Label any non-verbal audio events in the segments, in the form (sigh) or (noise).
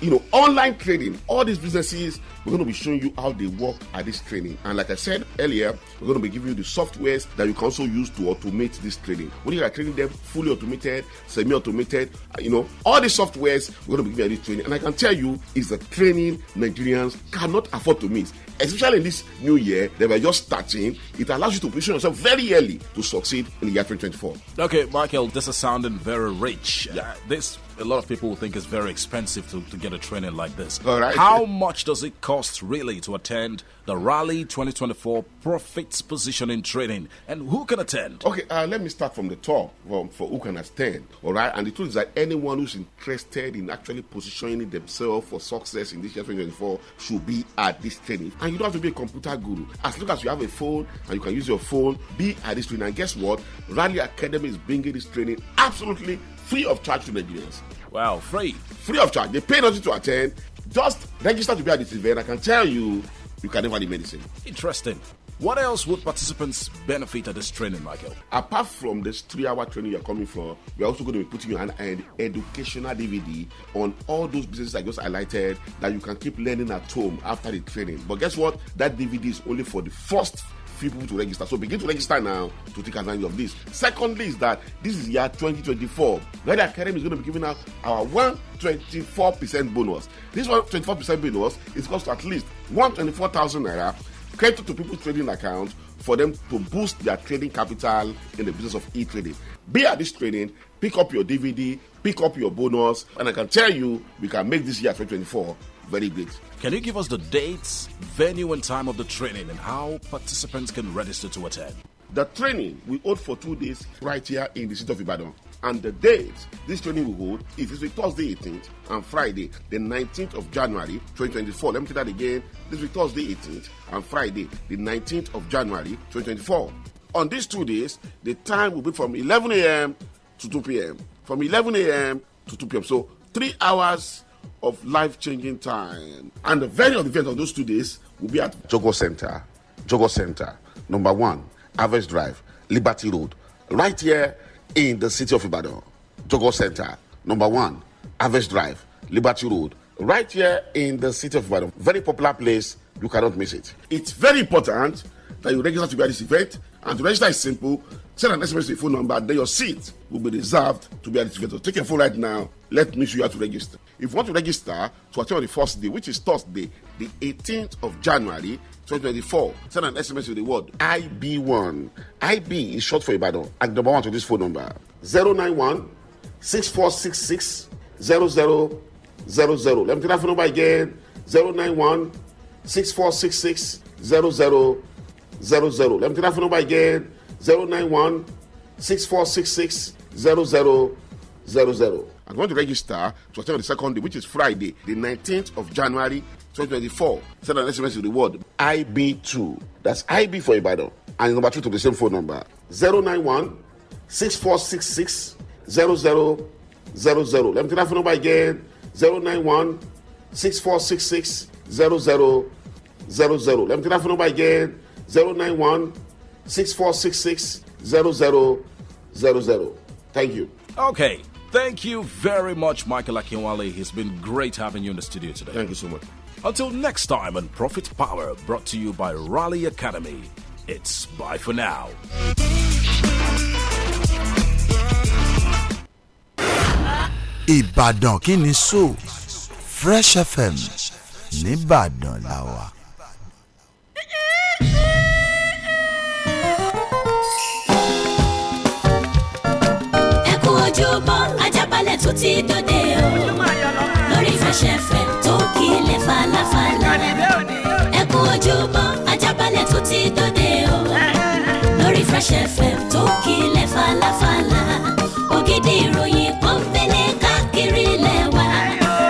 you know, online trading, all these businesses, we're going to be showing you how they work at this training. And like I said earlier, we're going to be giving you the softwares that you can also use to automate this trading. When you are trading them fully automated, semi automated, uh, you know, all the softwares, we're going to be giving you this training. And I can tell you, it's a training Nigerians cannot afford to miss. Especially in this new year, they were just starting. It allows you to position yourself very early to succeed in the year 2024. Okay, Michael, this is sounding very rich. Yeah. Uh, this a lot of people will think it's very expensive to, to get a training like this. How much does it cost really to attend the Rally 2024 Profits Positioning Training, and who can attend? Okay, uh, let me start from the top for, for who can attend. All right, and the truth is that anyone who's interested in actually positioning themselves for success in this year 2024 should be at this training. And you don't have to be a computer guru. As long as you have a phone and you can use your phone, be at this training. And guess what? Rally Academy is bringing this training absolutely free of charge to Nigerians. Wow, free. Free of charge. They pay nothing to attend. Just register to be at this event. I can tell you, you can never leave medicine. Interesting. What else would participants benefit at this training, Michael? Apart from this three-hour training you're coming for, we're also going to be putting you on an educational DVD on all those businesses I just highlighted that you can keep learning at home after the training. But guess what? That DVD is only for the first few people to register. So begin to register now to take advantage of this. Secondly, is that this is year 2024. Red Academy is going to be giving out our 124% bonus. This 124% bonus is cost at least 124,000 naira credit to people's trading account for them to boost their trading capital in the business of e-trading. Be at this training, pick up your DVD, pick up your bonus, and I can tell you we can make this year 2024 very great. Can you give us the dates, venue, and time of the training and how participants can register to attend? The training we hold for two days right here in the city of Ibadan. And the dates this training will hold is this week, Thursday 18th and Friday, the 19th of January 2024. Let me say that again. This week, Thursday 18th and Friday, the 19th of January 2024. On these two days, the time will be from 11 a.m. to 2 p.m. From 11 a.m. to 2 p.m. So three hours of life changing time. And the venue of the event of those two days will be at Jogo Center. Jogo Center, number one, Average Drive, Liberty Road, right here in the city of Ibadan. Jogo Center, number one, Average Drive, Liberty Road, right here in the city of Ibadan. Very popular place. You cannot miss it. It's very important that you register to be at this event. And to register is simple. Send an SMS to your phone number, then your seat will be reserved to be at this event. So take your phone right now. Let me show you how to register. If you want to register to attend on the first day, which is Thursday, the 18th of January 2024, send an SMS with the word IB1. IB is short for Ibadan. And number one to this phone number 091 6466 0000. Let me tell that phone number again 091 6466 0000. Let me tell that phone number again 091 6466 0000. and want to register to attend on the second day, which is Friday, the 19th of January 2024. Send an SMS to the word IB2. That's IB for Ibadan. And number two to the same phone number 091 Let me take that phone number again 091 Let me take that phone number again 091 Thank you. Okay. Thank you very much, Michael Akinwale. It's been great having you in the studio today. Thank you so much. Until next time on Profit Power, brought to you by Raleigh Academy. It's bye for now. Ìbàdàn kí so Fresh FM nìbàdàn làwà. (laughs) ojúbọ ajábalẹ̀ tó ti dòde o lórí fẹsẹ̀fẹ̀ tó kílẹ̀ falafala ẹ kú ojúbọ ajábalẹ̀ tó ti dòde o lórí fẹsẹ̀fẹ̀ tó kílẹ̀ falafala ògidì ìròyìn kan fẹlẹ̀ káàkiri lẹ́wà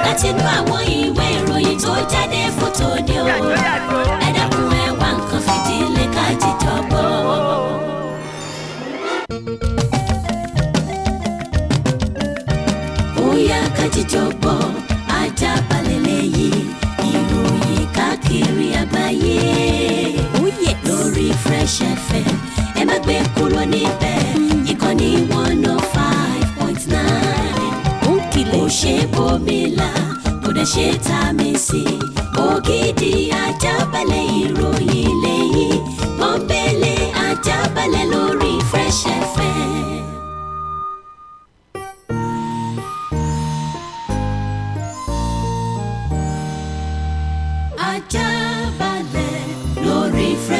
látinú àwọn ìwé ìròyìn tó jáde fótó ni o. jíjọ̀gbọ̀n Ajaabale lẹ́yìn ìròyìn káàkiri àgbáyé. Ó oh, yẹ lórí Fresh FM ẹ má gbé kúrò níbẹ̀ ìkànnì one oh five point nine. Ó kìlẹ̀ kò ṣe bómi la kò dẹ̀ ṣe tá a mi sí. Ògidì Ajaabale ìròyìn lẹ́yìn pọ́npẹ́lẹ́ Ajaabale lórí Fresh FM.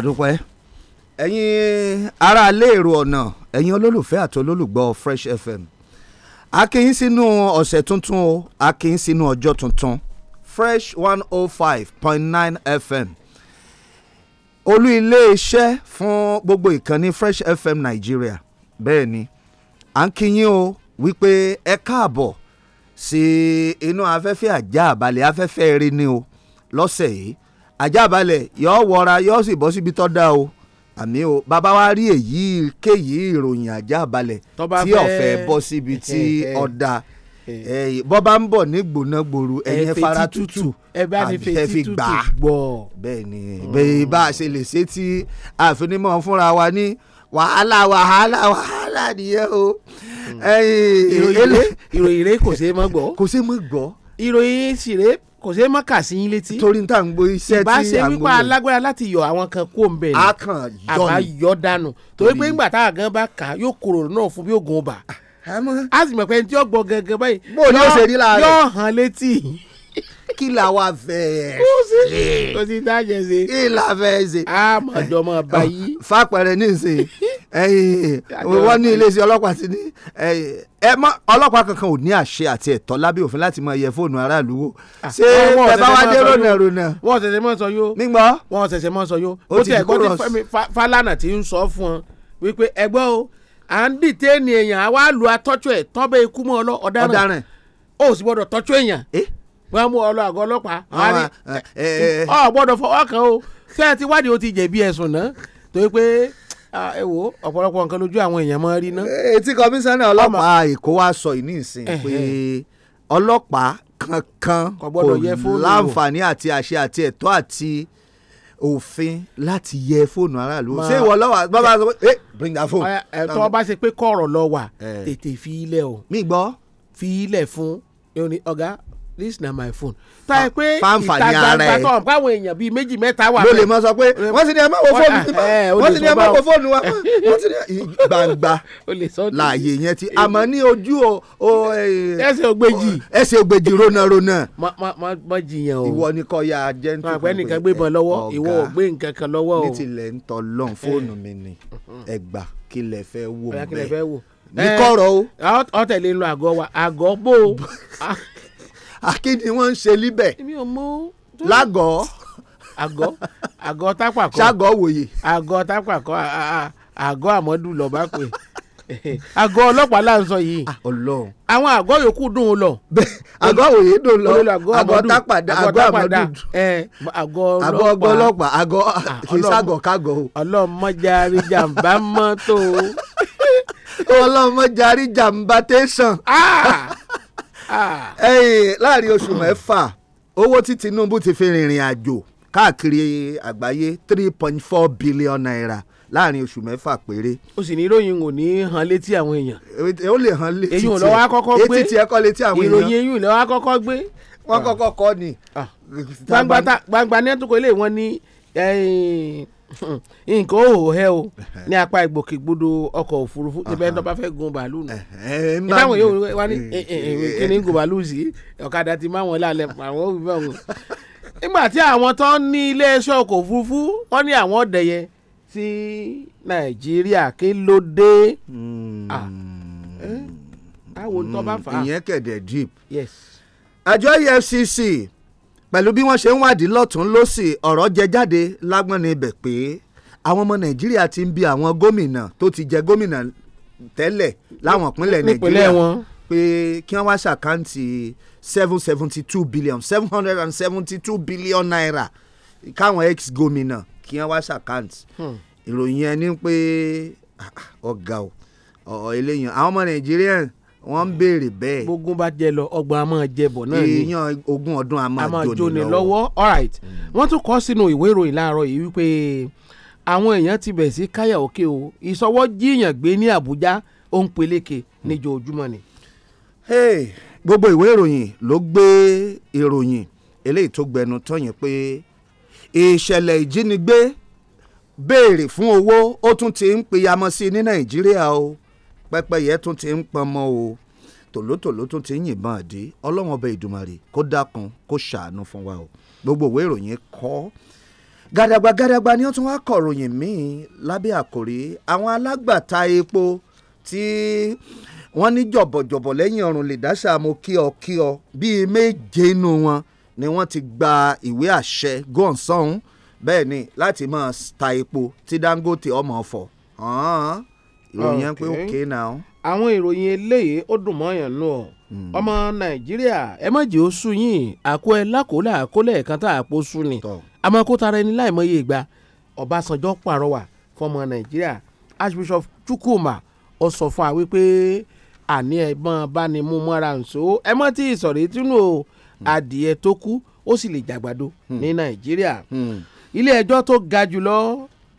àdúpẹ́ ẹ̀yin ará léèrò ọ̀nà ẹ̀yin olólùfẹ́ àti olólùgbọ́ Fresh FM a kì í sínú ọ̀sẹ̀ tuntun o a kì í sínú ọjọ́ tuntun Fresh one oh five point nine FM olú iléeṣẹ́ fún gbogbo ìkànnì Fresh FM Nàìjíríà bẹ́ẹ̀ ni à ń kí yín o wípé ẹ káàbọ̀ sí inú afẹ́fẹ́ àjá àbálẹ̀ afẹ́fẹ́ eré ni o lọ́sẹ̀ yìí àjàbalẹ̀ yọ wọra yọ sì bọ́ síbi tọ́ da o àmì o bàbá wa rí èyí kéyìí ìròyìn àjàbalẹ̀ tí ọ̀fẹ́ bọ́ síbi tí ọ̀dà (laughs) eh. bọ́ bá ń bọ̀ ní gbònàgbòrò ẹ̀yẹn fara tútù ẹ fi gbà á bẹ́ẹ̀ ni hmm. bẹ́ẹ̀ bá a ṣe lè ṣe tí àfinimọ̀ fúnra wa ní wàhálà wàhálà wàhálà nìyẹn o. Hmm. ìròyìn rẹ kò ṣeé mọ́ gbọ́. kò ṣeé mọ́ gbọ́. ìròyìn sì rèé kò ṣeé mọ́ kà sí yín létí. torí níta ń gbọ́ iṣẹ́ tí à ń gbọ́. ìbáṣe wípa alágbára láti yọ àwọn kan kó ń bẹ̀ ni. a kàn yọ ni àbá yọ dànù torí pé ńgbà táwa gan bá kà yóò kúrò náà fún bí oògùn ọba. Ah, a sì mọ̀ pé ẹni tí yóò gbọ́ gangan báyìí. bó o ní o ṣe rí lára rẹ yóò hàn létí. kí la wa fẹ́ ẹ̀. kò sí dájẹ́ ṣe. kí la fẹ́ ṣe. a mọ̀ jọmọ báyìí. fapẹ̀rẹ̀ ní ìsìn wọ́n ní iléeṣẹ́ ọlọ́pàá ti ní ẹ mọ ọlọ́pàá kankan ò ní àṣẹ àti ẹ̀tọ́ lábẹ́ òfin láti máa yẹ fóònù aráàlú wò ṣé ah, ẹ bá wá dé rònà rònà. wọ́n ṣẹ̀ṣẹ̀ mọ́ sọ yó. nígbà wọ́n ṣẹ̀ṣẹ̀ mọ́ sọ ti kó ti ń sọ fún ọ wípé ẹgbẹ́ o à ń dìtẹ́ ni èèyàn àwa lu atọ́jú ẹ̀ tán ikú mọ́ ọ ọ̀daràn ó gbọ́dọ̀ tọ́jú èèyàn eh? eh, eh, gbọ́dọ̀ Ah, ẹ wo ọ̀pọ̀lọpọ̀ nǹkan lójú àwọn èèyàn máa rí ná. Eh, etí kọmísánná ọlọ́pàá Èkó wa sọ yìí nísìn pé ọlọ́pàá kankan kò láǹfààní àti àṣẹ àti ẹ̀tọ́ àti òfin láti yẹ fóònù aráàlú ṣé ìwọ lọ́wọ́ bàbá sọ pé eh, bring that phone. ẹ̀tọ́ bá ṣe pé kọ̀rọ̀ lọ wà tètè fi ilẹ̀ o. mi gbọ́. fi ilẹ̀ fún ọ̀gá this na my phone. ta ẹ pé ìta gbangba tó ọ̀pọ̀ àwọn èèyàn bíi méjì mẹ́ta wà. ló lè mọ sọ pé wọ́n ti ní ẹ má wo fóònù wọ́n ti ní ẹ má wo fóònù wa wọ́n ti ní gbangba (laughs) láàyè yẹn ti àmọ́ ní ojú o. ẹsẹ̀ ògbèjì. ẹsẹ̀ ògbèjì rona rona. Ma jiyàn o. ìwọ ni kò ya jẹ́ntì. àgbẹ̀ nìkan gbé ìbọn lọ́wọ́ ìwọ ò gbé nǹkan kan lọ́wọ́ o. ní tilẹ̀ ń tọ́ lọ́n eh. fóònù mi ni ẹgbà kí lẹ fẹ́ wò bẹ́ẹ̀ ní kọ̀rọ̀ o. Eh, ọ̀tẹ̀lẹ̀ ń e lo àgọ́ wa àgọ́ bò ó (laughs) akéde wọ́n ń ṣe líbẹ̀ lágọ̀ọ́ àgọ́ àgọ́ tápà kọ́ ságọ́ wòye àgọ́ tápà kọ́ àgọ́ àmọ́dù lọ́ba pé àgọ́ ọlọ́pàá là ń sọ yìí ah, àwọn àgọ́ yòókù dùn ún lọ. àgọ́ òye dùn lọ àgọ́ tápà àgọ́ àmọ́dù àgọ́ ọlọ́pàá àgọ́ ah, kìsàgọ́ kágọ́ o. ọlọ́mọjà àríjàmbá mọ́tò. (laughs) ọlọ́mọjà àríjàmbá tẹ̀sán. Ah! Ah. láàrin oṣù mẹ́fà owó tí Tinubu ti fi rìnrìn àjò káàkiri àgbáyé three point four billion naira láàrin oṣù mẹ́fà péré. o sì ní ìròyìn ò ní hàn létí àwọn èèyàn. ó lè hàn létí tiẹ̀ èyí ò lọ́wọ́ àkọ́kọ́ gbé etí tiẹ̀ kọ́ létí àwọn èèyàn. ìròyìn èyí ò lọ́wọ́ àkọ́kọ́ gbé. wọ́n kọ́kọ́ kọ́ ni. Ah. gbangba ní ẹ̀túnkọ́ ilé wọn ní (laughs) nǹkan ó hẹ́ o ní apá ìgbòkègbodò ọkọ̀ òfurufú ibẹ̀ ń dọ́ba fẹ́ gun bàálù nù ìbáwọn yóò wá ní kíni gun bàálù sí ọ̀kadà ti máwọn lálẹ́ àwọn òbí bá wọn. nígbà tí àwọn tó ń ní iléeṣẹ́ ọkọ̀ òfurufú wọ́n ní àwọn dẹ̀yẹ sí nàìjíríà kí ló dé hmm. àwọn tó bá fà á. Hmm. ìyẹn kẹ̀dẹ̀ deep. àjọ EFCC pẹ̀lú bí wọ́n ṣe ń wádìí lọ́tún lọ́sì ọ̀rọ̀ jẹ jáde lágbọ́n ní ibẹ̀ pé àwọn ọmọ nàìjíríà ti ń bi àwọn gómìnà tó ti jẹ gómìnà tẹ́lẹ̀ láwọn ìpínlẹ̀ nàìjíríà pé kí wọ́n wá ṣàkáǹtì seven seventy two billion seven hundred and seventy two billion naira káwọn ex gómìnà kí wọ́n wá ṣàkáǹtì hmm. ìròyìn ẹni pé ah, ah, ọ̀gá ọ̀ eléyìí àwọn ọmọ nàìjíríà wọ́n ń béèrè bẹ́ẹ̀. gbogbo bá jẹ lọ ọgbọ̀n a máa jẹ bọ̀ náà ni èèyàn ogún ọdún a máa jóni lọ́wọ́ alright mm. wọ́n tún kọ sínú ìwé ìròyìn láàárọ̀ yìí wípé àwọn èèyàn ti bẹ̀ sí káyà òkè o ìsọwọ́ jíyàn gbé ní Àbújá ó ń peléke níjojúmọ́ mm. ni. gbogbo ìwé ìròyìn ló gbé ìròyìn eléyìí tó gbẹnu tọyìn pé ìṣẹ̀lẹ̀ ìjínigbé béèrè fún owó ó tún ti ń peyamọ́ sí ní Nàìjíríà o pẹ́pẹ́yẹ tún ti ń pọnmọ́ o tòlótòló tún ti ń yìnbọn àdé ọlọ́wọ́n ọba ìdùmarè kó dákun kó ṣàánú fún wa o gbogbo òwe ìròyìn kọ́ gàdàgbà gàdàgbà ni wọ́n tún wá kọ ròyìn míì lábẹ́ àkòrí àwọn alágbàtà epo tí wọ́n ní jọ̀bọ̀jọ̀bọ̀ lẹ́yìn ọ̀run lè dáṣà mo kí ọ kí ọ bíi méje inú wọn ni wọ́n ti gba ìwé àṣẹ gọ́ǹsọ̀hún bẹ́ẹ̀ ni láti máa ta epo tí Dangote ọmọ ọ̀fọ̀ ìròyìn yẹn pé okay now. àwọn ìròyìn eléyìí ó dùn mọ́yàn nù ọ́ hmm. ọmọ nàìjíríà ẹ má jẹ́ ó sú yín àkó ẹ lákòólà àkólẹ̀ kan tá àpò sú ni àmọ́ kó tara ẹni láìmọye ìgbà ọ̀básànjọ́ pàrọwà fọmọ nàìjíríà archbishop chukwuma ó sọ fún wa wípé àní ẹ̀gbọ́n bánimú mọ́ra nṣó ẹ mọ́ tí ìsọ̀rí tínú o hmm. adìẹ tó kú ó sì lè jàgbàdo hmm. ní nàìjíríà ilé ẹjọ́ tó ga jùlọ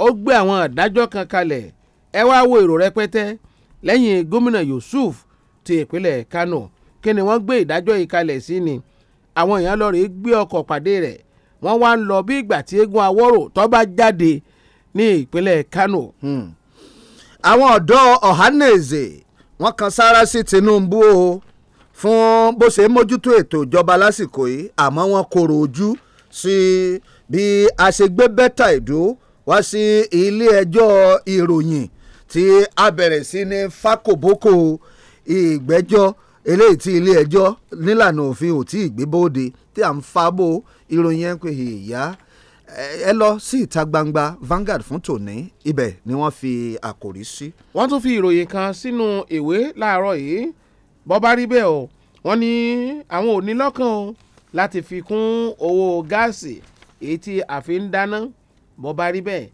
ó gbé àwọn àdájọ́ kan kalẹ̀ ẹ wá wo èrò rẹpẹtẹ lẹ́yìn gómìnà Yusuf ti ìpínlẹ̀ Kano kí ni wọ́n gbé ìdájọ́ ìkalẹ̀ sí ni àwọn èèyàn lọ rèé gbé ọkọ̀ pàdé rẹ̀ wọ́n wá ń lọ bí ìgbà tí eégún awọ́rò tó jáde ní ìpínlẹ̀ Kano. Hmm. àwọn ọ̀dọ́ Ohanaeze wọ́n kan sára sí Tinubu o fún bó ṣe mójútó ètò ìjọba lásìkò yìí àmọ́ wọ́n kòrò ojú sí bí a ṣe gbé bẹ́tà ìdó wá sí ilé ẹjọ́ ìròyìn tí a bẹ̀rẹ̀ sí ní fákòbókò ìgbẹ́jọ́ eléyìí tí ilé ẹjọ́ nílànà òfin ò tí ì gbé bóde tí à ń fábò ìròyìn ẹ̀ ń pè é ìyá ẹ lọ sí ìta gbangba Vanguard fún tòní ibẹ̀ ni wọ́n fi àkòrí sí. wọ́n tún fi ìròyìn kan sínú ìwé láàárọ̀ yìí bọ́ bá rí bẹ́ẹ̀ o wọ́n ní àwọn ò ní lọ́kàn o láti fi kún owó gáàsì èyí tí a ń dáná bọ́ bá rí bẹ́ẹ̀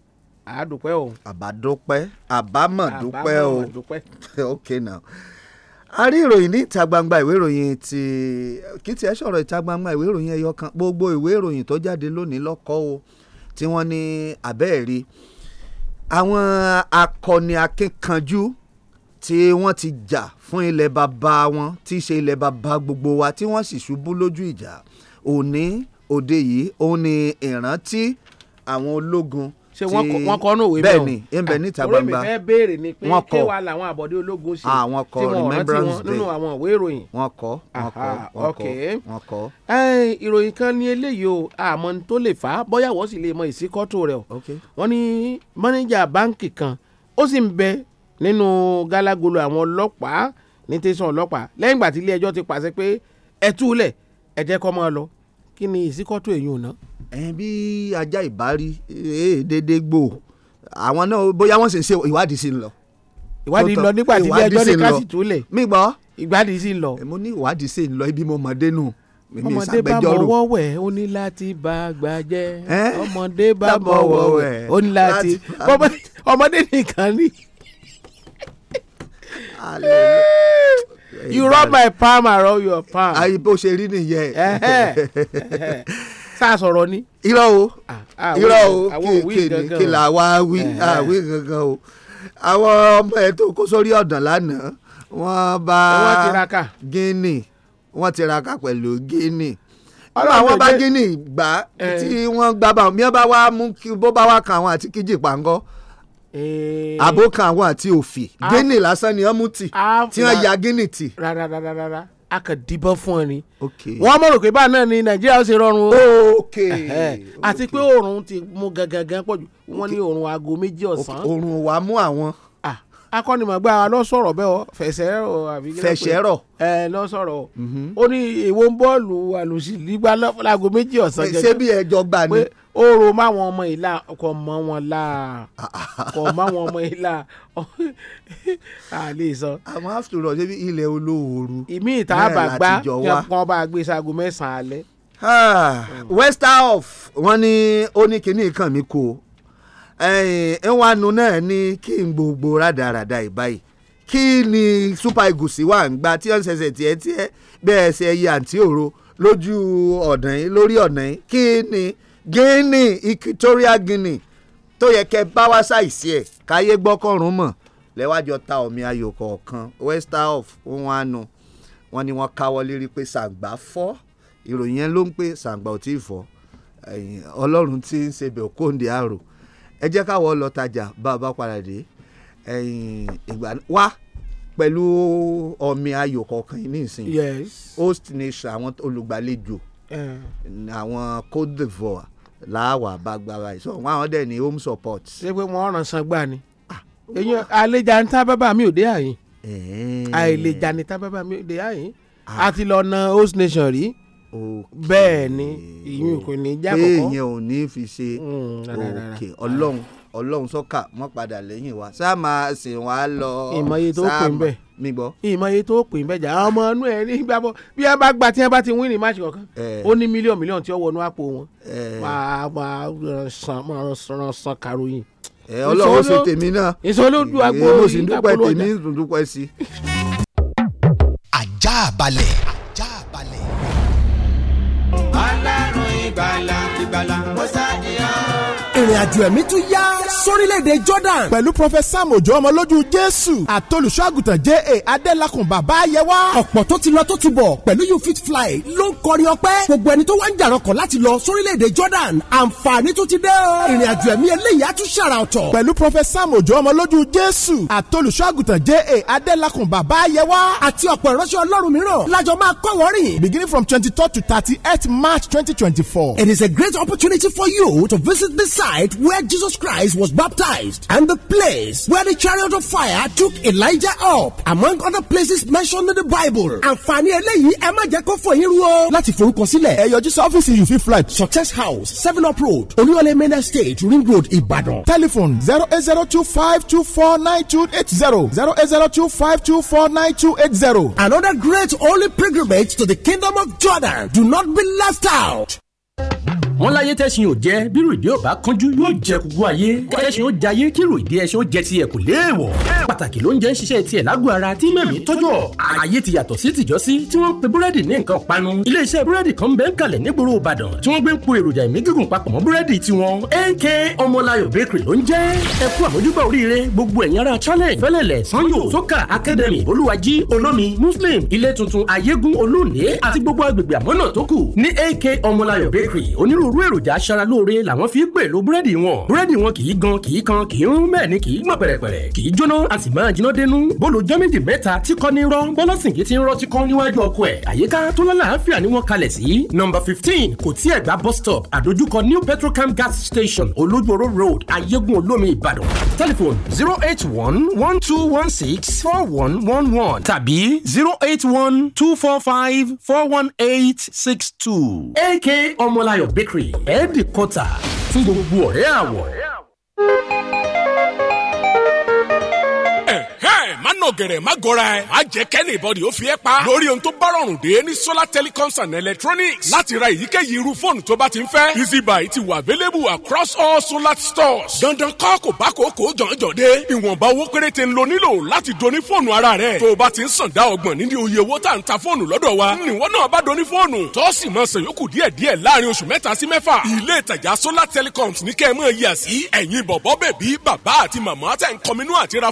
àádùpẹ́ o. àbádọ́pẹ́ àbámọ̀dúpẹ́ o (laughs) ok now a rí ìròyìn ní ìta gbangba ìwé ìròyìn ti kí tiẹ̀ sọ̀rọ̀ ìta gbangba ìwé ìròyìn ẹyọ kan gbogbo ìwé ìròyìn tó jáde lónìí lọ́kọ́ o tí wọ́n ní abẹ́ẹ̀rí àwọn akọni akínkanjú tí wọ́n ti jà fún ilẹ̀ bàbá wọn tí í ṣe ilẹ̀ bàbá gbogbo wa tí wọ́n sì ṣubú lójú ìjà òní òde yìí òun ni ìrántí àwọn ológun ṣé wọ́n kọ́ nùwé bẹ́ẹ̀ ni nbẹ níta gbangba orí mi fẹ́ béèrè ni pé kí wàá làwọn àbọ̀dé ológun ṣe àwọn ah, kọ remembrance day nínú àwọn ìwé ìròyìn. wọ́n kọ wọ́n kọ wọ́n kọ wọ́n kọ. ìròyìn kan ní eléyìí o àmọ́ tó lè fà á bóyá wọ́n sì lè mọ ìsíkọ́tò rẹ̀ o. wọ́n ní mọ́níjà báǹkì kan ó sì ń bẹ nínú gálágolo àwọn ọlọ́pàá ní tẹ̀sán ọlọ́pàá lẹ́yìn ìgbà tí ilé ẹjọ́ ti pàṣẹ pé ẹ túlẹ̀ ẹ jẹ́ kó máa lọ kí ni ìsíkọ́tò èyí náà ẹ̀ẹ́n bí ajá ìbárí ee eh, eh, dédé gbò àwọn náà bóyá wọ́n sì ń ṣe ìwádìí sí ń lọ. ìwádìí ń lọ nígbà tí ilé ẹjọ́ ní káàsì tó lẹ̀. mi gbọ́. ìwádìí sì ń lọ. mo ní ìwádìí sì ń lọ ibi mo mọ̀ dénú ọmọdé bá bọ̀wọ̀ wẹ̀ ó ní láti bá a gbà jẹ́ ọmọdé bá bọ̀wọ̀ wẹ̀ ó ní láti ọmọdé nìkan ni. you rub my palm I rub your palm. ayi bó ṣe rí nìyẹn. (laughs) sá sọ̀rọ̀ ni. irọ́ o irọ́ o kí la wá wí àwí gangan o àwọn ọmọ ẹ̀ tó kó sórí ọ̀dàn lánàá wọ́n bá gíní wọ́n tiraka pẹ̀lú gíní ọ̀rọ̀ àwọn bá gíní gbà tí wọ́n gbà bá mi bá wá mú kí bó bá wá kan àwọn àti kíjì pàǹgọ́ àbó àwọn àti òfì gíní lásán ni wọ́n mú tì tí wọ́n ya gíní tì. rárá rárá rárá a fún ọ ni wọ́n mọ̀ rò pé báà náà ni nàìjíríà ó ṣe rọrùn o àti pé oòrùn ti mú gangan pọ̀ jù wọ́n ní oòrùn aago méjì ọ̀sán. oòrùn wa mú àwọn akọ́nimọ̀gbà lọ sọ̀rọ̀ bẹ́ẹ̀ ọ fẹsẹ̀rọ àbí. fẹsẹ̀rọ. ẹ lọ sọ̀rọ̀ ó ní èwo ń bọ́ọ̀lù àlùsí nígbà láago méjì ọ̀sán jẹjẹrẹ. ṣé bí ẹjọ gbà ni. pé ó ro máwọn ọmọ ìlà kò mọ wọn la (laughs) kò mọ wọn ọmọ ìlà a lè sọ. àmọ́ after all ṣé bí ilẹ̀ olóoru. ìmí ìta àbàgbá kan bá gbé sago mẹ́sàn-án alẹ́. Ah, west off wọn ní ó ní kinní kan mi kó ẹ wá nu náà ní kí n gbogbo rádaràda ìbáyìí kí ni super eagles wà ń gba tí wọ́n ń ṣẹ̀ṣẹ̀ tiẹ̀ tiẹ̀ bẹ́ẹ̀ ṣe ẹyẹ àǹtí òro lójú ọ̀nà yìí lórí ọ̀nà yìí kí ni guinea equatorial guinea tó yẹ kẹ́ bá wá ṣàìsí ẹ̀ káyé gbọ́kànrún mọ̀ lẹ́wájọ ta omi ayò kọ̀ọ̀kan westerhof wọn àánú wọn ni wọ́n káwọ́ lérí pé sàǹgbà fọ́ ìròyìn yẹn ló ń pè sàǹgbà ò tí ì fọ́ ọlọ́run tí ń ṣe bẹ̀ òkòǹdé àrò ẹ jẹ́ káwọ́ lọ tajà bá a bá padà dé ìgbà wá pẹ̀lú ọ̀mì ayò kọ̀ọ̀kan nísìnyí host nation àwọn olùgbàlejò eh. àwọn Côte d'Ivoire làwà bá gbára ìsọ wọn àwọn dẹ̀ ní home support. ṣé pé wọ́n ràn san gbà ni èyàn àlejà ń bábà mi ò dé àyìn àìlèjà ní tá bábà mi ò dé àyìn àti lọ́nà host nation rí bẹ́ẹ̀ ni ìyún kò ní já kọ́kọ́ péyìn ò ní fi ṣe òkè mm, ọlọ́run ọlọ́run sọ́kà mọ́ padà lẹ́yìn wa ṣá máa sìn wá lọ ìmọ̀ye tó pè ń bẹ̀ mi gbọ́. ìmọ̀ye tó pè ń bẹ̀ jà ọmọ inú ẹ̀ ní gbàgbọ́ bí wọ́n bá gba tí wọ́n bá ti wíìnì máàcì kọ̀ọ̀kan ó ní mílíọ̀nù mílíọ̀nù tí ó wọnú àpò wọn máa máa san san karoyin. ẹ ọlọ́run ṣe tèmi náà ìṣòlódùn àgbo ìdápolóyìn. èmi ò sì dúpẹ́ tèmi dúpẹ́ sí. àjà balẹ̀ baila. ìrìnàjò ẹ̀mí tún yá sórílẹ̀-èdè Jordan pẹ̀lú prọfẹsà Sam Òjó ọmọlójú Jésù àtolùṣọ́àgùtàn J.A. Adélakùn bàbá Ayẹwà ọ̀pọ̀ tó ti lọ tó ti bọ̀ pẹ̀lú You Fit Fly ló ń kọrin ọpẹ́ gbogbo ẹni tó wá ń jàrọ̀kọ̀ láti lọ sórílẹ̀-èdè Jordan àǹfààní tó ti dé o ìrìnàjò ẹ̀mí eléyìí á tún ṣàrà ọ̀tọ̀ pẹ̀lú a great opportunity for you to visit this site site where Jesus Christ was baptized and the place where the chariot of fire took Elijah up among other places mentioned in the Bible. And finally, ẹ má jẹ́ kó fò yín rú Láti forúkọsílẹ̀, ẹ yọjú sí Success House, Seven Up Road, Olúyọ̀lé Main Estate, Ring Road, Ìbàdàn. Telephone zero eight zero two five two four nine two eight zero zero eight zero two five two four nine two eight zero. Another great holy pilgrimage to the kingdom of Jordan. Do not be left out. wọn láyé tẹ́sìn ò jẹ́ bírò ìdí ò bá kánjú yóò jẹ gbogbo ayé kẹ́sìn ó jayé kírò ìdí ẹṣin ó jẹ tiẹ̀ kò léèwọ̀ pàtàkì ló ń jẹ́ ń ṣiṣẹ́ tiẹ̀ lágùn ara tí mẹ́mí tọ́jọ́ ayé ti yàtọ̀ sí tìjọ́sí tí wọ́n pe búrẹ́dì ní nǹkan panu iléeṣẹ́ búrẹ́dì kan bẹ́ẹ̀ kalẹ̀ nígboro Ìbàdàn tí wọ́n gbé ń po èròjà ìmí gígùn papọ̀ mọ́ búrẹ́dì tiwọn AK Ọmọláyọ̀ bakery ló ń jẹ́ ẹ kú àmójúbà oríire gbogbo ẹ̀yin ará challenge fẹ́lẹ̀lẹ̀ sanyo soka academy olúwají olómi muslim ilé tuntun ayégún olóòní àti gbogbo agbègbè àmọ́nà tó kù ní AK Ọmọláyọ̀ bakery onírú onírúurú èròjà aṣara làwọn fi gbèlò búrẹ́dì wọn búrẹ́dì wọn kì í gan kì í kan kì í rún bẹ́ẹ̀ ni kì í gbọ̀n pẹ̀rẹ̀pẹ̀rẹ̀ kì í jóná a sì máa jiná dénú bólú jọ́mídì mẹ́ta tí kọ́ ní rọ́ bọ́lọ́sìnkì ti ń rọ́ ti kọ́ níwájú ọkọ ẹ̀ àyíká tó lálàáfíà ni wọ́n kalẹ̀ sí. nọ́mbà fifteen kò tí ẹ̀ gba bus stop àdójúkọ new petrocam gas station olójúoró road ayégun olómi ìbàdàn telephone zero eight one one two one six four one one one tàbí zero eight one two four five four one eight six two. ak ọmọláyọ̀ bakery secretary ẹ̀ẹ́dì kọ́tà fún gbogbo ọ̀rẹ́ àwọ̀. gẹ̀rẹ̀ má gọra ẹ̀ má jẹ́ kẹ́ni ìbọ̀dì ó fi ẹ́ pa lórí ohun tó bá rọrùn dé ní solar telecoms and electronics láti ra èyíkéyìí irú fóònù tó bá ti ń fẹ́ easy buy ti wà available across all solar stores dandan kọ́ kò bá kò kò jọ̀njọ̀ dé ìwọ̀nba owó péréte ń lo nílò láti doni fóònù ara rẹ̀ tó o bá ti ń sàn dá ọgbọ̀n nínú iye owó tá à ń ta fóònù lọ́dọ̀ wa níwọ̀n náà bá doni fóònù tó sì máa san yòókù díẹ̀díẹ̀ láàrin oṣù mẹ́ta sí mẹ́fà ilé ìtajà solar telecoms ní kẹ́ ẹ mọ̀ yíyà sí ẹ̀yin bọ̀bọ̀ bèbí bàbá àti màmá tẹ̀ ń kọminú àti ra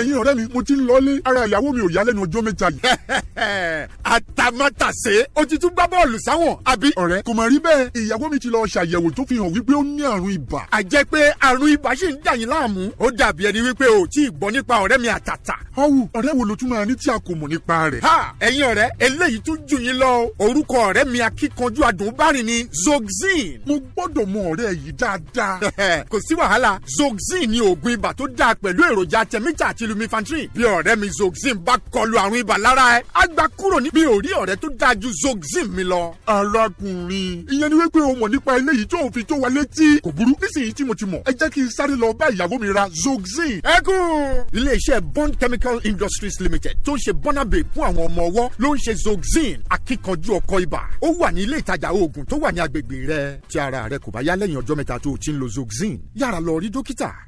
ẹ̀yin ọ̀rẹ́ mi mo ti ń lọlé ara ìyàwó mi ò yá lẹ́nu ọjọ́ mẹ́ta yìí. àtàmátàsé (laughs) o ti tún gbá bọ́ọ̀lù sáwọn àbí. ọ̀rẹ́ kò mà rí bẹ́ẹ̀ ìyàwó mi ti lọ ṣàyẹ̀wò tó fi hàn wípé ó ní àrùn ibà. a jẹ́ pé àrùn ibà ṣì ń dà láàmú. ó dàbí ẹni wípé o tí ì gbọ́ nípa ọ̀rẹ́ mi àtàtà. ọ̀wù ọ̀rẹ́ wo ló tún máa ní tí a kò mọ̀ nípa rẹ̀. ha ẹ̀yin ọ̀rẹ́ eléyìí tún jù yín lọ orúkọ ọ̀rẹ́ mi akíkanjú adùnbárìn ni zoxyn. mo gbọ́dọ̀ mọ ọ̀rẹ́ yìí dáadáa. (laughs) kò ni oògùn ibà tó dáa pẹ̀lú èròjà àtẹ̀míjà-àtìlù mi fantrin bí ọ̀rẹ́ mi Zoxyn bá kọlu àrùn ibà lára ẹ á gba kúrò níbi òrí ọ̀rẹ́ tó dáa ju Zoxyn mi lọ. arákùnrin ìyẹn ni wípé o mọ̀ nípa eléyìí tó òfin tó wa létí kò burú nísìnyí tí mo ti mọ̀ ẹ jẹ́ kí n sáré lọ bá ìyàwó mi ra Zoxyn. ẹ kún. iléeṣẹ́ Bond Chemical Industries Limited tó ń ṣe bọ́nàbè fún àwọn ọmọ ọwọ́ ló ń ṣe Zoxyn akíkanjú ọkọ ibà ó wà ní ilé ìtajà oògùn tó wà ní agbègbè rẹ tí ara rẹ kò bá yá ọjọ́ mẹ́ta tó o ti ń lo Zoxyn yára lọ rí dókítà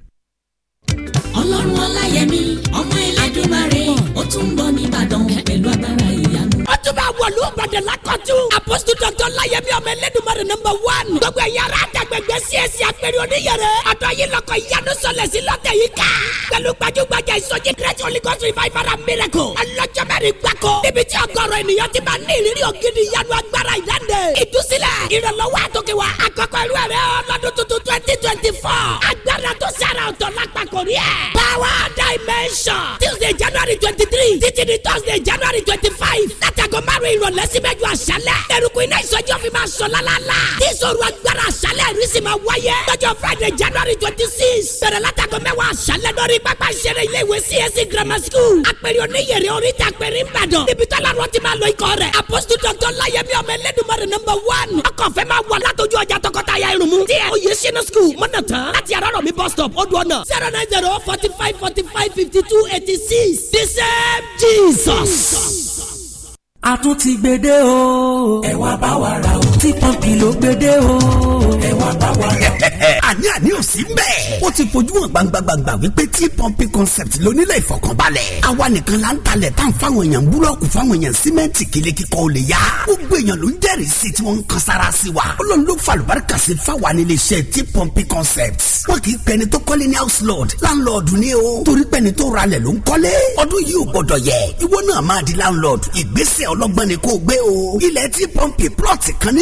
ọlọ́run ọláyẹmí ọmọ ẹlẹ́dùnmarè ó tún ń bọ̀ nìbàdàn pẹ̀lú agbára ìyanu kọjú bá wọlú ìbàdàn lakọjú. apọ́sítù dọ́tọ́ láyẹ̀mí ọmọ ẹlẹ́dùnmọ́rẹ̀ nọmba wán. gbogbo ẹ̀yà ara àtàgbẹ̀gbẹ̀ csc apẹ̀rẹ̀ oníyẹrẹ. ọ̀dọ́ yìí lọkọ̀ ìyanu sọlẹ̀ sí lọ́tẹ̀ yìí ká. pẹ̀lú gbajúgbajà ìsọjí great holy ghost revival and miracle. ọlọ́jọ́ mẹ́rin gbáko. níbi tí ọgọ́rọ̀ ènìyàn ti máa ní ìrírí ògidì ìyanu agbára ìdáǹdè. ìdúsílẹ̀ ìrànlọ́wọ́ àtòkèwà. àkọ́kọ́ irú ẹ̀rẹ́ ọlọ́dún tuntun twenty twenty four. agbára tó sára ọ̀tọ̀ lápapọ̀rí ẹ̀. power dimension. tuesday january twenty three títí di thursday january twenty five. láti látago márùn-ún ìrọ̀lẹ́ sí mẹ́jọ àṣálẹ̀. eruku iná ìsọjí òfin máa sọ lálálá. tí ìṣòro agbára àṣálẹ̀ rí sì máa wáyé. lọ́jọ́ friday january twenty six. bẹ̀rẹ̀ látago mẹ́wàá àṣálẹ̀ lórí pápá ìṣeré ilé ìwé csc grammar school. àpèrè oníyèrè oríta àpèrè ìbàdàn. níbi tọ́lá rọ ti máa lo ikọ̀ rẹ̀. apostle dr layemi ọmọ ẹlẹ́dùnmọ́rẹ̀ number one. ọkọ̀ fẹ́ máa wà látọjú ọjà tọkọtaya ìrùmú. tí ẹ oyè sinu school mọ́nà tán. láti àrọ́rọ̀ mi bus stop odò ọ̀nà. zero nine zero forty five forty five fifty two eighty six. the same jesus. jesus a tún ti gbede o. ẹ wá bá wa ra beauty pump ló gbédè o. ẹ wá bá wa rà. (laughs) àní àní ò sí mbẹ̀. ó ti fojú hàn gbangbangba wípé tí pọ́ǹpì concept lónílẹ̀ ìfọ̀kànbalẹ̀. àwa nìkan la ń talẹ̀ tán fáwọn èèyàn búlọ́ọ̀kù fáwọn èèyàn símẹ́ǹtì kílé kíkọ́ ò lè yá. gbogbo èèyàn ló ń jẹ́rìí sí tí wọ́n ń kan sára sí wa. ọlọ́run ló sí fáwa nílé iṣẹ́ tí pọ́ǹpì concept. wọn kì í pẹni tó kọ́lé ní house lord landlord ni o. torí pẹni tó ralẹ̀ ló ń kọ́lé. ọdún yìí ò gbọdọ̀ yẹ. ìwọ náà máa di landlord. ìgbésẹ̀ ọlọ́gbọ́n ni kò gbé o. ilẹ̀ tí pọ́ǹpì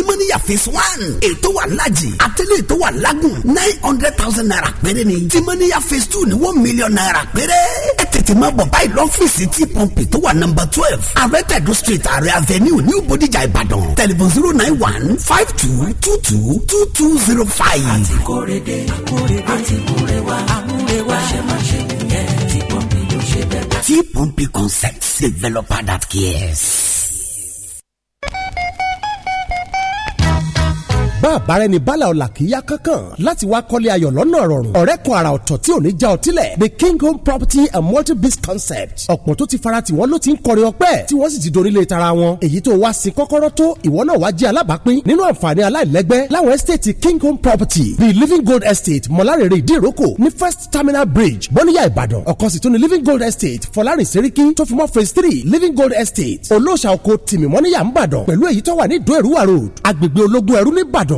timoniya phase one ètò wà lájì àtẹlẹ ètò wà lágùn nine hundred thousand naira péré ni timoniya phase two ni one million naira péré ẹ tètè máa bọ̀ báyìí lọ́fíìsì tí pọ́ǹpì tó wà nọ́mbà twelve ààrẹ tẹ̀dú street ààrẹ avenue new bodijà ìbàdàn Telephone zero nine one five two two two two two zero five. àti kórede àti kórewa àmúrewa ṣe máa ṣe nìyẹn tí pọ́ǹpì ló ṣe bẹ́ẹ̀. tí pọ́ǹpì concepts developer that cares. bá ni bálà ọ̀la kìíyá kankan láti wá kọ́lé ayọ̀ lọ́nà rọrùn ọ̀rẹ́kùn àrà ọ̀tọ̀ tí ò ní já ọtí the king home property and multi-biz concept ọ̀pọ̀ tó ti fara tiwọn ló ti ń kọrin ọpẹ́ tí wọ́n sì ti dorí lè tara wọn èyí tó wá sí kọ́kọ́rọ́ tó ìwọ náà wá jẹ́ alábàápín nínú àǹfààní aláìlẹ́gbẹ́ láwọn estate king home property bíi living gold estate mọ̀lárèrè ìdíròkò ní first terminal bridge bóníyà ìbàdàn ọ̀kan sì tún ní living gold estate fọlárin seriki tó fi mọ́ phase three living gold estate olóòṣà oko tìmímọ́níyà ń bàdàn pẹ̀lú èyí tó wà ní ìdó road agbègbè ológun ẹrú ní ìbàdàn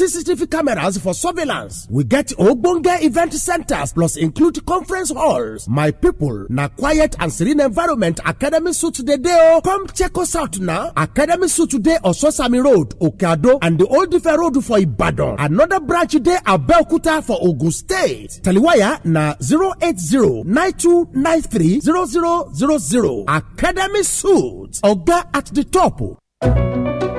CCTV cameras for surveillance. We get ogbonge event centers plus include conference halls. My people, na quiet and serene environment Academy Suit the day. Oh, Come check us out now. Academy Suit dey Sosami Road, Okeado and the Old Ife Road for Ibadan. Another branch dey Abeokuta for Ogun State. Taliwaya na 08092930000. Academy Suit, oga at the top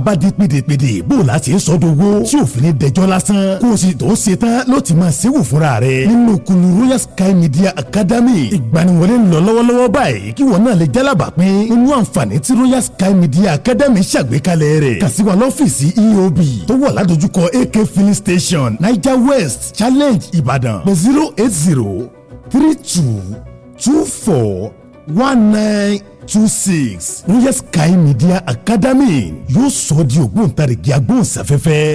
bá a bá di pèdèpèdè bó la ṣe sọ dogo tí òfin ni dẹjọ́ lásán kó o sì tó ṣe tán ló ti máa ṣẹ́wò fúnra rẹ̀ nínú kulu royal sky media academy ìgbaniwọlé ń lọ lọ́wọ́lọ́wọ́ báyìí kí wọn náà lè jálàbà pín nínú àǹfààní tí royal sky media academy ṣàgbékalẹ̀ rẹ̀ kà lọ́fíìsì eob tó wà ládojúkọ ak filling station niger west challenge ìbàdàn pé zero eight zero three two two four one nine two six royal sky media academy yóò sọ ọ́ di ògbóǹtarìgì agbóhùnsáfẹ́fẹ́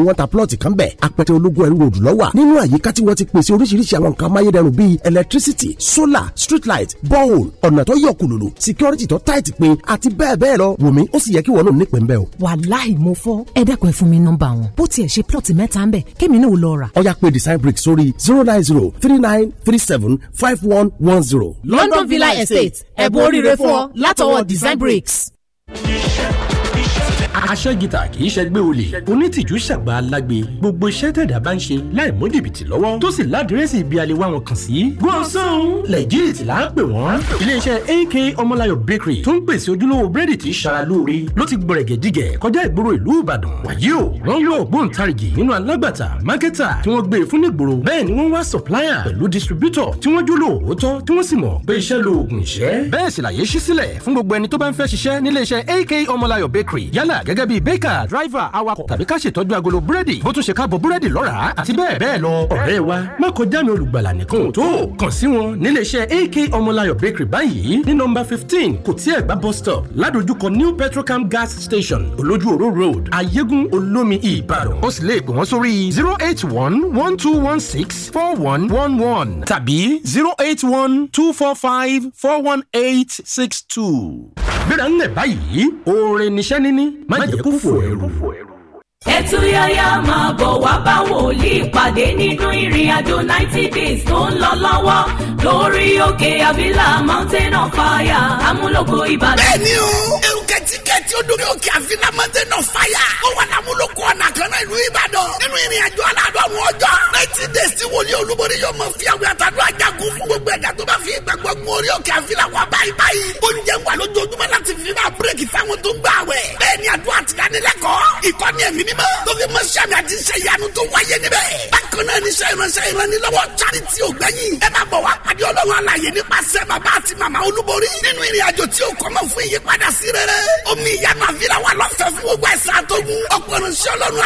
ni wọ́n ta plọ̀tì kan bẹ̀ apẹtẹ ológun ẹ̀rú ròdù lọ́wà nínú àyíká tí wọ́n ti pèsè oríṣiríṣi àwọn nǹkan amáyédẹrùn bíi electricity solar street light borehole ọ̀nà tó yọ kùlùlù security tó tight pin àti bẹ́ẹ̀ bẹ́ẹ̀ lọ wùmí ó sì yẹ kí wọ́n náà nípìn bẹ́ẹ̀ o. wàláì mo fọ ẹ dẹ́kun ẹ fún mi nọ́mbà wọn bó tiẹ̀ ṣe plọ̀tì mẹ́ta ń bẹ̀ kémi náà lọ rà. ó pé design bricks. sórí zero nine zero three nine three seven five one one zero. London Villa Estate ẹ̀bùn oríire fún ọ látọwọ́ design bricks aṣẹ́gita kì í ṣẹgbẹ́ olè onítìjú ṣàgbà alágbe gbogbo iṣẹ́ tẹ̀dá bá ń ṣe láì mú jìbìtì lọ́wọ́ tó sì ládírẹ́sì ibi àlewá wọn kàn sí. gbọ́nsán legit là ń pè wọ́n. iléeṣẹ́ AK ọmọláyọ̀ bakery tó ń pèsè ojúlówó búrẹ́dì tí í ṣara lóore ló ti gbọ̀rẹ̀gẹ̀ dígẹ̀ kọjá ìgboro ìlú Ìbàdàn. wàyí o wọ́n ń wọ ògbóǹtarìgì nínú alágbàtà mákẹ́tà tí wọ́n gbé e fún nígboro bẹ́ẹ̀ ni wọ́n wá distributor tí wọ́n jóló òótọ́ tí wọ́n sì mọ̀ pé iṣẹ́ lo oògùn ìṣẹ́. AK ọmọláyọ̀ bakery yálà gẹ́gẹ́ bíi baker driver awakọ̀ tàbí ká ṣètọ́jú agolo búrẹ́dì bó tún ṣe ká bọ búrẹ́dì lọ́ràá àti bẹ́ẹ̀ bẹ́ẹ̀ lọ. ọ̀rẹ́ wa má kọjá mi olùgbàlà nìkan tó kàn sí wọn níléeṣẹ́ AK ọmọláyọ̀ bakery báyìí ní nọ́mbà fifteen kò tí ẹ̀ gba bus stop ládojúkọ new petrocam gas station olójú òró road ayégún olómi ìbàdàn ó sì lè pè wọ́n sórí zero eight one one two one six four one one one tàbí zero eight one two four five four one eight six two. gbéra ń lẹ̀ báyìí oore níṣẹ́ níní má jẹ́ kó fò ẹrù ẹtúyáyá máa bọ̀ wá bá wòlíì pàdé nínú ìrìn àjò ninety days tó ń lọ lọ́wọ́ lórí òkè àbílà mountain of fire amúlòkọ ìbàdàn. bẹ́ẹ̀ni o èrò kẹtíkẹtí ó dórí òkè àbílà mountain of fire ó wà lámúlòkọ kan náà ìlú Ìbàdàn nínú ìrìn àjò aládọ́run ọjọ́ ninety days tí wòlíì olúborí yóò mọ fi àwọn àtàdúrà jagun fún gbogbo ẹ̀dá tó bá fi ìgbàgbọ́ gun orí òkè àfilà wa báyìí báyìí oúnjẹ ń wà lójoojúmọ́ láti fi máa bírèkì fáwọn tó ń gbà wẹ̀ bẹ́ẹ̀ ni àdúrà ti dánilẹ́kọ̀ọ́ ìkọ́ni ẹ̀mí mímọ́ tó fi mọ sàmì àti iṣẹ́ ìyanu tó wáyé níbẹ̀ bákan náà níṣẹ́ ìránṣẹ́ ìrànlọ́wọ́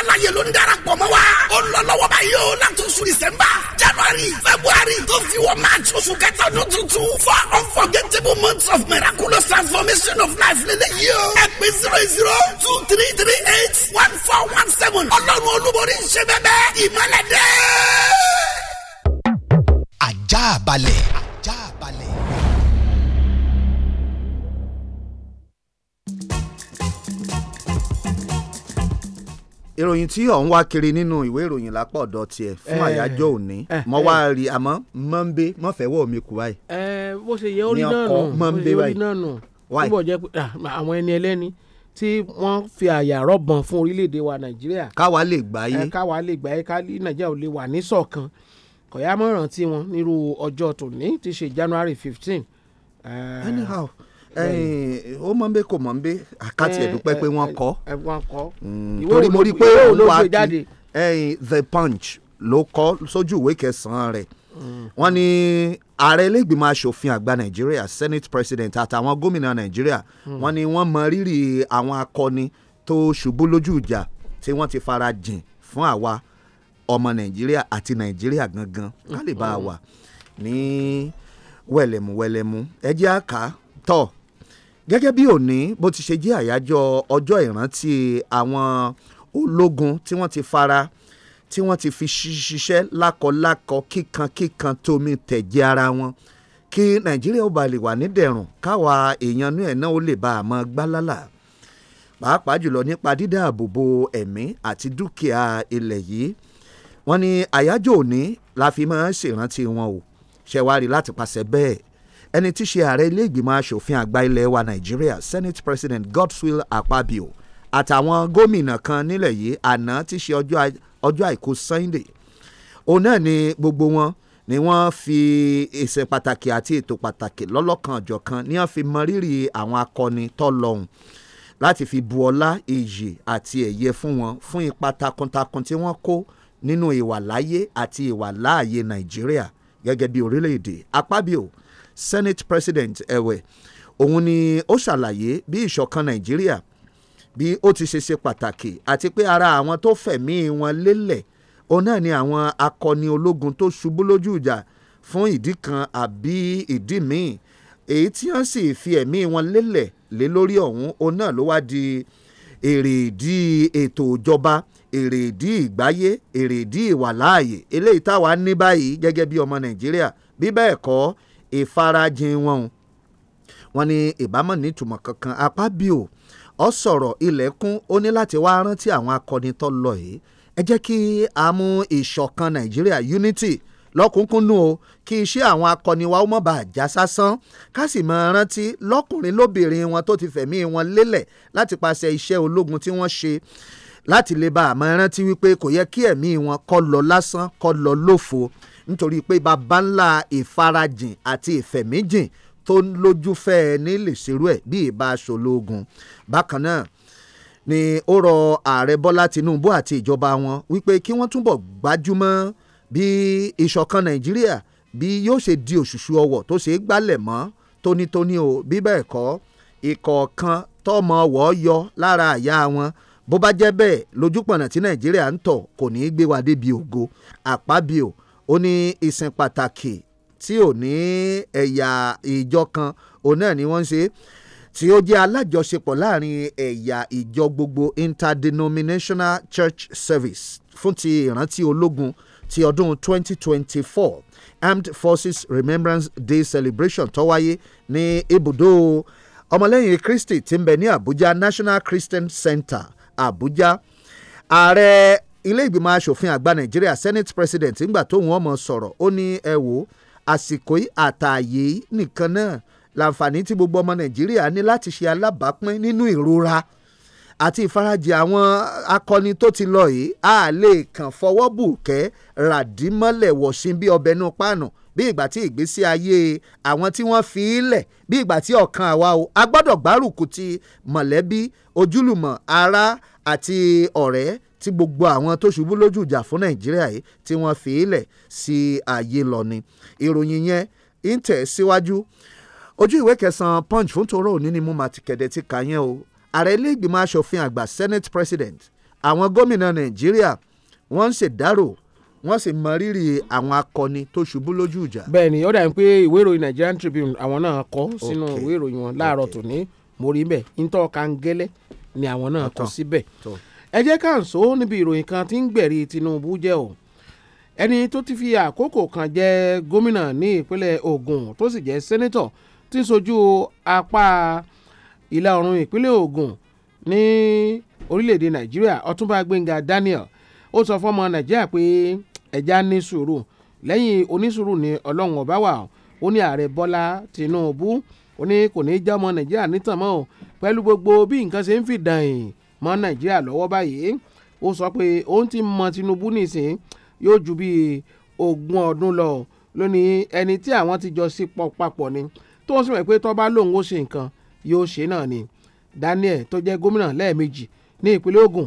alààyè ló ń darapọ̀ mọ́ wa. ó lọ lọ́wọ́ báyìí o láti oṣù December January February tó fi wọ March oṣù kẹta ọdún tuntun for unforgettable months of miraculous transformation of life lélẹ̀ yìí o. ẹ zero zero two three three eight one four one seven ọlọ́run olúborí ṣe bẹ́ẹ̀ bẹ́ẹ̀ ìmọ̀lẹ́dẹ́. ajá balẹ̀. ìròyìn tí ọ̀ ń wá kiri nínú ìwé ìròyìn lápá ọ̀dọ̀ tiẹ̀ fún eh, àyájọ́ òní eh, mo eh. wá rí àmọ́ mọ́ńbé mọ́fẹ́wọ́ mi kù báyìí. ẹ bó ṣe yẹ orí náà nù bó ṣe yẹ orí náà nù túbọ̀ jẹ́ pé ah, àwọn ẹni ẹlẹ́ni tí wọ́n fi àyà rọ̀bọ̀n fún orílẹ̀-èdè wa nàìjíríà. káwa lè gbáyé káwa lè gbáyé ká nàìjíríà ò lè wà ní ṣọ̀kan kọ̀yà mọ́ràn tí wọn nírú ọjọ́ tòní ti ṣe January fifteen. anyhow ó mọ̀ nbẹ kò mọ̀ nbẹ àkàtì ẹ̀dúpẹ́ pé wọ́n kọ́ hmm, torí mo rí i pé òun wá kí the punch ló kọ́ sójú ìwé kẹsàn-án rẹ̀ hmm. wọ́n ní ààrẹ ilégbìmọ̀ asòfin àgbà nàìjíríà senate president àtàwọn gómìnà nàìjíríà hmm. wọ́n ní wọ́n mọ rírì àwọn akọni tó ṣubú lójú ìjà tí wọ́n ti fara jìn fún àwa ọmọ nàìjíríà àti nàìjíríà gangan ká lè bá a wà ní wẹ̀lẹ̀mú wẹ̀lẹ̀mú ẹ jẹ́ àká tọ̀ gẹ́gẹ́ bí òní bó ti ṣe jẹ́ àyájọ́ ọjọ́ ìrántí àwọn ológun tí wọ́n ti fara tí wọ́n ti fi ṣiṣẹ́ lákọlákọ kíkankíkan tómi tẹ̀jẹ̀ ara wọn kí nàìjíríà ó ba lè wà nídẹ̀rùn káwa èèyàn inú ẹ̀ náà ó lè bá a mọ gbálálà pàápàá jùlọ nípa dídáàbò bo ẹ̀mí àti dúkìá ilẹ̀ yìí wọ́n ní àyájọ́ òní la fi máa ń ṣèrántí wọn o ṣẹ̀wárí láti pàṣẹ bẹ́ẹ̀ ẹni tí í ṣe ààrẹ ilé ìgbìmọ̀ asòfin àgbà ilẹ̀ wa nàìjíríà senate president godswill akpabio àtàwọn gómìnà kan nílẹ̀ yìí àná tí í ṣe ọjọ́ àìkú sunday òun náà ni gbogbo wọn ni wọ́n fi ìsìn pàtàkì àti ètò pàtàkì lọ́lọ́kan ọ̀jọ̀kan ni wọ́n fi mọrírì àwọn akọni tó lọ́hùn láti fi bu ọlá iyì àti ẹ̀yẹ fún wọn fún ipa takuntakun tí wọ́n kó nínú ìwà láyé àti ìwà láàyè nàìjíríà gẹ́gẹ́ bí orílẹ̀-èdè apábíò senate president ẹ̀wẹ̀ òun ni ó ṣàlàyé bí ìṣọ̀kan nàìjíríà bí ó ti ṣe ṣe pàtàkì àti pé ara àwọn tó fẹ̀mí wọn lélẹ̀ òun náà ni àwọn akọni ológun tó ṣubú lójú ìjà fún ìdí kan àbí ìdí míì èyí tí wọ́n sì fi ẹ̀mí wọn lélẹ̀ lé lórí ọ̀hún òun náà ló wá di èrèdí ètò ìjọba èrèdí ìgbáyé èrèdí ìwàláàyè eléyìí táwa ní báyìí gẹ́gẹ́ bí ọmọ nàìjíríà bí bẹ́ẹ̀ kọ́ ìfarajìn wọn o wọ́n ní ìbámọ̀ nítumọ̀ kankan apá bí o ọ sọ̀rọ̀ ilẹ̀kùn ó ní láti wá rántí àwọn akọni tó lọ yìí ẹ jẹ́ kí a mú ìṣọ̀kan nàìjíríà unity lọ́kùnkúndùn o kí iṣẹ́ àwọn akọni wa ó mọ̀ bá já sásán ká sì máa rántí lọ́kùnrin lóbìnrin wọn tó ti fẹ̀mí wọn lélẹ̀ láti paṣẹ iṣẹ́ ológun tí wọ́n ṣe láti lè bá àmọ́ rántí wípé kò yẹ kí ẹ̀mí wọn kó lọ lásán kó lọ lófo nítorí pé bàbá ńlá ìfarajìn àti ìfẹ̀míjìn tó lójúfẹ́ ẹni lè ṣerú ẹ̀ bí ìbá aṣológun bákan náà ni ó rọ ààrẹ bọ́lá tinubu àti ìjọba wọn wípé kí wọ́n túbọ̀ gbájúmọ́ bí ìṣọ̀kan nàìjíríà bí yóò ṣe di òṣùṣù ọwọ̀ tó ṣe é gbálẹ̀ mọ́ tónítóní o bí bẹ́ẹ̀ kọ́ ìkọ̀ọ̀kan tọmọ wọ́ yọ lára àyà wọn bó bá jẹ́ bẹ́ẹ̀ lójúpọ̀nà tí nàìjíríà ń tọ̀ kò ní í gbé wa débi ògo àpábíò ó ní ìsìn pàtàkì tí ò ní ẹ̀yà ìjọ kan òun náà ni wọ́n ń ṣe tí ó jẹ́ alájọṣepọ̀ láàrin ẹ̀yà ìjọ gbogbo interdenominational church service fún ti ìrántí ológun ti ọdún 2024 armed forces remembrance day celebration tó wáyé ní ibùdó ọmọlẹ́yìn kristi tí ń bẹ ní abuja national christian center abuja ààrẹ ilé ìgbìmọ̀ asòfin àgbà nàìjíríà senate president ńgbà tóun ọmọ sọ̀rọ̀ ó ní ẹ wò àsìkò àtààyè nìkan náà láǹfààní tí gbogbo ọmọ nàìjíríà ní láti ṣe alábàápín nínú ìrora àti ìfarajì àwọn akọni tó ti lọ yìí a lè kàn fọwọ́ bù kẹ́ ràdímọ́lẹ̀ wọ̀ṣin bí ọbẹ̀ inú páànù bí ìgbà tí ìgbésí ayé àwọn tí wọ́n fi í lẹ̀ bí ìgbà tí ọ̀kan àwa o a gbọ́dọ̀ gbárùkù ti mọ̀lẹ́bí ojúlùmọ̀ ará àti ọ̀rẹ́ tí gbogbo àwọn tó ṣubú lójú ìjà fún nàìjíríà yìí tí wọ́n fi ilẹ̀ sí ààyè lọ ni ìròyìn yẹn ń tẹ̀ síwájú ojú ìwé kẹsàn punch fún tòró òní ni mo mà ti kẹ̀dẹ̀ ti kà yẹn o ààrẹ ilé ìgbìmọ̀ asòfin àgbà senate president àwọn gómìnà nàìjíríà wọ́n ń ṣèdárò wọ́n sì mọ rírì àwọn akọni tó ṣubú lójú ìjà. bẹ́ẹ̀ni ó dàbí pé ìwé ìròyìn Nigerian Tribune àwọn náà kọ sínú ìwé ìròyìn wọn láàárọ̀ tòní mo rí bẹ́ẹ̀ ń tọ́ ni àwọn náà kọ síbẹ̀ ẹ jẹ́ ká ń sọ níbi ìròyìn kan tí ń gbẹ̀rí Tinubu jẹ́ o ẹni tó ti fi àkókò kan jẹ́ gómìnà ní ìpínlẹ̀ Ògùn tó sì jẹ́ sẹ́nẹ́tọ̀ tí ń sojú apá ìlà oòrùn ìpínlẹ̀ Ògùn ní orílẹ̀-èdè Nàìjíríà Ọ̀túnba Gbẹ́ngà Daniel ó sọ fọmọ Nàìjíríà pé ẹja ní sùúrù lẹ́yìn onísùúrù ni Ọlọ́run ọba wà ó ní ààrẹ Bọ́lá Tinubu ó ní kò ní í já ọmọ Nàìjíríà nítàn mọ́ pẹ̀lú gbogbo bí nǹkan ṣe ń fìdàn yìí mọ́ nàìjíríà lọ́wọ́ báyìí ó sọ pé òun ti mọ tinubu nìsín yóò ju bíi ogún ọdún lọ lónìí ẹni tí àwọn ti jọ sí papọ̀ ni tó ń sọ pé tó bá lòun ó ṣe nǹkan yóò ṣe náà ni daniel tó jẹ́ gómìnà lẹ́ẹ̀mejì ní ìpínlẹ̀ ogun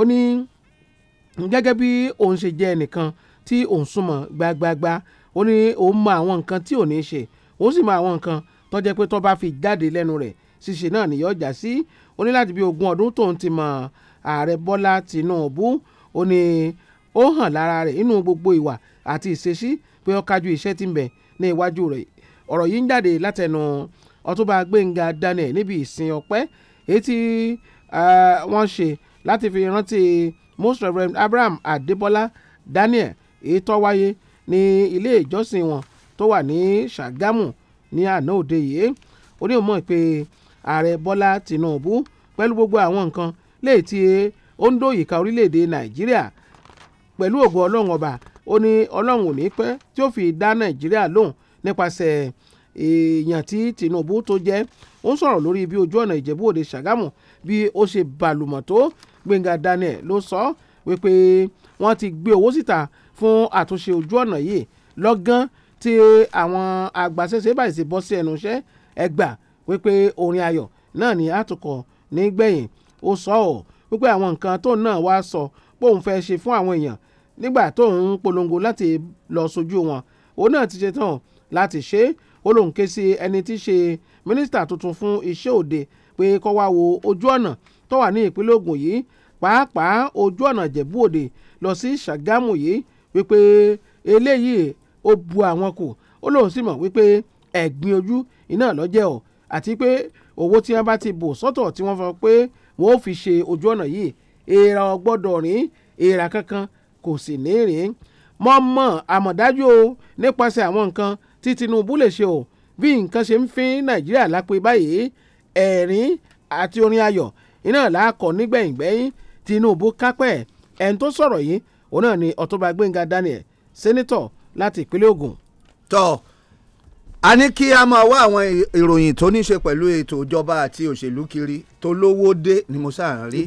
ó ní gẹ́gẹ́ bí òun ṣe jẹ́ ẹnìkan tí òun súnmọ́ gbágbágbá ó ní òun mọ àwọn nǹkan tí ò ní ṣe òun sì mọ àwọn nǹkan tó jẹ́ pé tó bá fi jáde lẹ́nu rẹ̀ ṣíṣe náà nìyọ́ jà sí ó ní láti bí ogún ọdún tóun ti mọ ààrẹ bọ́lá tìǹbù ó ní ó hàn lára rẹ̀ nínú gbogbo ìwà àti ìṣesí pé ó kájú iṣẹ́ tí ń bẹ ní iwájú rẹ̀ ọ̀rọ̀ yìí ń jáde látẹnu ọtúnba gbẹ̀ngà daniel níbi ìsìn ọpẹ́ èyí tí wọ́n ṣe láti fi rántí most reverend abraham adébọ́lá daniel èyí tó wáyé ní ilé ìjọsìn wọn tó wà ní ṣàgámù ní àná òde yìí ó ní òun mọ̀ pé ààrẹ bọ́lá tìǹbù pẹ̀lú gbogbo àwọn nǹkan léè tí ó ń dòyìká orílẹ̀-èdè nàìjíríà pẹ̀lú ògo ọlọ́run ọba ó ní ọlọ́run ò ní pẹ́ tí ó fi dá nàìjíríà lóhùn nípasẹ̀ èèyàn tí tìǹbù tó jẹ́ ó ń sọ̀rọ̀ lórí bí ojú ọ̀nà ìjẹ̀bú òde ṣàgámù bí ó ṣe bàlùmọ̀ tó gbẹ̀ngà daniel ló sọ wípé wọ́n ti gbé owó síta fún àtúnṣe ojú ọ̀nà yìí lọ́gán tí àwọn àgbàṣẹ́ṣe báyìí sì bọ́ sí ẹnu iṣẹ́ ẹgbàá wípé orin ayọ̀ náà ni àtúkọ̀ nígbẹ̀yìn ó sọ ọ́ wípé àwọn nǹkan tóun náà wá sọ pé òun fẹ́ ṣe fún àwọn èèyàn nígbà tóun polongo láti lọ sojú wọn òun náà ti ṣetán láti ṣe ó lóun ké sí ẹni tí í ṣe mínísítà tuntun fún iṣẹ́ òde pé kọ́ wá wo ojú ọ̀nà tó wà ní ìpínlẹ̀ Ògùn yìí pàápàá ojú ọ̀nà Ìjẹ̀bú Òde lọ sí Ṣàgámù yìí wípé eléyìí ó bu àwọn kù ó lóun sì mọ̀ wípé ẹ̀gbin ojú iná lọ́jẹ́ ọ̀ àti pé owó tí wọ́n bá ti bò sọ́tọ̀ tí wọ́n fọ pé wọ́n ò fi ṣe ojú ọ̀nà yìí èèrà ò gbọ́dọ̀ rìn èèrà kankan kò sì ní rìn mọ́ mọ́ àmọ̀dájú o nípasẹ̀ àwọn nǹkan tí Tinubu lè ṣe o bí nǹkan ṣe ń fi Nàìjíríà lápè báyìí ẹ̀rín àti orin ayọ̀ iná làákọ̀ nígbẹ̀yìngbẹ́yìn Tinubu kápẹ́ ẹni tó sọ̀rọ̀ yìí òun náà ni Ọ̀túnba Gbénga Daniel sẹ́nitọ̀ láti ìpínlẹ̀ Ògùn. tọ́ a ní kí a máa wá àwọn ìròyìn tó ní ṣe pẹ̀lú ètò ìjọba àti òṣèlú kiri tó lówó dé ni mo sáà rí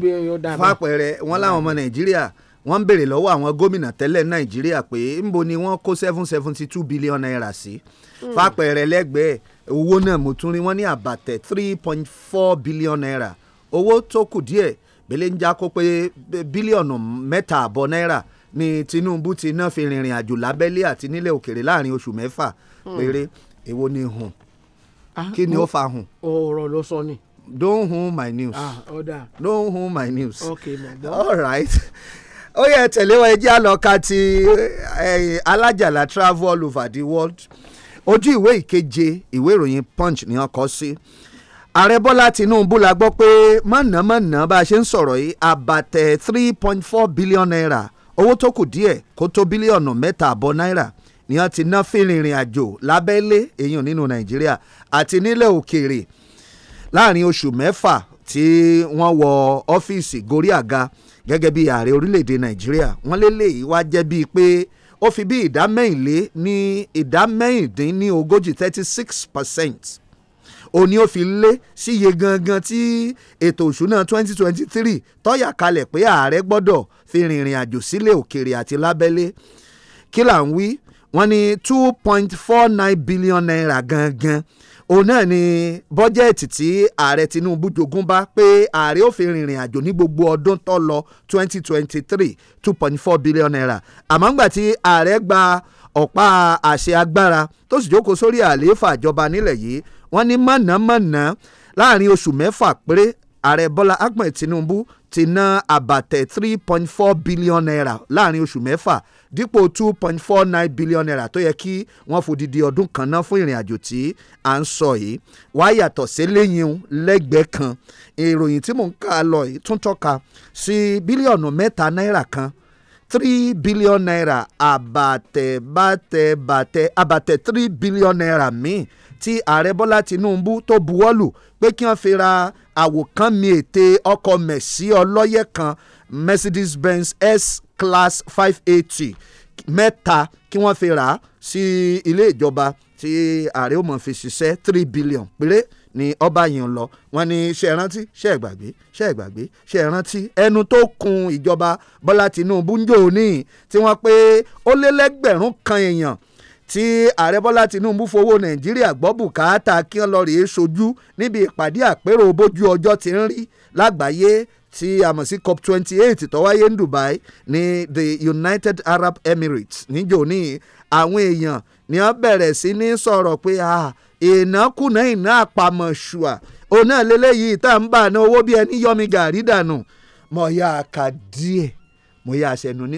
fàpẹẹrẹ wọn láwọn ọmọ nàìjíríà wọ́n ń béèrè lọ́wọ́ àwọn gómìnà tẹ́lẹ̀ nàìjíríà pé ńbo ni wọ́n kó seven seventy two billion naira sí hmm. fàpẹẹrẹ lẹ́gbẹ̀ẹ́ owó náà mo tún rí wọ́n ní àbàtẹ̀ three point four billion naira owó tó kù díẹ̀ bẹ́lẹ̀ ń já kó pé bílíọ̀nù mẹ́ta àbọ̀ náírà ni Tinubu ti ná fi rìnrìn àjò lábẹ́lé àti nílẹ̀ òkèrè láàrin oṣù mẹ́fà hmm. péré. Mm èwo ni hùn ah, kí ni ó fa hùn. ọ̀rọ̀ ló sọ ni. don't hum my news. ah ọ̀dà. don't hum my news. ok mo gbọ́. all right ó yẹ tẹ̀lé wọn ẹjẹ́ àlọ́ka ti alájàlá travel all over the world ojú ìwé ìkeje ìwé ìròyìn punch ni wọ́n kọ sí ààrẹ bọ́lá tinubu la gbọ́ pé mọ̀nàmọ́ná bá a ṣe ń sọ̀rọ̀ yìí àbàtẹ̀ three point four billion naira owó tó kù díẹ̀ kó tó bílíọ̀nù mẹ́ta àbọ̀ náírà ni wọ́n ti ná fìrìn ìrìn àjò lábẹ́lé èyàn nínú nàìjíríà àti nílẹ̀ òkèèrè láàrin oṣù mẹ́fà tí wọ́n wọ ọ́fíìsì gorí àga gẹ́gẹ́ bí ààrẹ orílẹ̀‐èdè nàìjíríà wọ́n lélẹ́yìí wá jẹ́ bíi pé ó fi bí ìdá mẹ́rìnlé ní ìdá mẹ́rìndín ní ogójì thirty six percent ó ní ó fi lé sí iye gangan tí ètò òṣùnà 2023 tọ́yà kalẹ̀ pé ààrẹ gbọ́dọ̀ fi rìnrìn àjò sílẹ̀ òkèrè àti lábẹ́lé kí là ń wí wọ́n ní two point four nine billion naira gangan òun náà ni bọ́jẹ̀tì tí ààrẹ Tinubu jogún bá pé ààrẹ ó fi rìnrìn àjò ní gbogbo ọdún tó lọ twenty twenty three two point four billion naira àmọ́ ńgbà tí ààrẹ gba ọ̀pá àṣẹ agbára tó sì jókòó sórí àlééfà ìjọba nílẹ̀ yìí wọ́n ní mọ̀nàmọ́ná láàrin oṣù mẹ́fà péré ààrẹ bọ́lá ahmed tinubu ti ná àbàtẹ̀ three point four billion naira láàrin oṣù mẹ́fà dípò two point four nine billion naira tó yẹ kí wọ́n fòdìdí ọdún kan ná fún ìrìn àjò tí à ń sọ yìí wá yàtọ̀ sí lẹ́yìn lẹ́gbẹ̀ẹ́ kan ìròyìn tí mò ń kà lọ yìí tún tọ́ka sí bílíọ̀nù mẹ́ta náírà kan three billion naira àbàtẹ̀ bàtẹ̀ bàtẹ̀ àbàtẹ̀ three billion naira míì tí ààrẹ bọ́lá tinubu tó buwọ́lù pé kí wọ́n fi ra àwòkánmi ète ọkọ̀ mẹ̀sí ọlọ́yẹ kan mercedes benz s class five eighty mẹ́ta kí wọ́n fi rà á sí ilé ìjọba tí ààrẹ òmò fi ṣiṣẹ́ three billion péré ni ọba yẹn lọ wọ́n ní ṣe rántí ṣe gbàgbé ṣe gbàgbé ṣe rántí ẹnu tó kun ìjọba Bọ́lá Tinubu ń jò ní tí wọ́n pé ó lé lẹ́gbẹ̀rún kan èèyàn tí ààrẹ bọ́lá tinubu fowó nàìjíríà gbọ́ bùkátà kí wọ́n lọ rèé sojú níbi ìpàdé àpérò bójú ọjọ́ ti ń rí lágbàáyé tí a mọ̀ sí cop twenty eight tó wáyé ní dubai ní the united arab emirates níjò ní àwọn èèyàn ni wọ́n bẹ̀rẹ̀ sí ní sọ̀rọ̀ pé ìnákùná ìná àpamọ̀ṣùà òun náà lélẹ́yìí tá à ń bà ní owó bí ẹni yọmi gàrí dànù mọ̀ ya àkà díẹ̀ mọ̀ ya àṣẹnu ní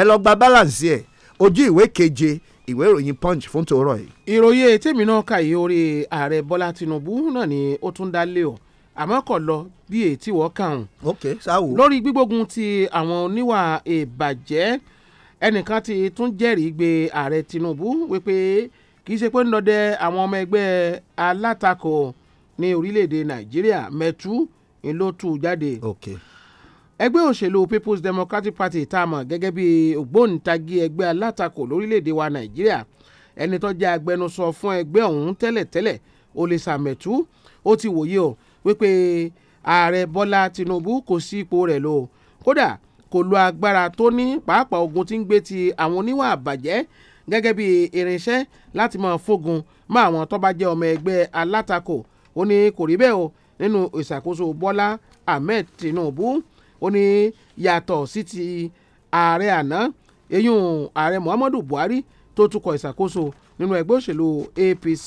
ẹ lọ gba balance ẹ̀ ojú ìwé keje ìwé ìròyìn punch fún tòórọ yìí. ìròyìn ètí mi náà kà yìí orí ààrẹ bọ́lá tinubu náà ni ó tún dá lé o àmọ́ kò lọ bí ètí wọ́n kàn. ok sáwò. lórí gbígbógun ti àwọn oníwà ìbàjẹ́ ẹnìkan ti tún jẹ́rìí gbé ààrẹ tinubu wípé kì í ṣe pé ń dọdẹ àwọn ọmọ ẹgbẹ́ alátakò ní orílẹ̀-èdè nàìjíríà mẹ́tú ńlọ́tù jáde. ok ẹgbẹ́ òṣèlú People's Democratic Party tá a mọ̀ gẹ́gẹ́ bí ògbóǹtagì ẹgbẹ́ alátakò lórílẹ̀‐èdè wa Nàìjíríà ẹni tó jẹ́ agbẹnusọ fún ẹgbẹ́ ọ̀hún tẹ́lẹ̀tẹ́lẹ̀ Olè Sàmẹ̀tú ó ti wòye o wípé ààrẹ Bọ́lá Tinubu kò sí ipò rẹ̀ lò kódà kò lo agbára tó ní pàápàá ogun tí ń gbé ti àwọn oníwà àbàjẹ́ gẹ́gẹ́ bí irinṣẹ́ láti máa fógun mọ́ àwọn tó bá jẹ́ ọmọ ẹgbẹ́ alátakò ó ní kò rí bẹ́ẹ̀ o nínú ìṣàkóso Bọ́lá Ahmed Tinubu ó ní yàtọ̀ sí ti ààrẹ àná eyín ààrẹ Muhammadu Buhari tó tukọ̀ ìṣàkóso nínú ẹgbẹ́ òṣèlú APC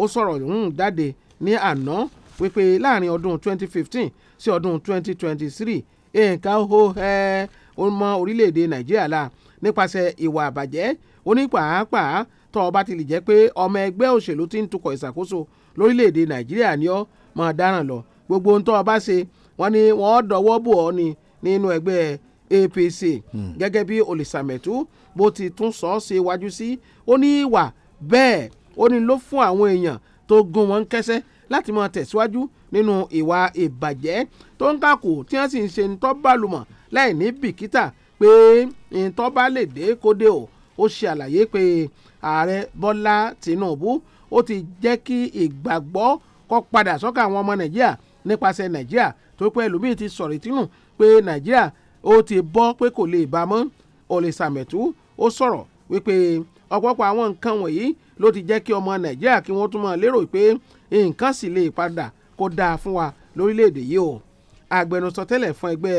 ó sọ̀rọ̀ ọ̀hún jáde ní àná wípé láàrin ọdún 2015 sí ọdún 2023 nǹkan hó ẹ́ ó mọ orílẹ̀-èdè Nàìjíríà la nípasẹ̀ ìwà àbàjẹ́ onípàápàá tó o bá ti lè jẹ́ pé ọmọ ẹgbẹ́ òṣèlú ti ń tukọ̀ ìṣàkóso lórílẹ̀-èdè Nàìjíríà ni ọ́ mọ̀ dáràn lọ gbogbo ohun tó o ṣe wọ́n ní wọ́n dọwọ́ bò ọ́ ni nínú ẹgbẹ́ APC hmm. gẹ́gẹ́ bí olùsàmẹ̀tú bó ti tún sọ ọ́ ṣe wájú sí ó ní ìwà bẹ́ẹ̀ ó ní ló fún àwọn èèyàn tó gún wọn kẹ́sẹ́ láti máa tẹ̀síwájú nínú ìwà ìbàjẹ́ tó ń kàkò tí wọ́n sì ń ṣe ntọ́bàlùmọ̀ láì ní bìkítà pé ntọ́ba lè dé kóde o ó ṣe àlàyé pé ààrẹ Bọ́lá Tinubu ó ti jẹ́ kí ìgbàgbọ́ kó padà sọ́kàn àwọn ọmọ Nàìjíríà nípasẹ̀ nàìjíríà tó pé ẹlòmíì ti sọ̀rọ̀ ìtínú pé nàìjíríà ó ti bọ́ pé kò lè bá mọ́ olùsàmẹ̀tú ó sọ̀rọ̀ wípé ọ̀pọ̀pọ̀ àwọn nǹkan wọ̀nyí ló ti jẹ́ kí ọmọ nàìjíríà kí wọ́n tún máa lérò pé nǹkan sì lè padà kó dáa fún wa lórílẹ̀‐èdè yìí o agbẹnusọ tẹ́lẹ̀ fún ẹgbẹ́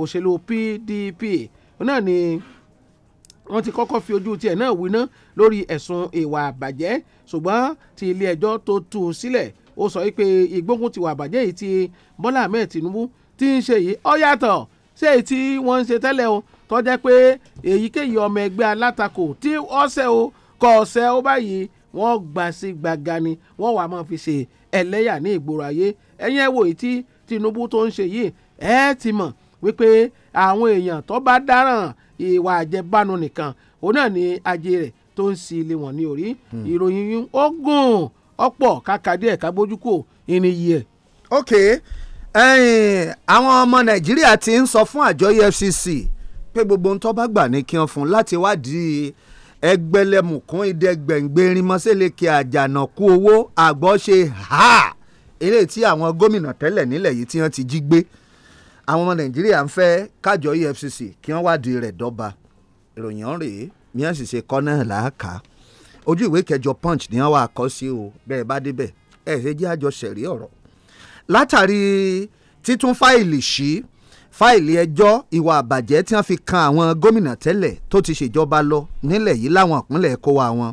òṣèlú PDP náà ni wọ́n ti kọ́kọ́ fi ojú tiẹ̀ náà winá lórí ẹ̀sùn ìwà àbàjẹ́ ṣùgbọ́n ti ilé ẹjọ́ tó tú u sílẹ̀ ó sọ wípé ìgbógun ti wà bàjẹ́ yìí ti Bọ́lá Ahmed Tinubu ti ń ṣe yìí ó yàtọ̀ sí èyí tí wọ́n ń ṣe tẹ́lẹ̀ o tó jẹ́ pé èyíkéyìí ọmọ ẹgbẹ́ alátakò tí ọ̀sẹ̀ o kọ̀ ọ̀sẹ̀ o báyìí wọ́n gbà sí gbàgà ni wọ́n wàá máa fi ṣe ẹlẹ́yà ní ìgboro ayé ẹ̀yìn ẹ̀ wò yìí tí Tinubu tó ń ṣe yìí ẹ̀ ti mọ̀ wípé àwọn èèyàn tó bá dáràn ìwà àjẹbánu nìkan òun náà ni ajé rẹ̀ tó ń si ilé wọn ní orí hmm. ìròyìn ó gùn ọ̀pọ̀ kàkà díẹ̀ ká bójú kò irin yìí ẹ̀. ok àwọn ọmọ nàìjíríà ti ń sọ fún àjọ EFCC pé gbogbo ohun tó bá gbà ní kí wọ́n fún láti wádìí ẹgbẹ̀lẹ̀mùkún ìdẹ́gbẹ̀ngbẹ̀rin mọ́sẹ̀lẹ̀kẹ̀ àjànàkú owó àgbọ̀ṣe ha eré tí àwọn gómìnà tẹ́lẹ̀ nílẹ̀ yìí tí wọ́n ti jí gbé àwọn ọmọ nàìjíríà ń fẹ́ kájọ EFCC kí wọ́n wádìí rẹ̀ dọ́ba ìròyìn ọ̀rẹ́ mi à sì ṣe kọ́ náà làákàá ojú ìwé kẹjọ punch ni wọ́n wá kọ sí o bẹ́ẹ̀ bá débẹ̀ ẹ̀ ṣe jẹ́ àjọṣẹ̀rí ọ̀rọ̀ látàrí títún fáìlì sí fáìlì ẹjọ́ ìwà àbàjẹ́ tí wọ́n fi kan àwọn gómìnà tẹ́lẹ̀ tó ti ṣèjọba lọ nílẹ̀ yìí láwọn ìpínlẹ̀ kó wa wọn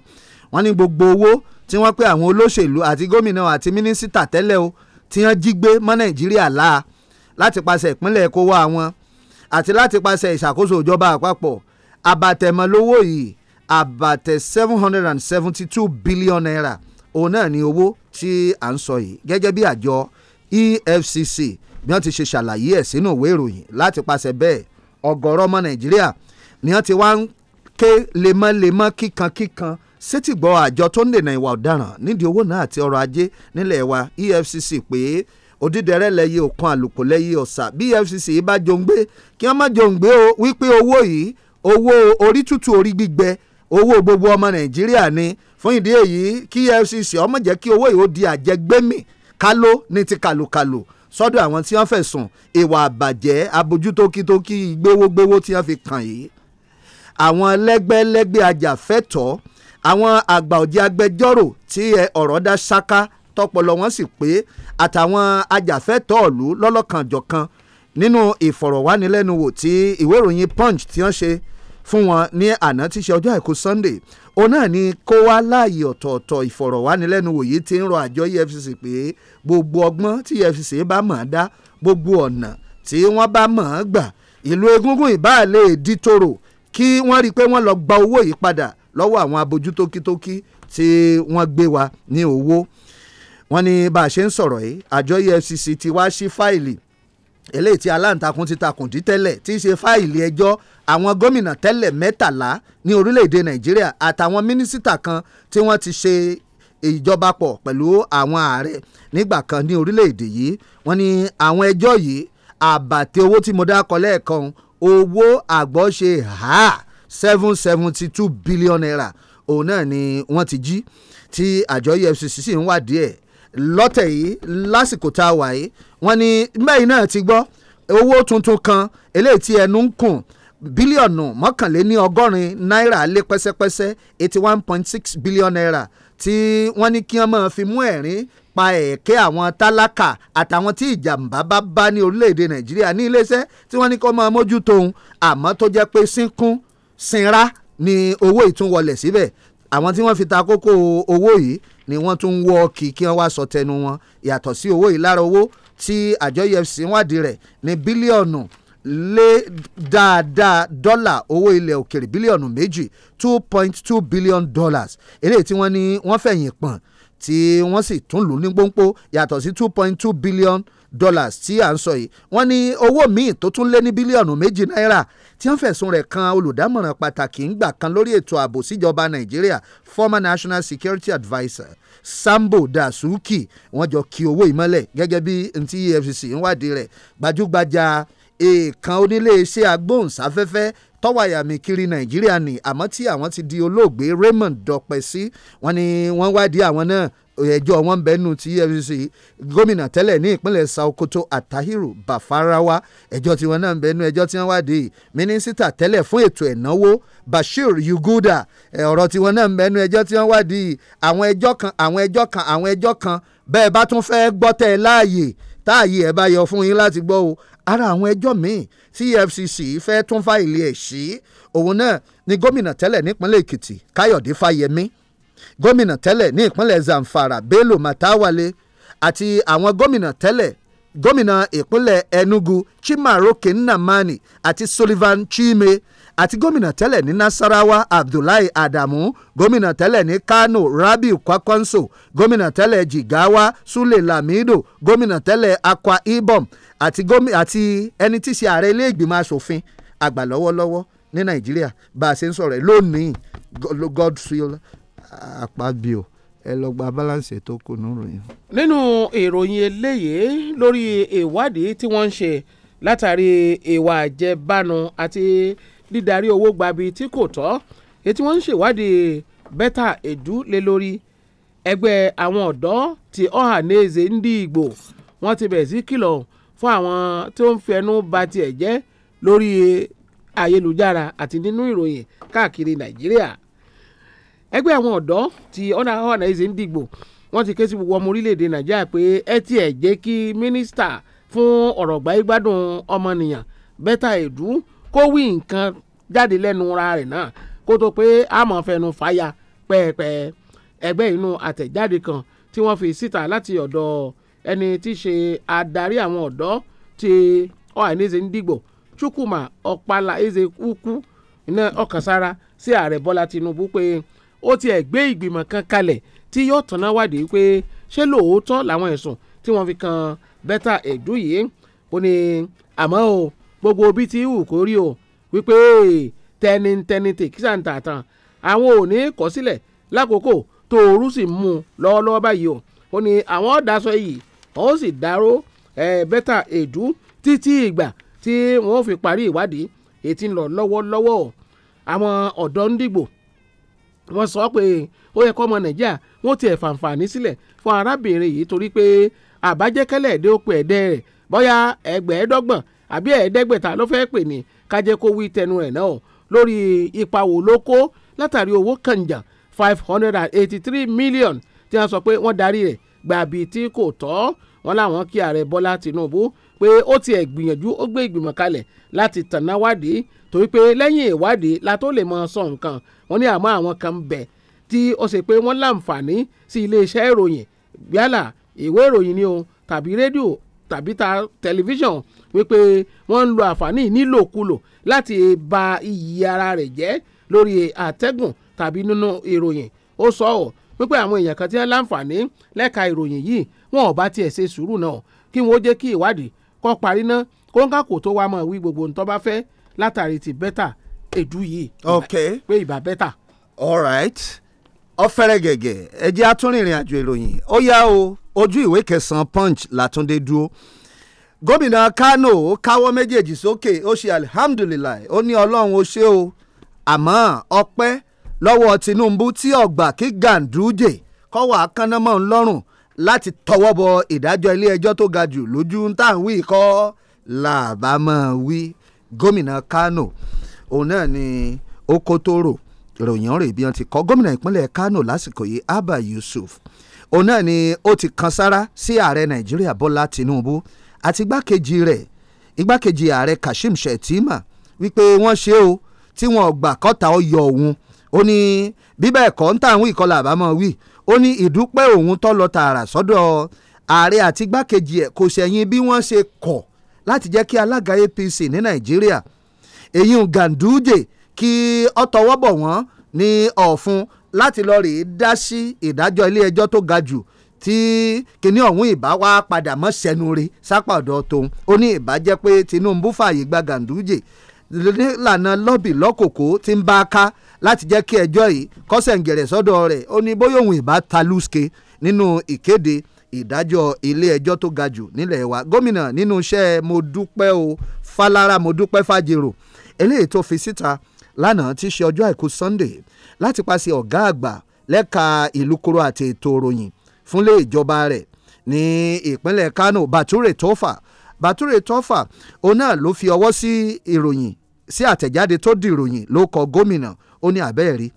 wọ́n ní gbogbo owó tí wọ́n pé àwọn olóṣèlú àti gómìnà àti mínísítà tẹ́lẹ̀ o tí wọ́n jí gbé mọ́ Nàìjíríà láà láti paṣẹ ìpínlẹ̀ kó wa wọn àti láti paṣẹ ìṣàkóso ìjọba àpapọ̀ àbàtẹ̀mọ́lówó yìí àbàtẹ seven hundred and seventy two billion naira òun náà ni owó tí à ń sọ yìí gẹ́gẹ́ bí àjọ EFCC bí wọ́n ti ṣe ṣàlàyé ẹ̀ sínú ìwé ìròyìn láti pàṣẹ bẹ́ẹ̀ ọ̀gọ̀rọ̀ ọmọ Nàìjíríà ni wọ́n ti wá ń ké lemọ́lemọ́ kíkankíkan sétìgbọ́ àjọ tó ń dènà ìwà ọ̀daràn nídìí owó náà àti ọrọ̀ ajé nílẹ̀ wa EFCC pé òdídẹrẹ́ lẹ́yìn òkan àlùkò lẹ́yìn ọ̀sà bí EFCC bá jòǹgbé kí wọ́n má jòǹgbé o wípé owó yìí owó orí tútù orí gbígbẹ owó gbogbo ọmọ nàìjíríà ni fún ìdí èyí kí EFCC ọmọ jẹ́ kí owó yìí ó di àjẹgbẹ́mì kálò ní ti kàlùkàlù sọ́dọ̀ àwọn tí wọ́n fẹ̀sùn ìwà àbàjẹ́ abojútókítókí gbéwógbéwó tí wọ́n fi kàn yìí àwọn lẹ́gbẹ́lẹ́gbẹ́ ajàfẹ́tọ̀ọ́ àwọn àgbà ọ̀jẹ̀ agbẹjọ́rò tí ọ̀rọ̀ dá ṣáká tọpọlọ wọn sì pé àtàwọn ajàfẹ́tọ̀ọ́ ìlú lọ́lọ́kanjọ̀kan nínú ìfọ̀rọ̀wánilẹ́nuwò tí ìwé ìròyìn punch tí wọ́n ṣe fún wọn ní àná tí í ṣe ọjọ́ àìkú Sunday òun náà ni kó wá láàyè ọ̀tọ̀ọ̀tọ̀ ìfọ̀rọ̀wánilẹ́nuwò yìí ti ń rọ àjọ EFCC pé gbogbo ọgbọ́n tí EFCC bá mọ̀ ọ́n dá gbogbo ọ̀nà tí wọ́n bá mọ̀ ọ́n gbà ìlú egungun ìbáà lè di toro kí wọ́n rí i pé wọ́n lọ gba owó yìí padà lọ́wọ́ àwọn abojutókítókí tí wọ́n gbé wa ní owó wọ́n ní bá a ṣe ń sọ̀rọ̀ yìí àjọ EFCC ti wá sí fáìlì eléyìí tí aláǹtakùn ti takùn dí tẹ́lẹ̀ tí í ṣe fáìlì ẹjọ́ àwọn gómìnà tẹ́lẹ̀ mẹ́tàlá ní orílẹ̀-èdè nàìjíríà àtàwọn mínísítà kan tí wọ́n ti ṣe ìjọba pọ̀ pẹ̀lú àwọn ààrẹ nígbà kan ní orílẹ̀-èdè yìí wọ́n ní àwọn ẹjọ́ yìí àbàtì owó tí mo dákọ lẹ́ẹ̀kan owó àgbọ̀ ha seven seventy two billion naira òun náà ni wọ́n ti jí tí àjọ EFCC sì ń wádìí ẹ̀ lọ́tẹ̀ yìí lásìkò tá a wà yìí wọ́n ní mẹ́yìn náà ti gbọ́ owó tuntun kan eléyìí tí ẹnu ń kùn bílíọ̀nù mọ́kànléní ọgọ́rin náírà lé pẹ́sẹ́pẹ́sẹ́ eighty one point six billion naira tí wọ́n ní kí wọ́n máa fi mú ẹ̀rín pa ẹ̀kẹ́ àwọn tálákà àtàwọn tí ìjàmbá bá bá ní orílẹ̀-èdè nàìjíríà ní iléeṣẹ́ tí wọ́n ní kó máa mójútó òun àmọ́ tó jẹ́ pé sínkún sinra ni owó ìtúnwọlẹ̀ síbẹ̀ àwọn tí wọ́n fi ta kókó owó yìí ni wọ́n tún ń wọ́ kí kí wọ́n wá sọ tẹnu wọn yàtọ̀ sí owó ìlara owó tí àjọ EFCC wádìí rẹ̀ ní bílíọ̀nù lé dáadáa dọ́là owó ilẹ̀ òkèrè bílíọ̀nù méjì two point two billion dollars eléyìí tí wọ́n ní wọ́n fẹ̀yìn pọ̀n tí wọ́n sì tún lù ní gbòǹgbò yàtọ̀ sí two point two billion dollars dollars tí à ń sọ yìí wọ́n ní owó míì tó tún lé ní bílíọ̀nù méjì náírà tí wọ́n fẹ̀sùn rẹ̀ kan olùdámọ̀ràn pàtàkì ńgbà kan lórí ètò ààbò síjọba nàìjíríà former national security adviser sambo dasuki wọ́n jọ kí owó ìmọ́lẹ̀ gẹ́gẹ́ bí ntí efcc ń wádìí rẹ̀ gbajúgbajà èèkàn onílé iṣẹ́ agbóhùnsáfẹ́fẹ́ tọ́wàyàmí kiri nàìjíríà ni àmọ́ tí àwọn ti di olóògbé Raymond dọ̀pẹ́ sí wọ́n ní wọ́n wádìí àwọn náà ẹjọ́ wọn bẹ́nu ti EFCC gómìnà tẹ́lẹ̀ ní ìpínlẹ̀ Sokoto Attahiru Bafarawa ẹjọ́ tí wọn náà ń bẹ́nu ẹjọ́ tí wọ́n wádìí mínísítà tẹ́lẹ̀ fún ètò ẹ̀náwó Bashir Yuguda ọ̀rọ̀ tí wọn náà ń bẹ́nu ẹjọ́ tí wọ́n wádìí àwọn ẹjọ́ kan àwọn ẹjọ́ kan àwọn ẹjọ́ kan bẹ́ẹ̀ bá tún fẹ́ gbọ́ tẹ̀ láàyè táàyè ẹ̀ bá yọ fún yín láti gbọ́ o ara àwọn ẹjọ́ míì tí EFCC fẹ́ tún fáìlì ẹ̀ sí òun náà ni gómìnà tẹ́lẹ̀ nípínlẹ̀ Èkìtì Káyọ̀dé Fáyẹmí gómìnà tẹ́lẹ̀ ní ìpínlẹ̀ Zamfara Bello Matawalle àti àwọn gómìnà tẹ́lẹ̀ gómìnà ìpínlẹ̀ Enugu Chimaroke Nnamani àti Sullivan Chime àti gómìnà tẹ́lẹ̀ ní Nasarawa Abdullahi Adamu gómìnà tẹ́lẹ̀ ní Kano Rabiu Kwankwaso gómìnà tẹ́lẹ̀ Jigawa Sule Lamido gómìnà tẹ́lẹ̀ Akwa Ibom àti ẹni tí í ṣe ààrẹ ilé ìgbìmọ̀ asòfin àgbà lọ́wọ́lọ́wọ́ ní Nàìjíríà bá a ṣe ń sọ̀rọ̀ ẹ̀ lónìí Godwill àpábíò ẹ lọ gba balance tó kù níròyìn. nínú ìròyìn eléyìí lórí ìwádìí tí wọ́n ń ṣe látàrí ìwà àjẹbánu àti dídarí owó gbabi tí kò tọ́ ètí wọ́n ń ṣèwádìí bẹ́tà èdú lé lórí ẹgbẹ́ àwọn ọ̀dọ́ ti Ohanaeze Ndigbo wọ́n ti bẹ̀rẹ̀ sí kìlọ̀ fún àwọn tí ó ń fi ẹnu ba tiẹ̀ jẹ́ lórí ayélujára àti nínú ìròyìn káàkiri Nàìjíríà ẹgbẹ́ àwọn ọ̀dọ́ ti Organize Ndigbo na ti ké sí gbogbo ọmọ orílẹ̀-èdè Nàìjíríà pé ẹ ti ẹ̀ jẹ́ kí mínísítà fún ọ̀rọ̀ gbáyégbádùn ọmọnìyàn Betta Edu kó wí nǹkan jáde lẹ́nu ra rẹ̀ náà kó tó pé àmọ́ fẹnu fàya pẹ́ẹ́pẹ́ẹ́ ẹgbẹ́ inú àtẹ̀jáde kan tí wọ́n fi síta láti ọ̀dọ̀ ẹni tí ṣe adarí àwọn ọ̀dọ́ ti Ohanaeze Chukwuma Okpala Eze-Ukwu ọkàn sára sí ààrẹ Tinubu pé ó tiẹ̀ gbé ìgbìmọ̀ kan kalẹ̀ tí yóò tọ́ná wádìí pé ṣé lóòótọ́ làwọn ẹ̀sùn tí wọ́n fi kan Betta Edu yìí ó ní àmọ́ o gbogbo bí ti hù kó rí o wípé tẹnitẹni tèkísà ń tàtàn àwọn ò ní kọ́ sílẹ̀ lákòókò tó ooru sì mú un lọ́wọ́lọ́wọ́ báyìí o ó ní àwọn ọ̀dàsọ yìí wọ́n sì dárò Betta Edu títí ìgbà tí wọ́n fi parí ìwádìí ètí ń lọ lọ́wọ́lọ́wọ́ àwọn ọ̀dọ́ ń dìgbò wọ́n sọ pé ó yẹ kọ́mọ nàìjíríà wọ́n ti ẹ̀ sílẹ̀ fún arábìnrin yìí torí pé àbájẹ́kẹ́lẹ̀ èdè ó pe ẹ̀dẹ́ rẹ̀ bóyá ẹgbẹ̀ẹ́dọ́gbọ̀n àbí ẹ̀ẹ́dẹ́gbẹ̀ta ló fẹ́ pè ní kájẹ́ kó wí tẹnu rẹ̀ náà lórí ipa wo ló kó látàrí owó kànjà five hundred and eighty three million tí wọ́n sọ pé wọ́n darí rẹ̀ gbàbí tí kò tọ́ wọn láwọn kí ààrẹ bọ́lá tìǹbù pé ó tiẹ̀ gbìyànjú ó gbé ìgbìmọ̀ kalẹ̀ láti tànáwádìí torí pé lẹ́yìn ìwádìí la tó lè mọ sọ nǹkan wọ́n ní àmọ́ àwọn kan ń bẹ tí ó ṣe pé wọ́n láǹfààní sí iléeṣẹ́ ìròyìn yálà ìwé ìròyìn ni o tàbí rédíò tàbí ta tẹlifíṣàn wípé wọ́n ń lo àǹfààní nílòkulò láti ba iyì ara rẹ̀ jẹ́ lórí àtẹ́gùn tàbí nínú ìròyìn ó sọ ọ́ wípé àwọn èèyàn kan tí wọ́n láǹfààní lẹ́ka ìròyìn yìí wọn ò bá tiẹ̀ ṣe sùúrù náà kí wọ́n ó jẹ́ kí ìwádìí kó parí ná kó ń kàkó tó wá mọ̀ wí gbogbo ntọ́ bá fẹ́ látàrí ti bẹ́tà èdú yìí. ok pé ìbá bẹ́tà. all right ọ̀fẹ́rẹ́ gẹ̀gẹ̀ ẹ̀jẹ̀ atúnrìnrìn àjò ìròyìn ó yá o ojú ìwé kẹsàn punch látúndé dúró gómìnà kano káwọ́ méjèèjì sókè ó ṣe alihamudulilayi ó ní ọlọ́run ó ṣe o àmọ́ ọpẹ́ lọ́wọ́ tinubu tí ọgbà kí ganduje kọ́wọ́ akánámọ́ ńlọ́rùn láti tọwọ́ bọ ìdájọ́ ilé ẹjọ́ tó ga jù lójú ń tà wí kọ́ làbámọ̀ wí gómìnà kano òun náà ni okotoro ròyìn rè bí wọ́n ti kọ́ gómìnà ìpínlẹ̀ Kano lásìkò yìí Abba Yusuf òun náà ni ó ti kan sára sí ààrẹ Nàìjíríà Bọ́lá Tinubu àti igbákejì rẹ̀ igbákejì ààrẹ Kashim Shettima wípé wọ́n ṣe o tí wọ́n gbà kọ́ta ọyọ òun ó ní bíbẹ̀ ẹ̀kọ́ ń tàwọn ìkọlà àbámọ̀ wí ó ní ìdúpẹ́ òun tó lọ tààrà sọ́dọ̀ ààrẹ àti igbákejì ẹ̀ kò ṣẹ̀yìn bí wọ́n ṣe kọ̀ láti jẹ́ kí alága APC ní Nàìjíríà èyí ń Ganduje kí ọ tọwọ́ bọ̀ wọ́n ní ọ̀fun láti lọ rèé dá sí ìdájọ́ ilé ẹjọ́ tó ga jù tí kinní ọ̀hún ìbá wá padà mọ́ sẹ́nu rí sápà ọ̀dọ̀ tóun ó ní ìbá jẹ́ pé Tinubu fààyè gba Ganduje nílànà lọ́bì lọ́kòkó tí ń bá a ká láti jẹ́ kí ẹjọ́ yìí kọ́sẹ̀ ń gẹ̀rẹ̀ sọ́dọ̀ rẹ̀ ó ní bóyá òun ìbá ta lùsùkè nínú ìkéde ìdájọ́ ilé ẹjọ́ tó ga jù nílẹ̀ wa gómìnà nínú iṣẹ́ mo dúpẹ́ o Fálára mo dúpẹ́ Fájèrò eléyìí tó fi síta lánàá tí í ṣe ọjọ́ àìkú Sunday láti paṣẹ ọ̀gá àgbà lẹ́ka ìlú àti ètò òròyìn fúnlé ìjọba rẹ̀ ní ìpínlẹ̀ Kano Bature Tofa Bature Tofa òun náà ló fi ọwọ́ sí ìròyìn sí àtẹ̀jáde tó di ìròyìn ló kọ gómìnà ó ní àbẹ́ẹ̀rí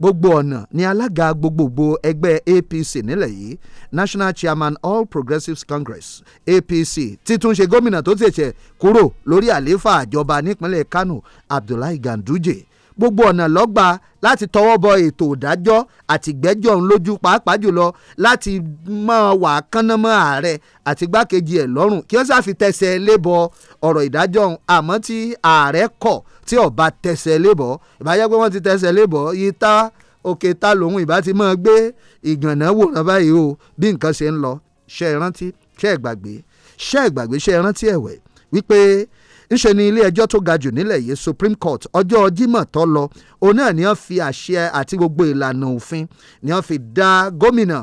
gbogbo ọ̀nà ni alága gbogbogbò ẹgbẹ́ APC nílẹ̀ yìí National Chairman All Progressives Congress APC títún ṣe gómìnà tó tẹ̀tẹ̀ kúrò lórí àlééfà àjọba nípínlẹ̀ Kánò Abdullahi Ganduje gbogbo ọ̀nà lọ́gbà láti tọwọ́ bọ ètò ìdájọ́ àtìgbẹ́jọ́ ń lójú pàápàá jùlọ láti máa wà kánnámọ́ ààrẹ àti igbákejì ẹ̀ lọ́rùn kí wọ́n ṣàfi tẹsẹ̀ lébọ ọ̀rọ̀ ìdájọ́ àmọ́ tí ààrẹ kọ̀ tí ọba tẹsẹ̀ lébọ ìbáyẹ̀ pé wọ́n ti tẹsẹ̀ lébọ yìí tá òkè ta lòun ìbá ti máa gbé ìgànnà wòran báyìí o bí nǹkan ṣe ń lọ ṣe é rántí ṣe é gbàgbé ṣe é gbàgbé ṣe é rántí ẹ̀wẹ̀ wípé ńṣe ni ilé ẹjọ́ tó ga jù nílẹ̀ yìí Supreme Court ọjọ́ Jímọ̀ tó lọ òun náà ni wọ́n fi àṣẹ àti gbogbo ìlànà òfin ni wọ́n fi dá gómìnà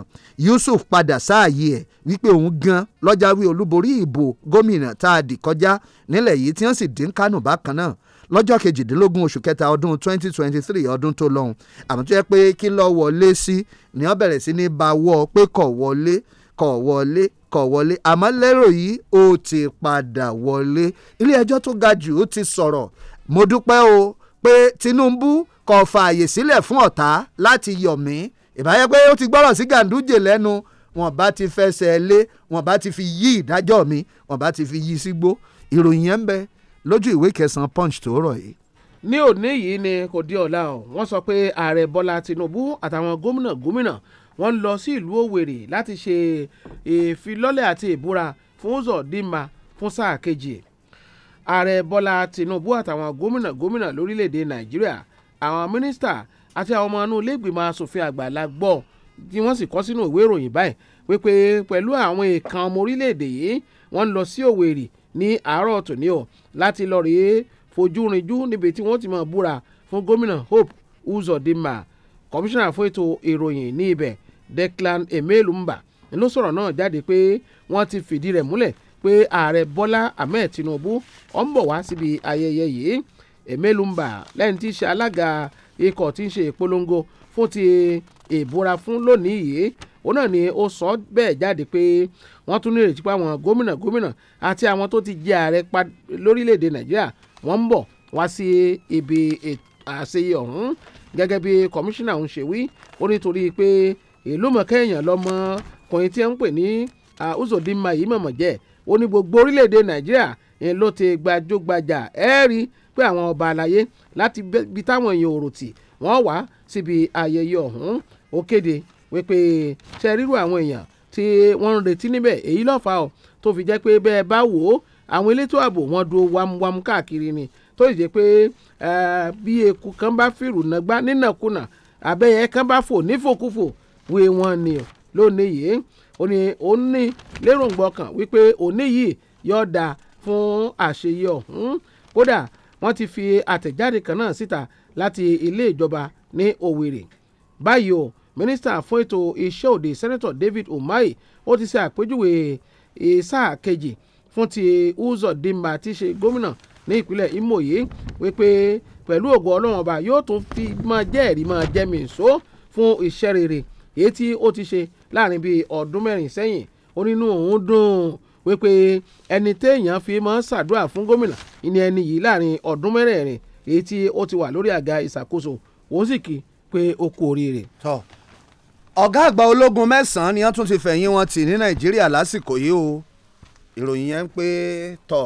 Yusuf padà sáàyè ẹ̀ wípé òun gan lọ́jàwé olúborí ìbò gómìnà tá a dì kọjá nílẹ̀ yìí tí wọ́n sì dín Kánò bákan náà lọ́jọ́ kejìdínlógún oṣù kẹta ọdún 2023 ọdún tó lọ́hùn àmọ́ tó yẹ pé kí ló wọlé sí ni wọ́n bẹ̀rẹ̀ sí ní bá wọ́ pé kò wọlé kò wọlé kò wọlé àmọ́ lérò yìí ó ti padà wọlé ilé ẹjọ́ tó ga jù ó ti sọ̀rọ̀ mo dúpẹ́ o pé Tinubu kò fààyè sílẹ̀ fún ọ̀tá láti yọ̀ mí ìbáyẹ pé ó ti gbọ́rọ̀ sí Ganduje lẹ́nu wọn bá ti fẹsẹ̀ lé wọn bá ti fi yí ìdájọ́ mi wọn bá ti fi yí sígbó ìròyìn yẹn ń bẹ lójú ìwé kẹsàn-án punch tó rọ̀ yìí. ní òní yìí ni kò di ọ̀la o wọ́n sọ pé ààrẹ Bọ́lá Tinubu àtàwọn gómìnà gómìnà wọ́n ń lọ sí ìlú Òwèrè láti ṣe ìfilọ́lẹ̀ àti ìbúra fún Uzodinma fún sáà kejì ààrẹ Bọ́lá Tinubu àtàwọn gómìnà gómìnà lórílẹ̀‐èdè Nàìjíríà àwọn mínísítà àti àwọn ọmọ inú ilégbìmọ̀ asòfin àgbà la gbọ́ tí wọ́n sì kọ sínú ìwé ìròyìn báyìí wípé pẹ̀lú àwọn èèkàn ọmọ orílẹ̀‐èdè yìí wọ́n ń lọ sí Òwèrè ní àárọ̀ tòní ọ̀ láti lọ rèé fojú rinjú níbi tí wọ́n ti máa búra fún gómìnà Hope Uzodinma kọmíṣánná fún ètò ìròyìn ní ibẹ̀ Declan Emelumba ló sọ̀rọ̀ náà jáde pé wọ́n ti fìdí rẹ̀ múlẹ̀ pé ààrẹ Bọ́lá Ahmed Tinubu ọ̀ ń bọ̀ wá síbi ayẹyẹ yìí Emelumba lẹ́yìn tí í ṣe alága ikọ̀ tí ń ṣe ìpolongo fún ti ìbúra fún lónìí yìí òun náà ni ó sọ bẹ́ẹ̀ jáde pé wọ́n tún ní ìrètí pé àwọn gómìnà gómìnà àti àwọn tó ti jẹ ààrẹ lórílẹ̀‐èdè Nàìjíríà wọ́n ń bọ̀ wá sí ibi àṣeyẹ ọ̀hún gẹ́gẹ́ bí kọmíṣánná ọ̀hún ṣe wí ó nítorí pé ìlú mọ̀ọ́ká èèyàn lọ́mọ ọkùnrin tí ń pè ní Uzodinma yìí mọ̀mọ̀ jẹ́ ó ní gbogbo orílẹ̀-èdè Nàìjíríà ló ti gbajúgbajà ẹ́ẹ̀rí pé àwọn ọba àlàyé láti bí táwọn èèyàn òròtì wọ́n wá síbi ayẹyẹ ọ̀hún ó kéde wípé ṣe ríru àwọn èèyàn tí wọ́n ń retí níbẹ̀ èyí lọ́fà ọ́ tó fi jẹ́ pé bẹ́ẹ̀ bá wò ó àwọn elétò ààbò wọn dúró wámúwámú káàkiri ni tó sì jẹ́ pé bí eku kan bá fìrù nàgbá nínàkunà abẹ́yẹ kan bá fò nífòkúfò wé wọn ni lónìí yìí ó ní òun ní léròǹgbọ̀ kan wípé òní yìí yóò dáa fún àṣeyẹ ọ̀hún kódà wọ́n ti fi àtẹ̀jáde kan náà síta láti ilé ìjọba ní Owerri báyìí o mínísítà fún ètò iṣẹ́ òde sẹ́nẹ́tọ̀ David Umahi ó ti ṣe àpèjúwe sáà kejì fún ti Uzodinma tí í ṣe gómìnà ní ìpínlẹ̀ Imo yìí wípé pẹ̀lú ògo Ọlọ́run ọba yóò tún fi máa jẹ́ ẹ̀rí máa jẹ́ mìíṣó fún iṣẹ́ rere èyí tí ó ti ṣe láàrin bíi ọdún mẹ́rin sẹ́yìn ó nínú òun dùn wípé ẹni téèyàn fi máa ń ṣàdúrà fún gómìnà ìní ẹni yìí láàrin ọdún mẹ́rẹ̀ẹ̀rin èyí tí ó ti wà lórí àga ìṣàkóso òun sì kí pé ó kú oríire. ọ̀gá àgbà ológun mẹ́sàn-án ni wọ́n tún ti fẹ̀yìn wọn tì ní nàìjíríà lásìkò yìí o ìròyìn yẹn ń pé tọ́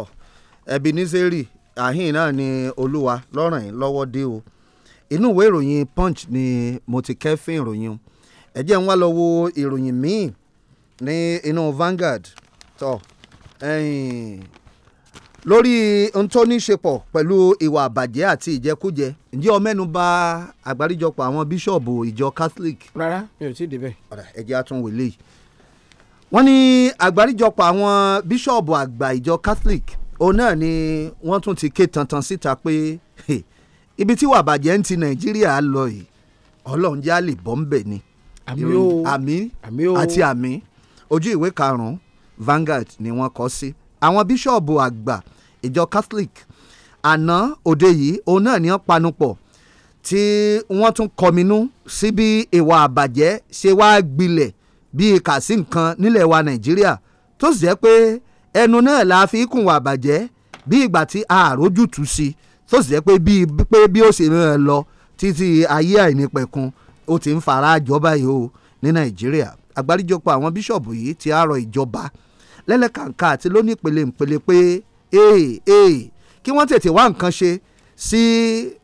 Ebenezeri ahin náà ni olúwa lọ́ràn yín lọ́wọ́ dé o inú ìwé ìròyìn punch ni mo ti kẹ́fín ìròyìn o ẹ jẹ́ ń wá lọ wo ìròyìn míì ní inú Vanguard tó lórí ohun tó ní ṣe pọ̀ pẹ̀lú ìwà àbàjẹ́ àti ìjẹkújẹ ǹjẹ́ o mẹ́nu bà àgbáríjọpọ̀ àwọn bíṣọ̀bù ìjọ Catholic. rárá mi ò tí ì débẹ̀. ọ̀rẹ́ ẹ jẹ́ àtúnwò eléyìí wọ́n ní àgbáríjọpọ̀ àwọn bíṣọ̀bù àgbà ìjọ Catholic òun náà ni wọ́n tún ti ké tantan síta pé ibi tí wàá bàjẹ́ ń ti Nàìjíríà lọ yìí ọlọ́run já lè bọ́ ń bẹ̀ ni àmì àti àmì ojú ìwé karùn-ún Vanguard ni wọ́n kọ sí àwọn bíṣọ̀bù àgbà ìjọ Catholic àná òde yìí òun náà ni wọ́n panupọ̀ tí wọ́n tún kọminú sí bí ìwà àbàjẹ́ ṣe wá gbilẹ̀ bíi kàsí nǹkan nílẹ̀ wa Nàìjíríà tó sì jẹ́ pé ẹnu náà la fi kùn wà bàjẹ́ bí ìgbà tí àròjùtù sí tó sì jẹ́ pé bí ó ṣe ràn lọ títí ayé àìnípẹ̀kun ó ti ń fara àjọba yìí o ní nàìjíríà àgbáríjọpọ̀ àwọn bíṣọ̀bù yìí ti á rọ ìjọba lẹ́lẹ́kàǹkà àti lónípele ìpele pé ee ee kí wọ́n tètè wá nǹkan ṣe sí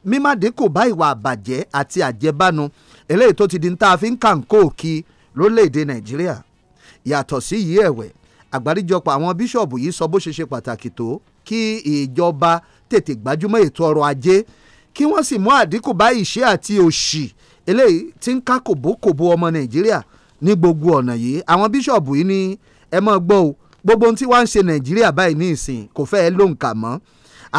mímàdínkù bá ìwà àbàjẹ́ àti àjẹbánu eléyìí tó ti di tá a fi ń kàǹkó kí lórílẹ̀‐èdè nàìjíríà yàtọ̀ sí yìí ẹ̀wẹ̀ àgbáríjọpọ̀ àwọn bíṣọ̀bù yìí sọ bó ṣe ṣe pàtàkì tó kí ìjọba tètè gbájúmọ́ ètò ọrọ̀ ajé kí wọ́n sì mú àdínkù bá ìṣẹ́ àti òṣì eléyìí tí ń ká kòbókòbó ọmọ nàìjíríà ní gbogbo ọ̀nà yìí àwọn bíṣọ̀bù yìí ní ẹ mọ̀ gbọ́ o gbogbo ohun tí wàá ń ṣe nàìjíríà báyìí ní ìsìn kò fẹ́ ló ń kà mọ́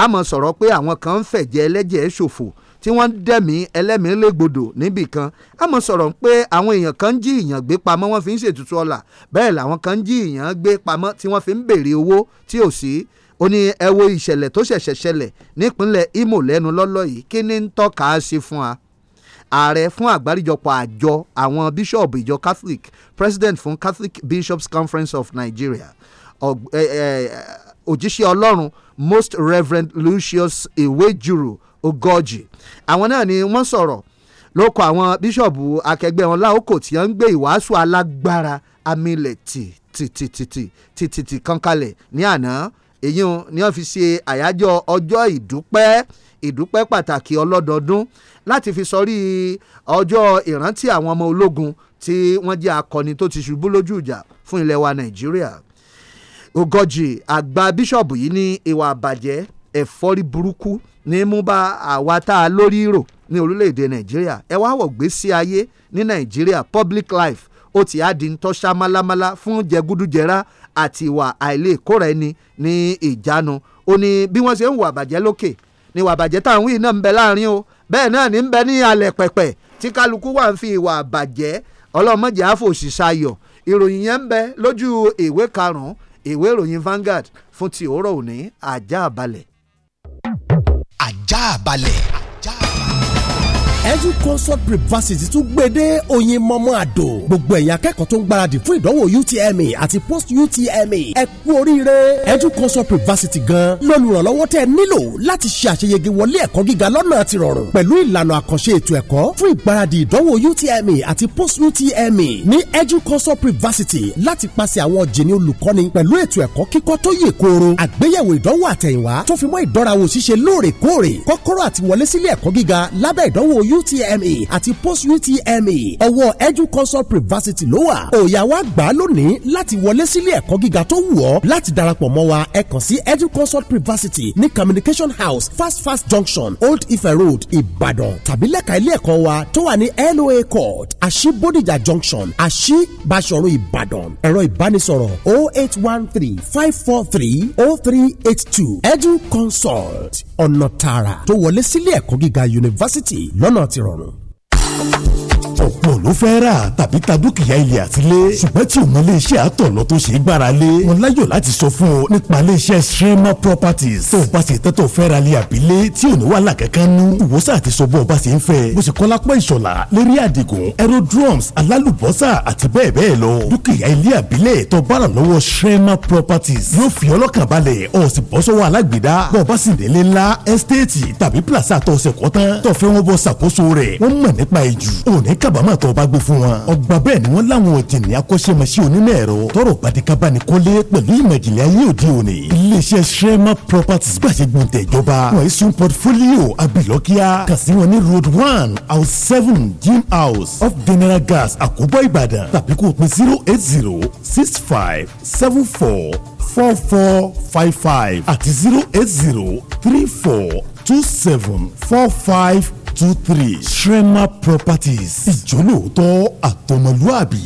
àmọ́ sọ̀rọ̀ pé àwọn kan ń fẹ̀jẹ̀ ẹlẹ́jẹ̀ ṣòfò tí wọ́n dẹ̀mí ẹlẹ́mìí légbodò níbì kan àmọ́ sọ̀rọ̀ pé àwọn èèyàn kan ń jí ìyàn gbé pamọ́ wọ́n fi ń ṣètùtù ọlà bẹ́ẹ̀ làwọn kan ń jí ìyàn gbé pamọ́ tí wọ́n fi ń béèrè owó tí ò sí ó ní ẹ wo ìṣẹ̀lẹ̀ tó ṣẹ̀ṣẹ̀ ṣẹlẹ̀ nípínlẹ̀ Imo lẹ́nu lọ́lọ́ yìí kí ni ń tọ́ka sí fún wa ààrẹ fún àgbáríjọpọ̀ àjọ àwọn bíṣọ̀bù ìjọ catholic president fún catholic bishops conference of nigeria òjíṣẹ́ ọlọ́run most reverend lucius iwejuru ogoji àwọn náà ni wọ́n sọ̀rọ̀ ló kọ àwọn bíṣọ̀bù akẹgbẹ́ wọn láòkò tí wọ́n ń gbé ìwàásù alágbára amílẹ̀ tì tìtìtìtìtìtì kan kalẹ̀ ní àná èyí ni wọ́n fi ṣe àyájọ́ ọjọ́ ìdúpẹ́ ìdúpẹ́ pàtàkì ọlọ́dọọdún láti fi sọrí ọjọ́ ìrántí àwọn ọmọ ológun tí wọ́n jẹ́ akọni tó ti ṣubú lójú ìjà fún ilẹ̀ wa Nàìjíríà Ògọjì àgbà bíṣọ̀bù yìí ní ìwà àbàjẹ́ ẹ̀fọ́rí burúkú ní mú bá àwa tá a lórí rò ní orílẹ̀-èdè Nàìjíríà ẹ wá wọ̀ gbé sí ayé ní Nàìjíríà public life ó ti á di ntọ́ṣá málámálá fún jẹgúdújẹrá àti ìwà àìlè kóra ẹni ní ìjánu ó ní bí wọ́n ṣe ń wà bàjẹ́ lókè ni ìwà àbàjẹ́ tá à ń wí náà ń bẹ láàrin o bẹ́ẹ̀ náà ní ń bẹ ní alẹ̀ pẹ̀pẹ̀ tí kálukú wà ń fi ìwà àbàjẹ́ ọlọ́mọdé àfòsí ìròyìn yẹn ń bẹ lójú ìwé karùn-ún ìwé ìròyìn Vanguard fún ti òórọ̀ òní àjá àbalẹ̀. àjá àbalẹ̀ edu consult privacy tún gbé dé oyin mọ́mọ́ àdó gbogbo ẹ̀yin akẹ́kọ̀ọ́ tó ń gbáradì fún ìdánwò utme àti post utme ẹ kú oríire edu consult privacy gan lọ́lùrànlọ́wọ́ tẹ́ nílò láti ṣe àṣeyege wọlé ẹ̀kọ́ gíga lọ́nà ti rọrùn pẹ̀lú ìlànà àkànṣe ètò ẹ̀kọ́ fún ìgbáradì ìdánwò utme àti post utme ní edu consult privacy láti pàṣẹ àwọn jìnnì olùkọ́ni pẹ̀lú ètò ẹ̀kọ́ kíkọ́ tó yè kooro àgbéyẹ̀wò ìdánwò àtẹ̀yìnwá tó fi mọ́ ìdánrawò ṣíṣe lóòrèkóòrè kọ́kọ́rọ́ àti wọlé sílé ẹ̀kọ́ gíga lábẹ́ ìdánwò UTME àti post UTME ọwọ́ educonsult privacity ló wà òòyà wa gbà á lónìí láti wọlé sílé ẹ̀kọ́ gíga tó wù ọ́ láti darapọ̀ mọ́ wa ẹ kàn sí educonsult privacity ní communication house fast fast junction old ife road Ìbàdàn tàbí lẹ́ka ilé ẹ̀kọ́ wa tó wà ní LOA court àṣì Bódìjà junction àṣì Bàṣọ̀run Ìbàdàn ẹ̀rọ ìbánisọ̀rọ̀ 0813 543 0382 educonsult ọ̀nà tààrà tó wọlé sílé ẹ̀kọ́ gíga yunifásítì lọ́nà tìrọ̀rùn ọ̀pọ̀ ló fẹ́ rà tàbí ta dúkìá ilẹ̀ àtilé ṣùgbọ́n tí òun iléeṣẹ́ àtọ̀lọ́ tó ṣe é gbára lé wọn láyọ̀ láti sọ fún ọ nípa iléeṣẹ́ Shrema Properties tó o bá ṣe tẹ́tọ̀ fẹ́ ra ilé àbílé tí ò ní wàhálà kankan nú ìwọ́sà àti sọ bọ́ ọ bá ṣe ń fẹ́ bó ṣe kọ́ lápá ìṣọ̀lá lérí àdìgún aerodrums alálùbọ́sà àti bẹ́ẹ̀ bẹ́ẹ̀ lọ dúkìá ilé àbílẹ̀ tó bára lọ́wọ́ Shrema Properties yóò fi ọlọ́kàn balẹ̀ ọ̀ sì bọ́ sọ́wọ́ alágbèédá bọ́ ọ bá sì nílé ńlá ẹ́stéètì tàbí pílàsà tó ṣe kọ́ tán tó kábàámọ̀ tó o bá gbé fún wọn. ọgbà bẹ́ẹ̀ ni wọ́n láwọn òjìní akọ́ṣẹ́mọṣẹ́ onímọ̀ ẹ̀rọ tọrọ pàdékábàní kọ́lé pẹ̀lú ìmọ̀ ìjìnlẹ̀ ayé òde òní. iléeṣẹ́ shrema properties gbàṣẹ gbọ̀ǹtẹ̀ wọ́n sun portfolio abilọ́kíá kà sí wọn ní road one house seven gym house of general gas àkóbọ̀ ìbàdàn tàbí kò pin zero eight zero six five seven four four four five five àti zero eight zero three four two seven four five two three Shrema Properties ìjọ́lóòótọ́ àtọmọlúàbí.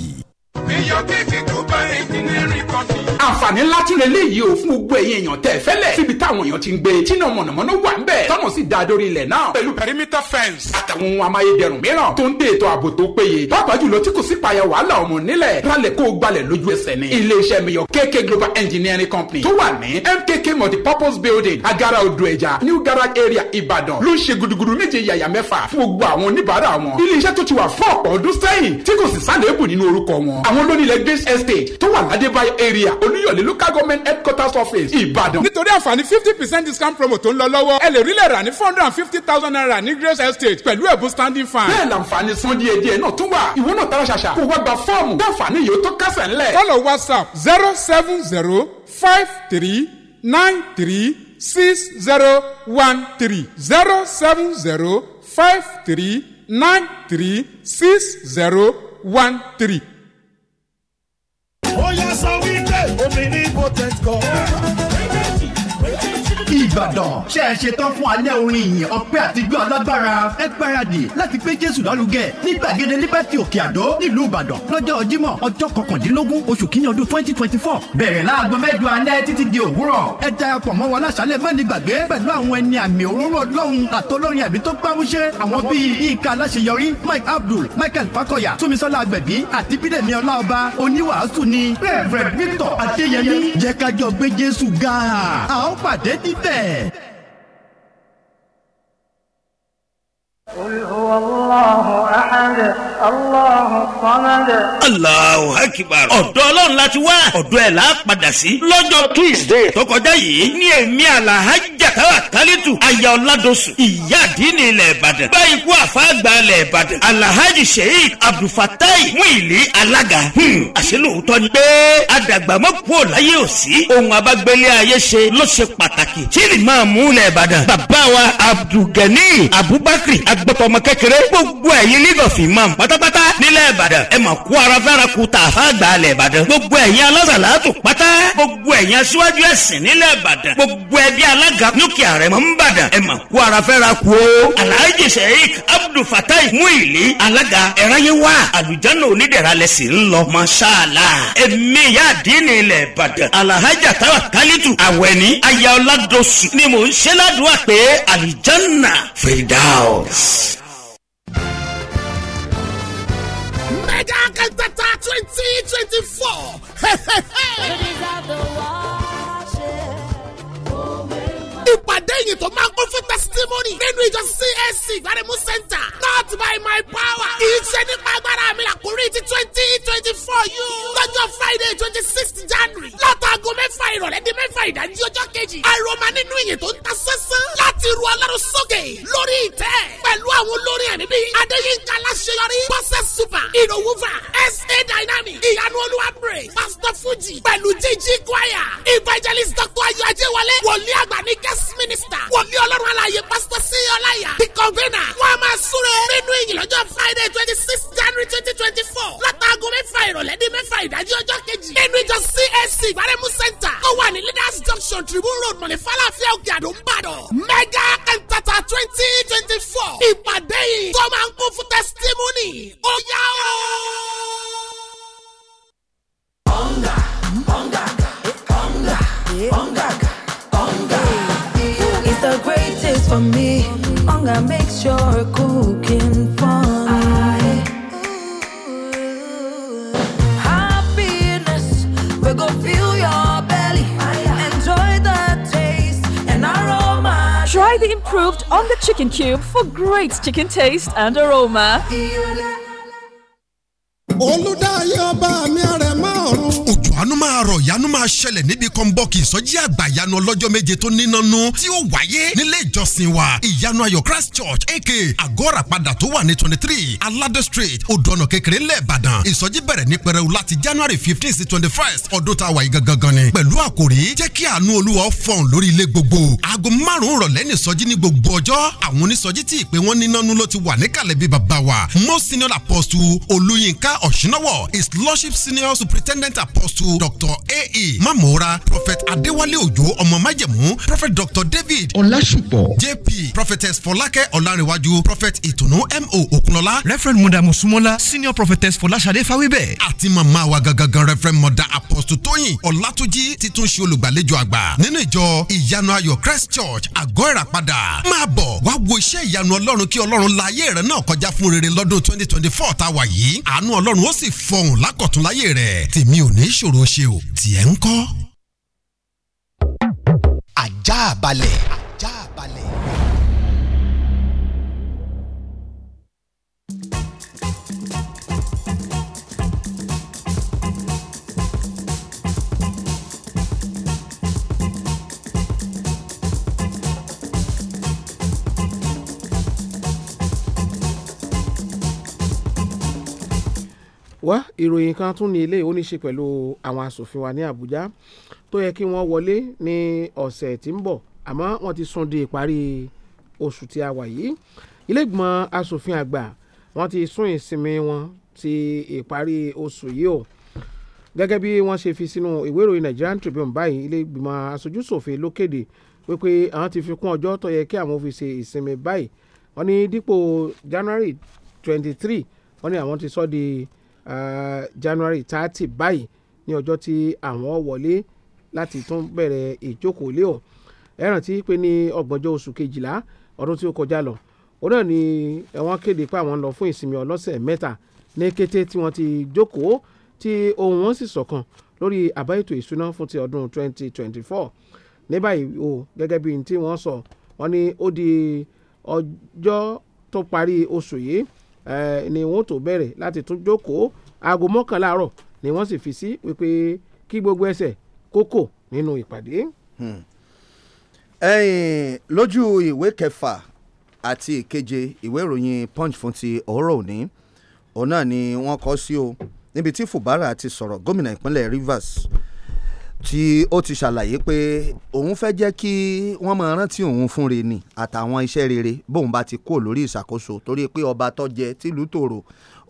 iyọ̀ kékeré àǹfààní ńlá tí eléyìí ò fún gbogbo ẹ̀yin èèyàn tẹ̀ fẹ́lẹ̀ síbi táwọn èèyàn ti ń gbé tí mọ̀nàmọ́ná wà ń bẹ̀ tọ́nà sì da dórí ilẹ̀ náà pẹ̀lú perimeter fence àtàwọn ohun amáyédẹrùn mìíràn tó ń dé ètò ààbò tó péye pàápàá jùlọ tí kò sí payà wàhálà ọmọ nílẹ̀ rálẹ̀ kó gbalẹ̀ lójú ẹsẹ̀ ni iléeṣẹ́ miyọ̀ KK Global Engineering Company tó wà ní MKK multipurpose building agara odò ẹja new garage area Ìbàdàn ló ń ṣe gudugudu méje yàyà mẹ́fà fún gbogbo àwọn oníbàárà wọn iléeṣẹ́ tó ti wà fún ọ̀pọ̀ ọdún sẹ́yìn tí kò sì sáà lébù nínú orúkọ wọn àwọn lónìí lẹ estate tó wà ládébáyọ̀ ní local government headquarters office ìbàdàn. nítorí àǹfààní fifty percent discount promo tó ń lọ lọ́wọ́ ẹ lè rí lẹ̀ rà ní four hundred and fifty thousand naira ní grace estate pẹ̀lú ẹ̀bùn standing fan. bẹ́ẹ̀ làǹfààní sún díẹ̀ díẹ̀ náà tún wà ìwọ náà tara ṣàṣà kó wá gba fọ́ọ̀mù dáǹfààní yóò tó kásẹ̀ ńlẹ̀. kọ́lọ̀ whatsapp zero seven zero five three nine three six zero one three zero seven zero five three nine three six zero one three. ó yá sọ wí. omnipotent God. ìbàdàn ṣe é ṣe tán fún alẹ́ orin ìyìn ọpẹ́ àtijọ́ alágbára ẹ gbáradì láti gbé jésù lálùgẹ ní gbàgede liberty òkè àdó nílùú ìbàdàn lọ́jọ́ jímọ̀ ọjọ́ kọkàndínlógún oṣù kínní ọdún twenty twenty four bẹ̀rẹ̀ láago mẹ́jọ alẹ́ títí di òwúrọ̀ ẹ darapọ̀ mọ́ wa láṣálẹ̀ má ní gbàgbé pẹ̀lú àwọn ẹni àmì òróró ọlọ́run àbí tó gbámúṣé mike abdul michael fakoya túnmisọ́lá agbẹ̀bí àti bídẹ̀mí ọláọba oníwàásù ni reverend victor adéyẹmí jẹ́ ká jọ ga a ó pàdé níbẹ̀. Yeah. قل هو الله أحد الله الصمد. Allahu Akbar. ọ̀dọ̀ ọlọ́run láti wá ọ̀dọ̀ ẹ̀ la padà sí. lọ́jọ́ Tuesday tó kọjá yìí ní èmi Alhaja Tawakalitu aya Ọládọ̀sù ìyá àdínì ilẹ̀ Ìbàdàn bá ikú àfáàgbà ilẹ̀ Ìbàdàn Alhaji Sheikh Abdulfatai Muili alága. Hmm, àṣelóòótọ́ ni pé adàgbàmọ́kù ọ̀láyé ò ohun abágbélé ayé ṣe ló ṣe pàtàkì tí ìlú máa mú ilẹ̀ Ìbàdàn bàbá wa Abdulgani Abubakar gbọ́tọ̀ ọmọ kékeré gbogbo ẹ̀yin nígọ̀fì máa pátápátá nílẹ̀ ìbàdàn ẹ mà kú ara fẹ́ra kú tà fáàgbà ilẹ̀ ìbàdàn gbogbo ẹ̀yin alásàlátù pátá gbogbo ẹ̀yin aṣíwájú ẹ̀sìn nílẹ̀ ìbàdàn gbogbo ẹbí alága lókè rẹ̀ mọ̀ ń bàdàn ẹ mà kú ara fẹ́ra kú o. alhaji sheik abdul fatai muili alága ẹ̀ráyé wa àlùjáná onídẹ̀ra lẹ́sìn ń lọ mashallah èmi yáàdínì kalitu awẹni ayaoladosu ni mò ń ṣe firdaus. Mega Cantata 2024! Hey, hey, hey ìyìn tó máa ń kún fún testimony nínú ìjọ CAC Gbaremu Center not by my power iṣẹ́ nípa agbára mi àkórí ti twenty twenty four yìí lọ́jọ́ Friday twenty sixth January látàgọ́ mẹ́fà ìrọ̀lẹ́ di mẹ́fà ìdájí ọjọ́ kejì àìrọ̀mà nínú ìyìn tó ń ta sẹ́sẹ́ láti ru ọlọ́run sókè lórí ìtẹ́ pẹ̀lú àwọn olórin ẹ̀mí bíi Adéyínká Aláṣeyọrí Bọ́sẹ̀ Super Ìròwúfà SA Dynamic Ìyanu Olúwa Praise Pastor Fuji pẹ̀lú jíjí choir evangelist Dr. Ayọ̀ Ajẹ́wọlé wòlíì àgbà ní guest minister mẹ́ta. wòlí ọlọ́run aláyé pásítọ̀ sí ọláyà the convener. wọ́n a máa súre nínú ìyìn lọ́jọ́ friday twenty six january twenty twenty four látàgò mẹ́fà ìrọ̀lẹ́ ní mẹ́fà ìdájí ọjọ́ kejì. nínú ìjọ CSC ìbárẹ́mú center tó wà ní leaders junction tribune road mọ̀lẹ́ falafel òkè àdó ńbàdàn. mega kẹntata twenty twenty four ìpàdé yìí tó máa ń kún fún testimony ó yá o. ọ̀ǹgà ọ̀ǹgà ọ̀ǹgà ọ̀ǹgà. for me. Hunger makes your cooking fun. I happiness, we go fill your belly. Enjoy the taste and aroma. Try the improved on the chicken cube for great chicken taste and aroma. mi ìyanu máa rọ̀ ìyanu máa ṣẹlẹ̀ níbi kọ́ńbọ́ọ̀kì ìsọjí àgbà ìyanu ọlọ́jọ́ méje tó nínánú tí ó wáyé nílé ìjọsìn wa ìyanu ayọ̀ Christ Church aka agora padà tó wà ní twenty three aládé street odòànà kékeré ńlẹ̀ Ìbàdàn ìsọjí bẹ̀rẹ̀ ní pẹrẹu láti January fifteen sí twenty first ọdún tá a wà yí gangan ni pẹ̀lú àkòrí jẹ́ kí àánú Olúwa fọ̀n lórí ilé gbogbo aago márùn-ún rọ̀lẹ́ ní ìsọjí ní gbogbo ọjọ́ àwọn onísọjí tí ìpè wọn nínánú ló ti wà níkàlẹ̀ bí bàbá wa most senior apostle Olúyinká Ọ̀ṣínáwọ̀ his lordship senior superintendent apostle dr ae mamora prophet Adewale Ojo ọmọ májẹ̀mú prophet dr david ọlásùpọ̀ jp prophetess fọlákẹ́ ọlárẹ̀wájú prophet ìtùnú mo òkunlọ́lá reverend Muda sumola senior prophetess fọláṣadé fáwíbẹ̀ àti Mama wa gangan reverend Muda apostle tóyìn ọlátúnjí ti tún ṣe olùgbàlejò àgbà nínú ìjọ ìyanu ayọ̀ christ church àgọ́ ìràpadà máa bọ̀ wá wo iṣẹ́ ìyanu ọlọ́run kí ọlọ́run la ayé rẹ̀ náà kọjá fún rere lọ́dún twenty twenty four tá a wà yìí àánú ọlọ́run ó sì fọhùn lákọ̀tún láyé rẹ̀ tèmi ò ní ṣòro ṣe o tiẹ̀ ń kọ́. ajá balẹ̀. ìròyìn kan tún ní eléyìí ó ní í ṣe pẹ̀lú àwọn asòfin wa ní Àbújá tó yẹ kí wọ́n wọlé ní ọ̀sẹ̀ tí ń bọ̀ àmọ́ wọ́n ti sún de ìparí oṣù tí a wà yìí ilé ìgbìmọ̀ asòfin àgbà wọ́n ti sún ìsinmi wọn ti ìparí oṣù yìí o gẹ́gẹ́ bí wọ́n ṣe fi sínú ìwé ìròyìn Nigerian Tribune báyìí ilé ìgbìmọ̀ asojúṣòfin ló kéde wípé àwọn ti fi kún ọjọ́ tó yẹ kí àwọn fi ṣe ìsinmi báyìí wọ́n ní dípò January twenty three wọ́n ní àwọn ti sọ di Ah, January thirty báyìí ní ọjọ́ tí àwọn wọlé láti tún bẹ̀rẹ̀ ìjókòó lé ọ̀ ẹ rántí pé ní ọgbọ̀njọ́ oṣù kejìlá ọdún tí ó kọjá lọ òun náà ni wọ́n kéde pé àwọn ń lọ fún ìsinmi ọlọ́sẹ̀ mẹ́ta ní kété tí wọ́n ti jókòó tí ohun wọn sì ṣọ̀kan lórí àbá ètò ìsúná fún ti ọdún 2024 ní báyìí o gẹ́gẹ́ bí tí wọ́n sọ wọ́n ní ó di ọjọ́ tó parí oṣù yìí Eh, ni wọ́n tó bẹ̀rẹ̀ láti tún jókòó aago mọ́kànlá àárọ̀ ni wọ́n sì fi sí wípé kí gbogbo ẹsẹ̀ kókò nínú ìpàdé. Hmm. lójú ìwé kẹfà àti ìkeje ìwé ìròyìn punch fún ti òórọ̀ òní òun náà ni wọ́n kọ sí o níbi tí Fubara ti sọ̀rọ̀ gómìnà ìpínlẹ̀ Rivers tí ó ti ṣàlàyé pé òun fẹ́ jẹ́ kí wọ́n máa rántí òun fún re ni àtàwọn iṣẹ́ rere bóun bá ti kó lórí ìṣàkóso torí pé ọba tó jẹ tìlú tòrò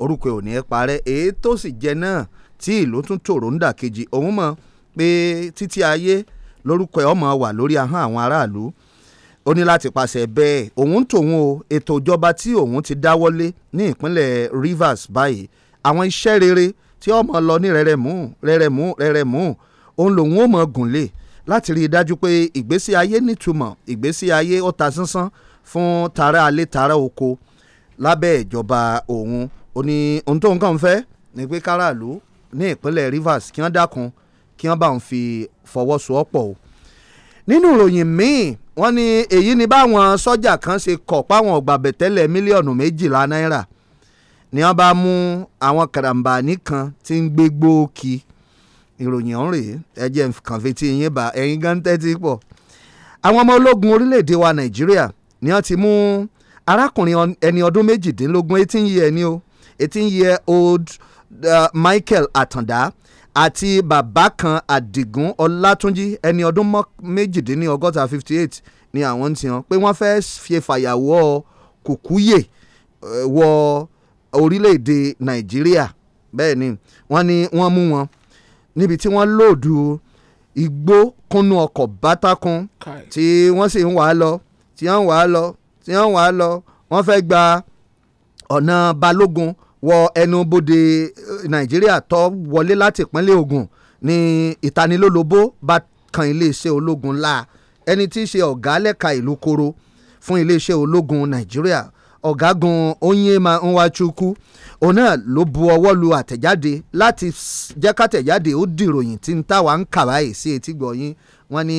orúkọ ò ní í parẹ́ èyí tó sì jẹ náà tí ìlú tún tòrò ń dà kejì òun mọ̀ pé títí ayé lórúkọ ẹ̀ ọmọ wà lórí ahọ́n àwọn aráàlú ó ní láti pàṣẹ bẹ́ẹ̀ òun tòun o ètò ìjọba tí òun ti dáwọ́lé ní ìpínlẹ̀ Rivers báyìí àwọn iṣẹ́ rere tí ọmọ lọ ní rẹ̀rẹ̀mú rẹ̀rẹ̀mú rẹ̀rẹ̀mú òun lòun ó mọ̀ gùn lé láti rí i dájú pé ìgbésí ayé nítumọ̀ ìgbésí ayé ó sánsán fún tara alé tara oko lábẹ́ ìjọba òun ó ní ohun tó nǹkan fẹ́ ni pé káràlú ní ìpínlẹ̀ Rivers kí wọ́n dákun kí wọ́n bá òun fi fọwọ́sowọ́pọ̀ o nínú ìròyìn míì wọ́n ní èyí ni báwọn sọ́jà kan ṣe kọ̀ páwọn ọ̀gbàbẹ̀ mílíọ̀nù méjìlá náírà ni wọ́n bá mú àwọn karambani kan tí ń gbégbó kí i ìròyìn ọ̀hún rèé ẹ jẹ́ nǹkan fetí yín bá ẹ̀yin gan tẹ́tí pọ̀ àwọn ọmọ ológun orílẹ̀‐èdè wa nàìjíríà ni wọ́n ti mú arákùnrin ẹni ọdún méjìdínlógún eighteen year ni o eighteen year old uh, Michael Àtàndá àti bàbá kan Àdìgún Ọlátúnjí ẹni ọdún méjìdínlọ́gọ́ta fifty eight ni àwọn ti hàn pé wọ́n fẹ́ fi fàyàwọ́ kùkúyè uh, wọ orílẹ̀‐èdè nàìjíríà bẹ́ẹ̀ ni wọ́n ní wọ́n mú wọn níbi tí wọ́n lòdù igbó kúnnú ọkọ̀ bátákun tí wọ́n sì ń wà á lọ tí wọ́n ń wà á lọ tí wọ́n ń wà á lọ wọ́n fẹ́ gba ọ̀nà balógun wọ ẹnubodè eh, nàìjíríà tó wọlé láti ìpínlẹ̀ ogun ní ìtanilólobó bá kan iléeṣẹ́ ológun la ẹni tí í ṣe ọ̀gá lẹ́ka ìlú koro fún iléeṣẹ́ ológun nàìjíríà ọ̀gágun Onyema Nwachukwu òun náà ló bu ọwọ́ lu àtẹ̀jáde láti jẹ́ kátẹ̀jáde ó dìròyìn tí ń táwa ń kà báyìí sí etí gbọ̀yìn wọ́n ní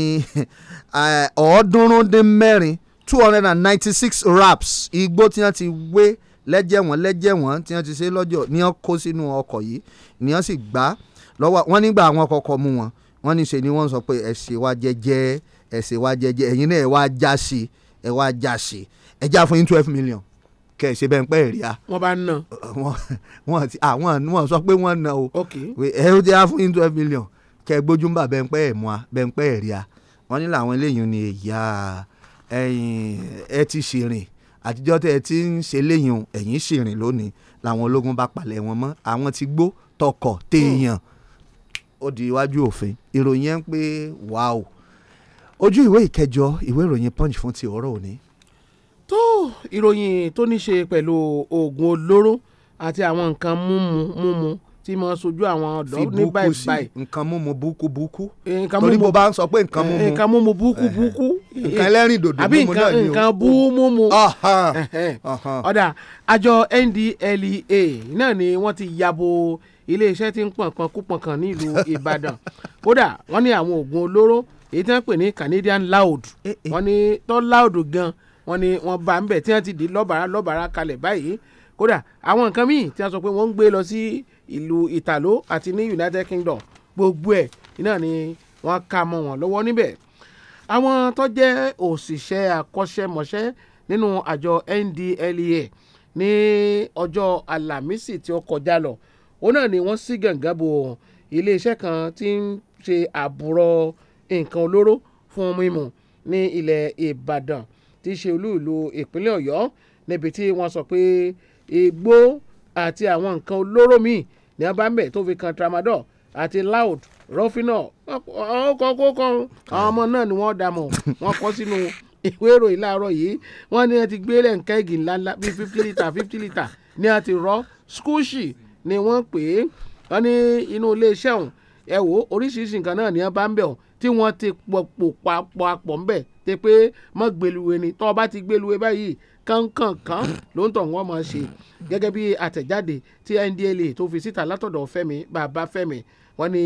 (laughs) ọ̀ọ́dúnrún two hundred and ninety six raps igbó tí wọ́n ti wé lẹ́jẹ̀ wọ́n lẹ́jẹ̀ wọ́n tí wọ́n ti ṣe lọ́jọ́ ni wọ́n kó sínú ọkọ̀ yìí ni wọ́n sì gbá lọ́wọ́ wọ́n nígbà àwọn kọ́kọ́ mú wọn wọ́n ní ṣe ni wọ́n sọ pé ẹ ṣe wá jẹ́jẹ́ ẹ ṣe ẹ̀yin náà ẹ wá já sí ẹ wá já sí ẹ já fún yín twelve million kẹ ṣe bẹ́ẹ̀ ń pẹ́ rí a. wọ́n bá ná. wọ́n ti àwọn wọ́n sọ pé wọ́n ná o. ok ẹ ó ti á fún yín twelve million kẹ gbójúmbà bẹ́ẹ̀ ń pẹ́ mú a bẹ́ẹ̀ ń pẹ́ rí a. wọ́n ní làwọn eléyìí ni ìyá ẹ ti ṣèrìn àtijọ́ tẹ ẹ ti ń ṣe léyìn o ẹ̀yìn ṣèrìn lónìí làwọn ológun bá palẹ̀ wọn mọ́ àwọn ti gbó tọkọ̀ téèyàn ó di iwájú òfin ìròyìn ẹ ń pé wàá o ojú ìwé ìkẹjọ ìwé ìròyìn punch fún ti ọ̀rọ̀ òní tó ìròyìn tó ní ṣe pẹ̀lú oògùn olóró àti àwọn nǹkan múmu múmu tí mo sojú àwọn ọ̀dọ́ ní báyìí báyìí. nǹkan múmu búkú búkú torí mo bá ń sọ pé nǹkan múmu nǹkan múmu búkú búkú nǹkan ẹlẹ́rìn dòdò múmu náà ni o àbí nǹkan bú múmu. ọ̀dà àjọ NDLEA náà ni wọ́n ti yabo iléeṣẹ́ tí ń pọ̀nkan kú pọ̀nkan nílùú (laughs) Ìbàdàn kódà wọ́n ní àwọn oògùn olóró èyí tí wọ́n pè ní Canadian loud eh, eh. wọ́n ní tó loud gan-an wọ́n ní wọ́n bá ń bẹ̀ tí wọ́n ti di lọ́bàrá lọ́bàrá kalẹ̀ báyìí kódà àwọn nǹkan míì tí wọ́n sọ pé wọ́n ń gbé lọ sí ìlú Italo àti ní United Kingdom gbogbo ẹ̀ iná ni wọ́n ká mọ́ wọn lọ́wọ́ níbẹ̀ àwọn tó jẹ́ òṣìṣẹ́ akọ́ṣẹ́mọṣẹ́ nínú àjọ NDLEA ní ọjọ́ Alámísì tí ó kọjá lọ òun náà ni wọ́n sí gàngán bo iléeṣẹ́ kan tí ń ṣe àbúrò nǹkan olóró fún mímu ní ilẹ̀ Ìbàdàn e tí í ṣe olú ìlú ìpínlẹ̀ ọ̀yọ́ níbi tí wọ́n sọ pé igbó àti àwọn nǹkan olóró míì ní wọ́n bá ń bẹ̀ tó fi kan tramadol àti loud rọ́fínà ọkọ̀ kókó àwọn ọmọ náà ni wọ́n dà mọ̀ wọ́n kọ́ sínú ìwé ìròyìn láàárọ̀ yìí wọ́n ní wọ́n ti gbé lẹ́ǹkẹ́gì ńláńlá bíi fifty litre fifty litre ni wọ́n ti rọ́ skúùsì ni wọ́n pè é wọ́n ní inú iléeṣẹ́ ọ̀hún ẹ oríṣiríṣi nǹkan náà ni wọ́n ọ̀hún tí wọ́n ti pọ̀ papọ̀ apọ̀ ńbẹ̀ ti pé mọ́ gbèlúwe ni tọ́ ọba ti gbèlúwe báyìí kánkànkán ló ń tọ̀ wọ́n máa ṣe gẹ́gẹ́ bí àtẹ̀jáde tí NDLA tó fi síta látọ̀dọ̀ Fẹ́mi bàbá Fẹ́mi wọ́n ní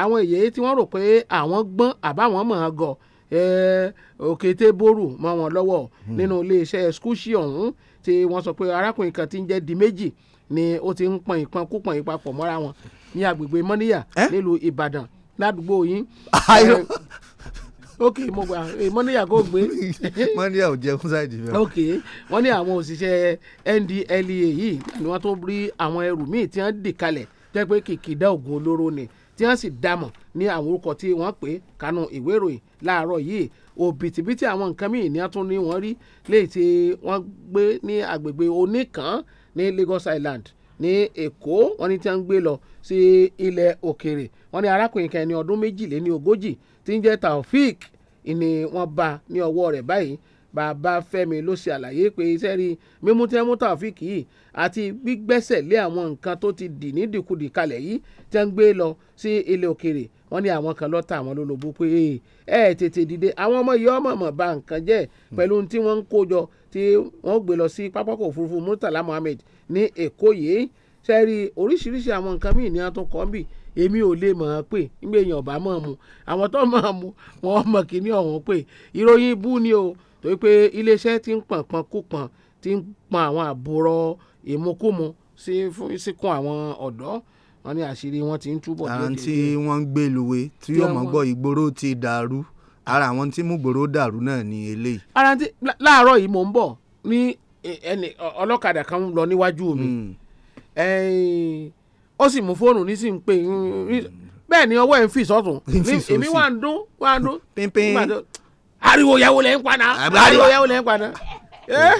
àwọn èyí tí wọ́n rò pé àwọn gbọ́n àbáwọn mọ̀ ọ́n gọ̀ òkété bórù mọ́ wọn lọ́wọ́ hmm. nínú iléeṣẹ́ skúṣì ọ̀hún tí wọ́n sọ pé arákùnrin kan ti ń jẹ́ di méjì ni ó ti ń pọn ìpọn kúpọn ìpapọ̀ mọ́ra wọn ní agbègbè mọ́níyà nílùú Ìbàdàn ládùúgbò yín. ayọ̀ (laughs) eh, ok mo gbà eh, mọ́níyà kò gbé. (laughs) mọ́níyà ò jẹun ṣáìdì mẹ́wàá. ok wọ́n ní àwọn òṣìṣẹ́ NDLEA yìí ni wọ́n tó rí àwọn ẹrù míì tí wọ́n dì kalẹ̀ jẹ́ pé kìkìdá ògùn olóró ni tí wọ́n sì dàmọ̀ ní àwọn orúkọ tí wọ́n pè kánú ìwé ìròyìn láàárọ̀ yìí òbítíbitì àwọn nǹkan míì ni wọ́n tún ní wọ́n rí léyìí tí wọ́n gbé ní agbègbè oníkan ní Lagos Island ní Èkó wọ́n ní tí wọ́n ń gbé lọ sí ilẹ̀ òkèrè wọ́n ní arákùnrin kan ẹni ọdún méjìléní ogójì tí ń jẹ́ Taofik ni wọ́n bá ní ọwọ́ rẹ̀ báyìí bàbá Fẹ́mi ló ṣe àlàyé pé iṣẹ́ rí mímú tí wọ́n mú Taofik yìí àti gbígbẹ́sẹ̀ lé àwọn nǹkan tó ti dì ní dìkudì kalẹ̀ yìí tí wọ́n ń gbé lọ sí ilẹ̀ òkèrè wọ́n ní àwọn kan lọ́tà àwọn lólobó pé ẹ ẹ tètè dìde àwọn ọmọ yìí ọmọ mọ̀ bá nǹkan jẹ́ pẹ̀lú tí wọ́n ń kó jọ tí wọ́n gbé lọ sí pápákọ̀ òfurufú Murtala Mohammed ní Èkó yìí sẹ́ẹ̀rì oríṣiríṣi àwọn nǹkan míì ní àtún kọ́ bì èmi ò lè mọ̀ ọ́n pé nígbà èèyàn ọ̀bá mọ̀ mu àwọn tó mọ̀ mu wọ́n mọ̀ kíní ọ̀hún pé ìròyìn ibú ni o torí pé iléeṣẹ́ ti ń pọ̀npọ̀n kú pọ̀n ti ń pọn àwọn àbúrò ìmukúmu sí fún síkún àwọn ọ̀dọ́ wọ́n ní àṣírí wọn ti ń túbọ̀. ara tí wọ́n ń gbé luwe tí yóò mọ̀ gbọ́ ìgboro ti dàrú ara àwọn tí múgboro dàrú náà ni eléyìí. ara tí láàárọ̀ yìí mò ń bọ̀ ní ẹni ọlọ́kadà kan lọ níwájú mi hmm. ó sì mú fóònù ní sì ń pè bẹ́ẹ̀ ni ọwọ́ ẹ̀ ń fi sọ́tún (laughs) èmi wà ń dún wà ń dún ariwo yàwó lẹ́ ń paná ariwo yàwó lẹ́ ń paná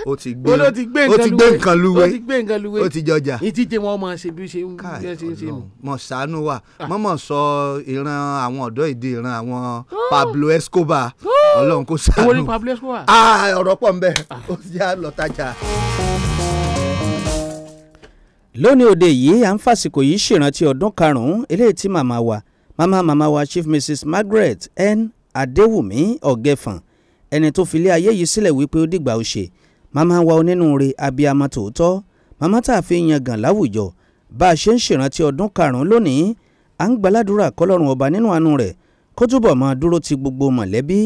o ti gbé o ti gbé nǹkan luwe o ti gbé nǹkan luwe o ti jọjà. ìtìjẹ wọn máa ṣe bí ó ṣe ń ṣe mi. mọ ṣàánú wa ah. mọmọ sọ ìran àwọn ọ̀dọ́ ìdí ìran àwọn Pablo Escobar Ọlọ́run kò ṣàánú. owó ni Pablo Escobar. Ah, ọ̀rọ̀ pọ̀ ń bẹ ah. ó ti yá lọ tajà lónìí òde yìí à ń fàsìkò yìí ṣèrántí ọdún karùn eléyìí tí màmá wa màmá màmá wa chief mrs margaret n adéwùmí ọ̀gẹ́fọ̀n ẹni tó filé ayé yìí sílẹ̀ wípé ó dìgbà òṣè màmá wa onínúure abiyamọ tòótọ́ màmá tá a fi yangàn láwùjọ bá a ṣe ń ṣèrántí ọdún karùn-ún lónìí à ń gbàládùra kọlọ́run ọba nínú àánú rẹ̀ kó túbọ̀ máa dúró ti gbogbo mọ̀lẹ́bí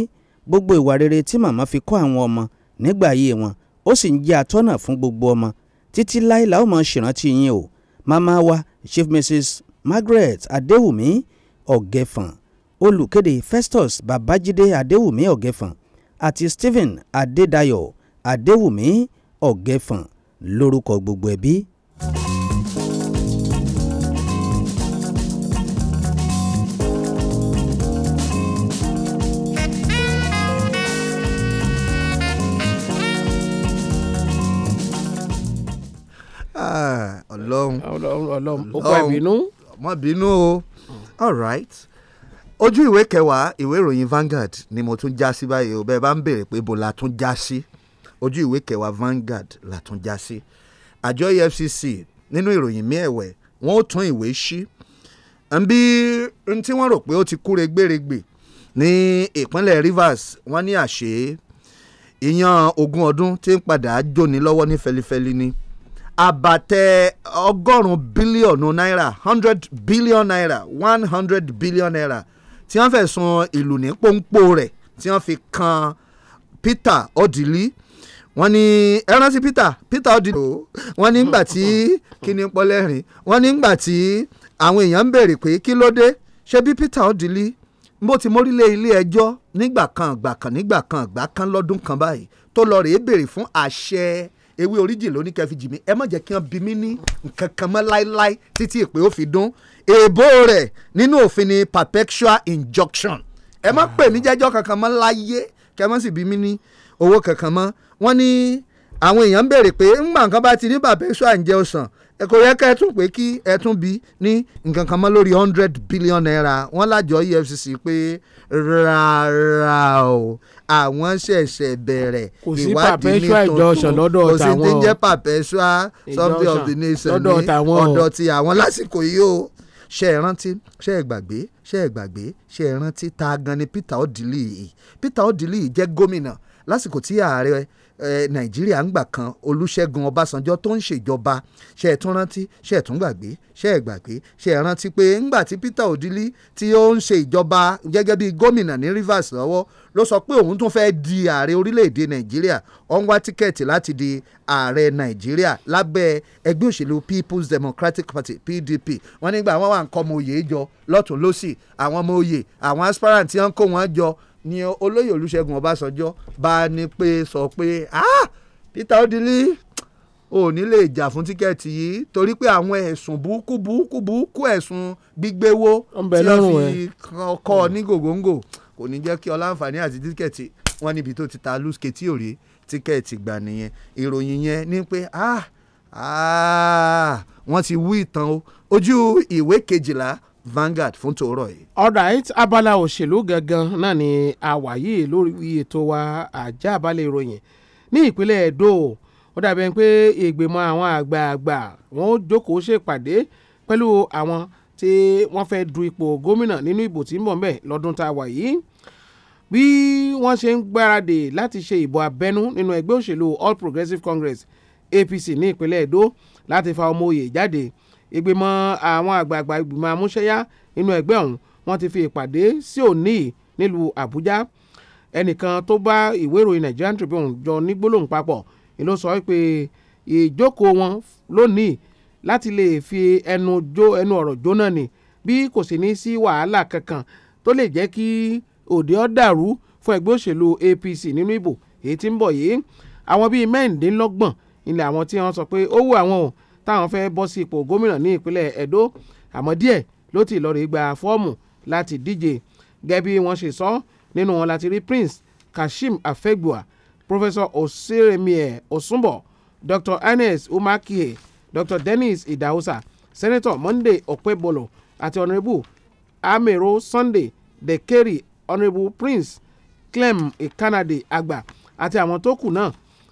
gbogbo ìwà rere tí màmá fi kọ́ àwọn ọmọ nígbà ayé wọn ó sì ń jẹ́ atọ́nà fún gbogbo ọmọ títí láì la máa ṣèrántí yín o màmá wa chief mrs margaret adéwùmí ọ̀gẹ̀fọ̀n olùkéde festus babájídé adéwùmí ọ̀gẹ̀fọ̀n àti Stephen Adédayọ̀ Adéwùmí Ọ̀gẹ̀fọ̀n lórúkọ gbogbo ẹbí. Ah, ọlọ́run ọlọ́run ọlọ́run ó kọ́ ẹ̀bínú. má bínú o all right ojú ìwé kẹwàá ìwé ìròyìn Vanguard ni mo tún já sí báyìí o bẹ́ẹ̀ bá ń béèrè pé bo la tún já sí ojú ìwé kẹwàá Vanguard la tún já sí àjọ EFCC nínú ìròyìn mi wọ́n ó tún ìwé sí nbí n tí wọ́n rò pé ó ti kúre gbèrègbè ní ìpínlẹ̀ Rivers wọ́n ní àṣẹ ìyàn ogún ọdún tí ń padà jóni lọ́wọ́ ní fẹlifẹli ni àbàtẹ ọgọ́rùn-ún bílíọ̀nù náírà hundred billion naira one hundred billion naira tí wọ́n fẹ̀sùn ìlú ní pọ́npọ́ rẹ̀ tí wọ́n fi kan Peter Odili wọ́n ní ẹ rántí Peter Peter Odili wọ́n ní ngbà tí (laughs) kíni pọ́lẹ́rìn wọ́n ní ngbà tí àwọn èèyàn ń béèrè pé kí ló dé ṣé bí Peter Odili bó ti mórílé ilé ẹjọ́ nígbà kan àgbà kan nígbà kan àgbà kan lọ́dún kan báyìí tó lọ rèé béèrè fún àṣẹ ewé oríjìn ló ní kẹ́ fi jì mí ẹ má jẹ́ kí wọ́n bí mí ní nǹkan kan láéláé títí ìpè ó fi dún èèbó rẹ̀ nínú òfin ni perpetual injunction ẹ má pè mí jẹ́jọ́ kankan mọ́ láyé kẹ́ má sì bí mí ní owó kankan mọ́ wọ́n ní àwọn èèyàn ń béèrè pé ńgbà nǹkan bá ti ní perpetual injunction kò yẹ ká ẹ tún pé kí ẹ tún bí ní nǹkan kan lórí hundred billion naira wọ́n lájọ EFCC pé rárá o àwọn ṣẹ̀ṣẹ̀ bẹ̀rẹ̀ ìwádìí ní tuntun kò sí ti jẹ́ perpetual something of ní ọ̀dọ̀ ti àwọn lásìkò yìí o ṣe é rántí ṣe é gbàgbé ṣe é gbàgbé ṣe é rántí ta gan ni Peter Odili yìí Peter Odili yìí jẹ́ gómìnà lásìkò tí ààrẹ nàìjíríà ń gbà kan olúṣẹ́gun ọbásanjọ́ tó ń ṣèjọba ṣe é tún rántí ṣe é tún gbàgbé ṣe é gbàgbé ṣe é rántí pé ńgbà tí peter odili tí ó ń ṣe ìjọba gẹ́gẹ́ bí gómìnà ní rivers lọ́wọ́ ló sọ pé òun tún fẹ́ di ààrẹ orílẹ̀-èdè nàìjíríà ó wá tíkẹ́ẹ̀tì láti di ààrẹ nàìjíríà lábẹ́ ẹgbẹ́ òṣèlú people's democratic party pdp wọ́n nígbà wọn wà ń kọ́ ọmọ òye jọ lọ́tún lọ́sì àwọn ọmọ òye àwọn aspirant ti ń kó wọn jọ ni olóyè olúṣẹ́gun ọbásanjọ́ bá ní pé sọ pé ah, peter odili ò ní lè jà fún tíkẹ́ẹ̀tì yìí torí pé àwọn ẹ̀sùn burúkú burúkú burúkú ẹ̀sùn gbígbéwó tí wọ́n fi kọ́ ọ ní gògóńgò kò ní jẹ́ kí ọ láǹfààní àti tíkẹ́ẹ̀tì wọn níbi tó ti ta lùsùkè tí ò rí tíkẹ́ẹ̀tì gbà nìyẹn ìròyìn yẹn ni pé ah ah wọ́n ti wú ìtàn o ojú ìwé kejìlá Vanguard fún tòórọ yìí. alright abala òṣèlú gangan náà ni a wà yìí lórí ètò wa àjá àbálẹ̀ ìròyìn ní ìpínlẹ̀ Edo ó dàbí pé ìgbìmọ̀ àwọn àgbààgbà wọn ó jókòó ṣèpàdé pẹ̀lú àwọn tí wọ́n fẹ́ du ipò gómìnà nínú ìbò tí ń bọ̀ ńbẹ̀ lọ́dún tá a wà yìí bí wọ́n ṣe ń gbáradì láti ṣe ìbò abẹ́nú nínú ẹgbẹ́ òṣèlú All Progressives Congress APC ní ìpínlẹ̀ Edo láti fa ọmọ òye jáde ìgbìmọ̀ àwọn àgbààgbà ìgbìmọ̀ amúṣẹ́yá inú ẹgbẹ́ ọ̀hún wọ́n ti fi ìpàdé sí òní nílùú àbújá ẹnìkan tó bá ìwé ìròyìn Nigerian Tribune jọ ní gbólóhùn papọ̀ ni ló sọ pé ìjókòó wọn lónìí láti lè fi ẹnu jó ẹnu ọ̀rọ̀ jóná ni bí kò sì ní sí wàhálà kankan tó lè jẹ́ kí òde ọ̀ dàrú fún ẹgbẹ́ òṣèlú APC nínú ìbò èyí tí ń bọ̀ yìí àwọn bíi mẹ́rìndínlọ́gbọ̀n ilẹ̀ àwọn tí wọ́n sọ pé ó wù àwọn o táwọn fẹ́ bọ́ sí ipò gómìnà ní ìpínlẹ̀ Edo àmọ́ díẹ̀ ló ti lọ́ọ́ rí gba fọ́ọ̀mù láti díje gẹ́gẹ́ bí wọ́n ṣe sọ nínú wọn láti rí Prince Kashim Afegbua Professor Oseremie Osunbo Dr. Ernest Umakie Dr. Dennis Idahosa Senator Monday Okpebolo àti Honourable Amero Sunday Dekeri Honourable Prince Clem Ikanade Agba àti àwọn tó kù náà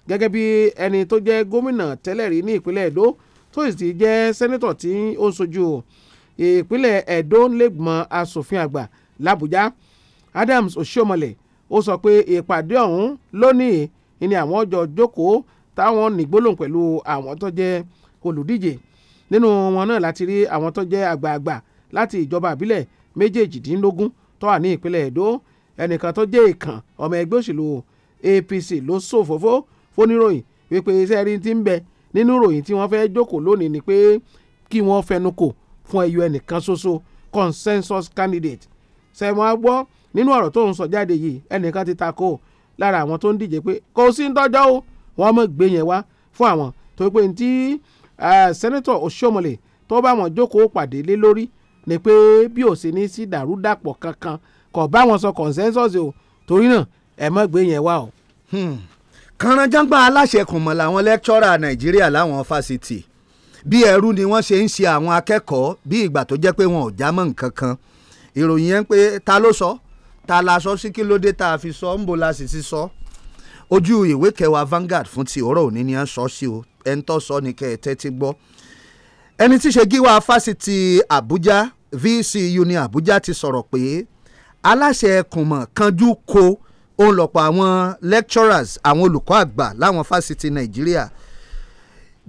gẹ́gẹ́ bí ẹni tó jẹ́ gómìnà tẹ́lẹ̀ rí ní ìpínlẹ̀ Edo tó sì ti jẹ́ sẹ́nẹ́tọ̀ tí ó ń sojú ìpínlẹ̀ Ẹ̀dó lẹ́gbọ̀n asòfin àgbà làbújá Adams Oshiomhole ó sọ pé ìpàdé ọ̀hún lónìí ni àwọn ọjọ́ jókòó táwọn nìgbólóhùn pẹ̀lú àwọn tó jẹ́ olùdíje nínú wọn náà láti rí àwọn tó jẹ́ àgbààgbà láti ìjọba àbílẹ̀ méjèèjìdínlógún tó wà ní ìpínlẹ̀ Ẹ̀dó ẹnìkan tó jẹ́ ìkàn ọmọ ẹgbẹ́ òṣèlú APC ló ṣòfófó fóníròyìn wípé iṣẹ́ rí ti ń bẹ nínú ìròyìn tí wọ́n fẹ́ jókòó lónìí ni pé kí wọ́n fẹnukò fún ẹyọ ẹnìkan ṣoṣo consensus candidate sẹ́wọ̀n á gbọ́ nínú ọ̀rọ̀ tó ń sọ jáde yìí ẹnìkan ti takò lára àwọn tó ń díje pé kò sí ń tọ́jọ́ o wọ́n mọ̀ gbé yẹn wá fún àwọn tó pé ní tí sẹ́nẹ́tọ̀ Oshiomhole tó bá wọn jókòó pàdé lé lórí ni pé bí ò sí ní sí dàrúdàpọ̀ kankan kò bá wọn sọ consensus o torí náà ẹ mọ̀ gbé yẹn wá o. Hmm kànáńjàngbà aláṣẹ kùnmọ̀ làwọn lẹ́kítọ́rà nàìjíríà láwọn fásitì bí ẹrú ni wọ́n ṣe ń ṣe àwọn akẹ́kọ̀ọ́ bí ìgbà tó jẹ́ pé wọn ò já mọ́ nǹkan kan ìròyìn yẹn pé ta ló sọ ta la sọ sí kí ló dé tá a fi sọ ń bo la sì ti sọ ojú ìwé kẹwàá Vanguard fún ti ọ̀rọ̀ òní ni a sọ sí o ẹni tó sọ ni kẹ́ ẹ tẹ́tí gbọ́ ẹni tí ṣe gíwá fásitì Àbújá VCU ní Àbújá ti sọ̀rọ̀ pé aláṣẹ kùnmọ̀ kanjú ko òun lọ̀pọ̀ àwọn lecturers àwọn olùkọ́ àgbà láwọn fásitì nàìjíríà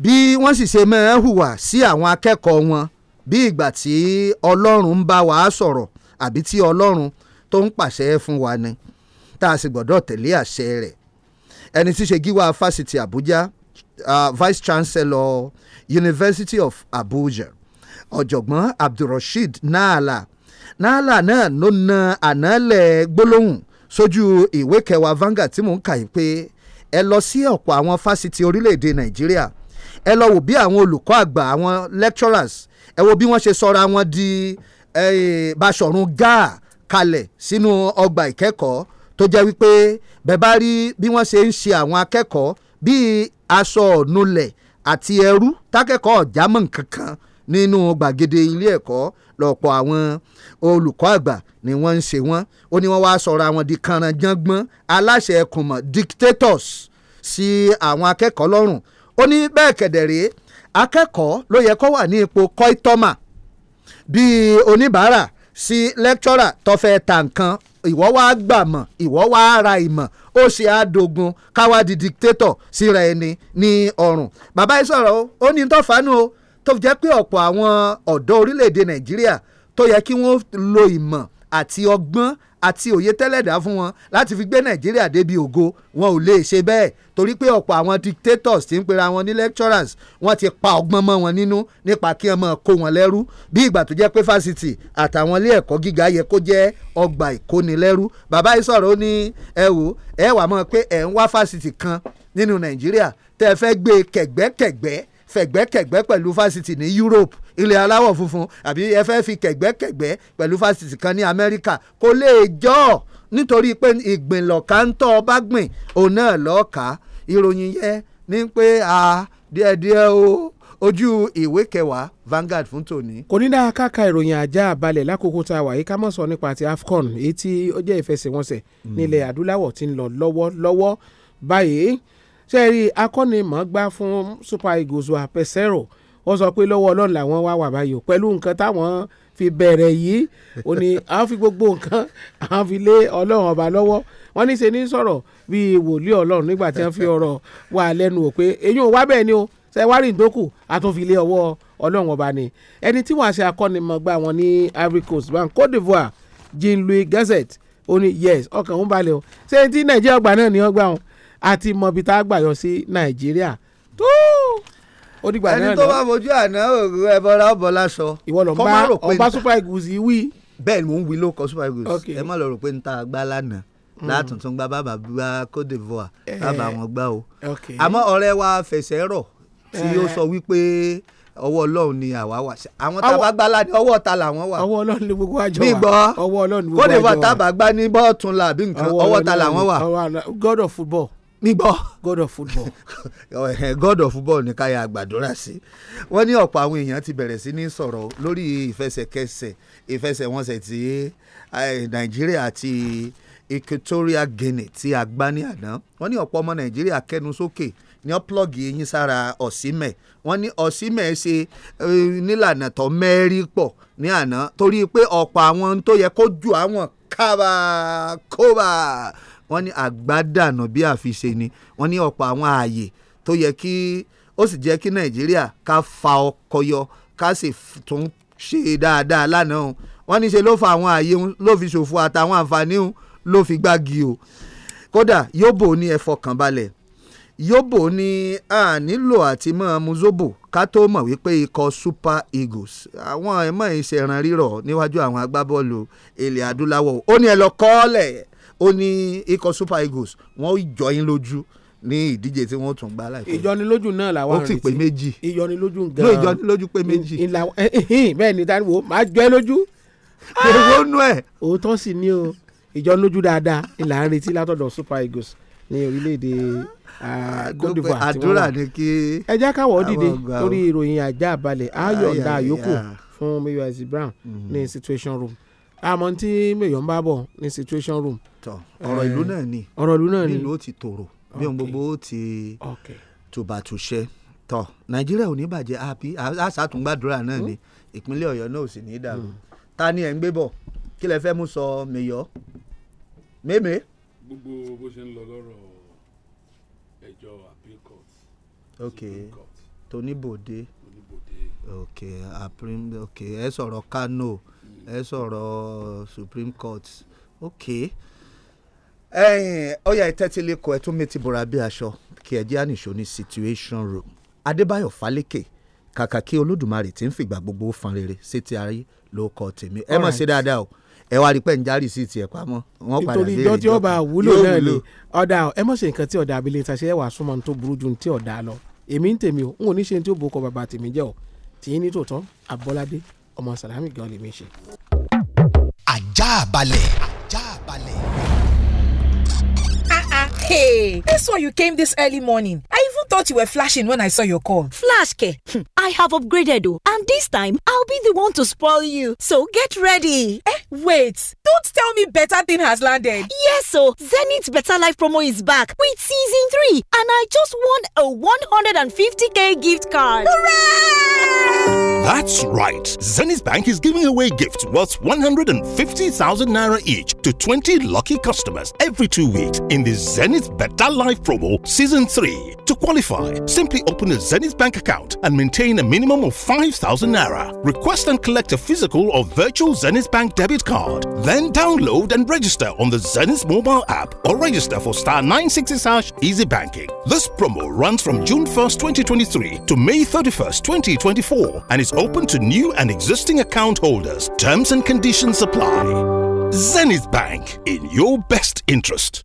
bí wọ́n sì ṣe mẹ́ẹ̀ hùwà sí àwọn akẹ́kọ̀ọ́ wọn bí ìgbà tí ọlọ́run ń bá wa sọ̀rọ̀ àbí tí ọlọ́run tó ń pàṣẹ fún wa ni tá a sì gbọ́dọ̀ tẹ̀lé àṣẹ rẹ̀ ẹni tí ṣe gíwá fásitì àbújá vice chancellor university of abuja ọ̀jọ̀gbọ́n abdulrasheed naala naala náà ló na ànálẹ̀ gbólóhùn sójú ìwé kẹwàá vanga tí mò ń kà yìí pé ẹ lọ sí ọ̀pọ̀ àwọn fásitì orílẹ̀-èdè Nàìjíríà ẹ lọ wò bí àwọn olùkọ́ àgbà àwọn lecturers ẹ wo bí wọ́n ṣe sọra wọn di Báṣọ̀run Gáà kalẹ̀ sínú ọgbà ìkẹ́kọ̀ọ́ tó jẹ́ wípé bẹ́ẹ̀ bá rí bí wọ́n ṣe ń ṣe àwọn akẹ́kọ̀ọ́ bíi aṣọ ọ̀nulẹ̀ àti ẹrú tákẹ́kọ̀ọ́ ọ̀jámọ̀ nǹkan nínú gbàgede ilé ẹ̀kọ́ lọ́pọ̀ àwọn olùkọ́ àgbà ni wọ́n ń ṣe wọ́n ó ní wọ́n wá sọ̀rọ̀ àwọn di kànrànjàngbọ́n aláṣẹ ẹkùnmọ̀ dictators sí àwọn akẹ́kọ̀ọ́ lọ́rùn ó ní bẹ́ẹ̀ kẹ̀dẹ̀rẹ́ akẹ́kọ̀ọ́ ló yẹ kó wà ní ipò kọ́ítọ́mà bíi oníbàárà sí lecturer tó fẹ́ ta nǹkan ìwọ́ wá gbàmọ̀ ìwọ́ wá ra ìmọ̀ ó ṣe àdógún káwá di dictator síra ẹni ní ọrùn bàbá yìí sọ̀rọ̀ ó ní tọ́fàánù o tó fi jẹ́ pé ọ̀pọ̀ àwọn ọ̀dọ́ orílẹ̀-èdè nàìjíríà tó yẹ kí wọ́n lo ìmọ̀ àti ọgbọ́n àti òye tẹ́lẹ̀dá fún wọn láti fi gbé nàìjíríà débi ògo wọn ò lè ṣe bẹ́ẹ̀ torí pé ọ̀pọ̀ àwọn dictators ti ń pera wọn ní lecturers wọ́n ti pa ọgbọ́n mọ́ wọn nínú nípa kí wọ́n máa kó wọn lẹ́rú bí ìgbà tó jẹ́ pé fásitì àtàwọn ilé ẹ̀kọ́ gíga yẹ kó jẹ́ ọgbà ìkónilẹ́rú bàbá yìí sọ̀rọ̀ ó ní ẹ wò ẹ wà mọ́ pé ẹ̀ ń wá fásitì kan nínú nàìjíríà tẹ́ ẹ fẹ́ gbé kẹ̀gbẹ́kẹ̀gbẹ́ fẹ̀gbẹ́kẹ̀gbẹ́ pẹ̀lú fásitì ní Europe ilẹ̀ aláwọ̀ funfun àbí ẹ fẹ́ fi kẹ̀gbẹ́kẹ̀gbẹ́ pẹ̀lú fásitì kan ní Amẹ́ríkà kò lè jọ ọ́ nítorí pé ìgbìnlọ̀ká ń tọ́ ọ bá gbìn òun náà lọ́ọ̀ká ìròyìn yẹn ni pé a díẹ̀díẹ̀ o ojú ìwé kẹwàá Vanguard fún tòní. kò ní dáa káka ìròyìn ajá balẹ̀ lákòókò tá a wà yìí ká mọ̀ sọ nípa ti AFCON èyí tí ó jẹ́ ìfẹsẹ̀wọnsẹ̀ hmm. nílẹ̀ adúláwọ̀ tí ń lọ lọ́wọ́lọ́wọ́ báyìí sẹ́ẹ̀rí akọ́nimọ̀ọ́gbá fún Super Eagles wa Pesero ó sọ pé lọ́wọ́ ọlọ́run làwọn wá wà báyìí o pẹ̀lú nǹkan táwọn fi bẹ̀rẹ̀ yìí ó ní àwọn fi gbogbo nǹkan àwọn fi lé ọlọ́run ọba lọ́wọ́ wọ́n ní í ṣe ní sọ̀rọ̀ bíi wòlíì ọlọ́run nígbà tí wọ́n fi ọ̀rọ̀ wà lẹ́nu ò pé eyín ò wá bẹ́ẹ̀ ni o ṣe wá rìn dókù àtúnfilé ọwọ́ ọlọ́run ọba ni ẹni tí wọ́n ṣe akọ́nimọ̀gbà wọn ní Ivory Coast bank Côte d'Ivoire Jean-Louis Gazette ó ní yes ọkàn òun balẹ̀ o ṣé ti Nàìjíríà ọgbà náà ni ọgbà wọn àti mọ̀bí tá a gbà yọ sí nàìjíríà tó ó dìgbà náà lọ. ẹni tó bá fojú àná òru ẹbọra ọbọlá sọ. ìwọ lọ bá ọba super eagles wí. bẹ́ẹ̀ ni mò ń wí ló kọ super eagles ẹ má lọ rò pé n ta gbá lánàá mm. látùntún gba bàbá gba Côte d'Ivoire bàbá eh. wọn gbá o àmọ́ ọ̀rẹ́ wa fẹsẹ̀ rọ̀ tí ó eh. sọ wípé ọwọ́ ọlọ́run ni àwa wà sí àwọn tá a bá gbá ládé ọwọ́ ta làwọn wà. ọwọ́ ọlọ́run ni gbogbo àjọ wa bígbọ́ ọwọ́ ọlọ́run ni gbogbo àjọ wa kódé bá tá a gbá ní bọ́ọ̀tún là nǹkan ọwọ́ ta làwọn wà. God of football nígbọ́. god of football. (laughs) Oh, eh, god of football ní káyà àgbàdúrà sí. wọ́n ní ọ̀pọ̀ àwọn èèyàn ti bẹ̀rẹ̀ sí ní sọ̀rọ̀ lórí ìfẹsẹ̀kẹsẹ̀ ìfẹsẹ̀wọnsẹ̀ tí eh, nàìjíríà àti equatorial guinea tí a gbá ní àná. wọ́n ní ọ̀pọ̀ ọmọ nàìjíríà kẹnu sókè ní ọ́pọ̀lọ́gì eyín sára ọ̀símẹ̀ wọ́n ní ọ̀símẹ̀ ṣe eh, nílànà tó mẹ́rí pọ̀ ní àná torí pé ọ̀pọ̀ àwọn tó yẹ kó ju àwọn kábàkóbà wọ́n ní àgbádànù bí àfiṣe ni wọ́n ní ọ̀pọ̀ àwọn ààyè tó yẹ kí ó sì jẹ́ kí nàìjíríà ká fa ọkọ yọ ká sì tún ṣe dáadáa lánàá o wọ́n ní ṣe ló fa àwọn ààyè òun ló fi ṣòfò àtàwọn àǹfààní òun ló fi gbági o kódà yóbò ní ẹ fọkàn balẹ̀ yóbò ní a àti mọ́ muzobo ká tó mọ̀ wípé ikọ̀ super eagles àwọn ẹ̀mọ́ ìṣẹ̀ràn rírọ̀ níwájú àwọn agbábọ́ọ̀lù ilẹ̀ adúláwọ̀ ó ní ẹ lọ kọ́ọ́lẹ̀ ó ní ikọ̀ super eagles wọ́n jọ yín lójú ní ìdíje tí wọ́n tún gbá láìpẹ́. ìjọnilójú náà làwọn àrùn ti ó sì pé méjì. ìjọnilójú gan-an ló ìjọnilójú pé méjì. (laughs) bẹ́ẹ̀ ni táwọn wo máa jọ ẹ lójú. Ah! èwo nú ẹ̀. òótọ́ sì ni o ìjọnilójú dáadáa ni là ń retí látọ̀dọ̀ super eagles ní orílẹ̀-èdè ah, ah, Côte d'Ivoire tí wọ́n wà. àdúrà ni kí. ẹ jẹ́ káwọ́ dìde lórí ìròyìn àjàbalẹ̀ ayọ̀ ọ̀dà àyókù fún mayor brown ní mm-hmm. situation room àmọ́ tí mèyàn bá bọ̀ ní situation room. tọ ọ̀rọ̀ ìlú náà ni eh, ọ̀rọ̀ ìlú náà ni nínú ó ti tòrò bí ohun gbogbo ó ti tòbàtúṣe tọ nàìjíríà ò ní bàjẹ́ àṣàtúngbàdúrà náà ni hmm. ìpínlẹ̀ ọ̀yọ́ náà ò sì ní í dàrú hmm. ta ni ẹ̀ ń gbé bọ̀ kí lẹ fẹ́ mú sọ mèyọ́ mèmè. gbogbo bó ṣe ń lọ lọ́rọ̀ ẹjọ́ appeal court. ok tonibode ok aprim ok ẹ sọ̀rọ̀ kano ẹ sọ̀rọ̀ Supreme Court ok ọyà ìtẹ́tílẹ́kọ̀ ẹ tún mi ti bọ̀ra bí aṣọ kí ẹ jẹ́ àníṣó ní situation room Adébáyọ̀ Fálékè kàkà kí Olódùmarè tí ń fìgbà gbogbo fan rere sí ti ayé ló kọ tèmi ẹ mọ̀ sí dáadáa o ẹ wá rí pé ń járí sí tiẹ̀ pamọ́ wọn padà léèrè ìjọ tí ó bá wúlò náà ni ọ̀dà ẹ mọ̀ ṣe nǹkan tí ọ̀dà abilé ta ṣe ẹ̀ wà súnmọ́ tó burú ju ti ọ̀dà lọ èmi ń tèmi o n ò ní ṣe ní tí ó bò kọ bàbá tèmi jẹ́ o tìyín ní tòótọ́ Abọ́ládé ọmọ sàlámì gan lèmi ṣe. ajá balẹ̀ ajá balẹ̀. Hey, that's why you came this early morning. I even thought you were flashing when I saw your call. Flash, K. Hmm, I have upgraded, oh, and this time I'll be the one to spoil you. So get ready. Eh, wait. Don't tell me better thing has landed. Yes, so oh. Zenith Better Life promo is back with season three, and I just won a 150k gift card. Hooray! That's right. Zenith Bank is giving away gifts worth 150,000 naira each to 20 lucky customers every two weeks in the Zenith Zenith Better Life promo season 3. To qualify, simply open a Zenith bank account and maintain a minimum of 5,000 naira. Request and collect a physical or virtual Zenith bank debit card. Then download and register on the Zenith mobile app or register for star 960 hash easy banking. This promo runs from June 1st, 2023 to May 31st, 2024 and is open to new and existing account holders. Terms and conditions apply. Zenith Bank in your best interest.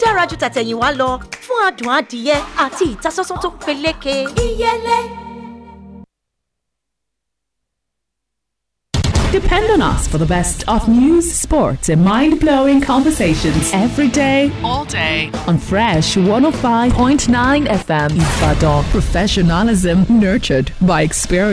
dára ju tàtẹ̀yìnwá lọ fún adùn adìyẹ àti ìtasọ́sọ́ tó peléke. ìyẹlẹ. Depend on us for the best of news, sports, and mind blowing conversations every day, all day on Fresh 105.9 FM. Ibadan. Professionalism nurtured by experience.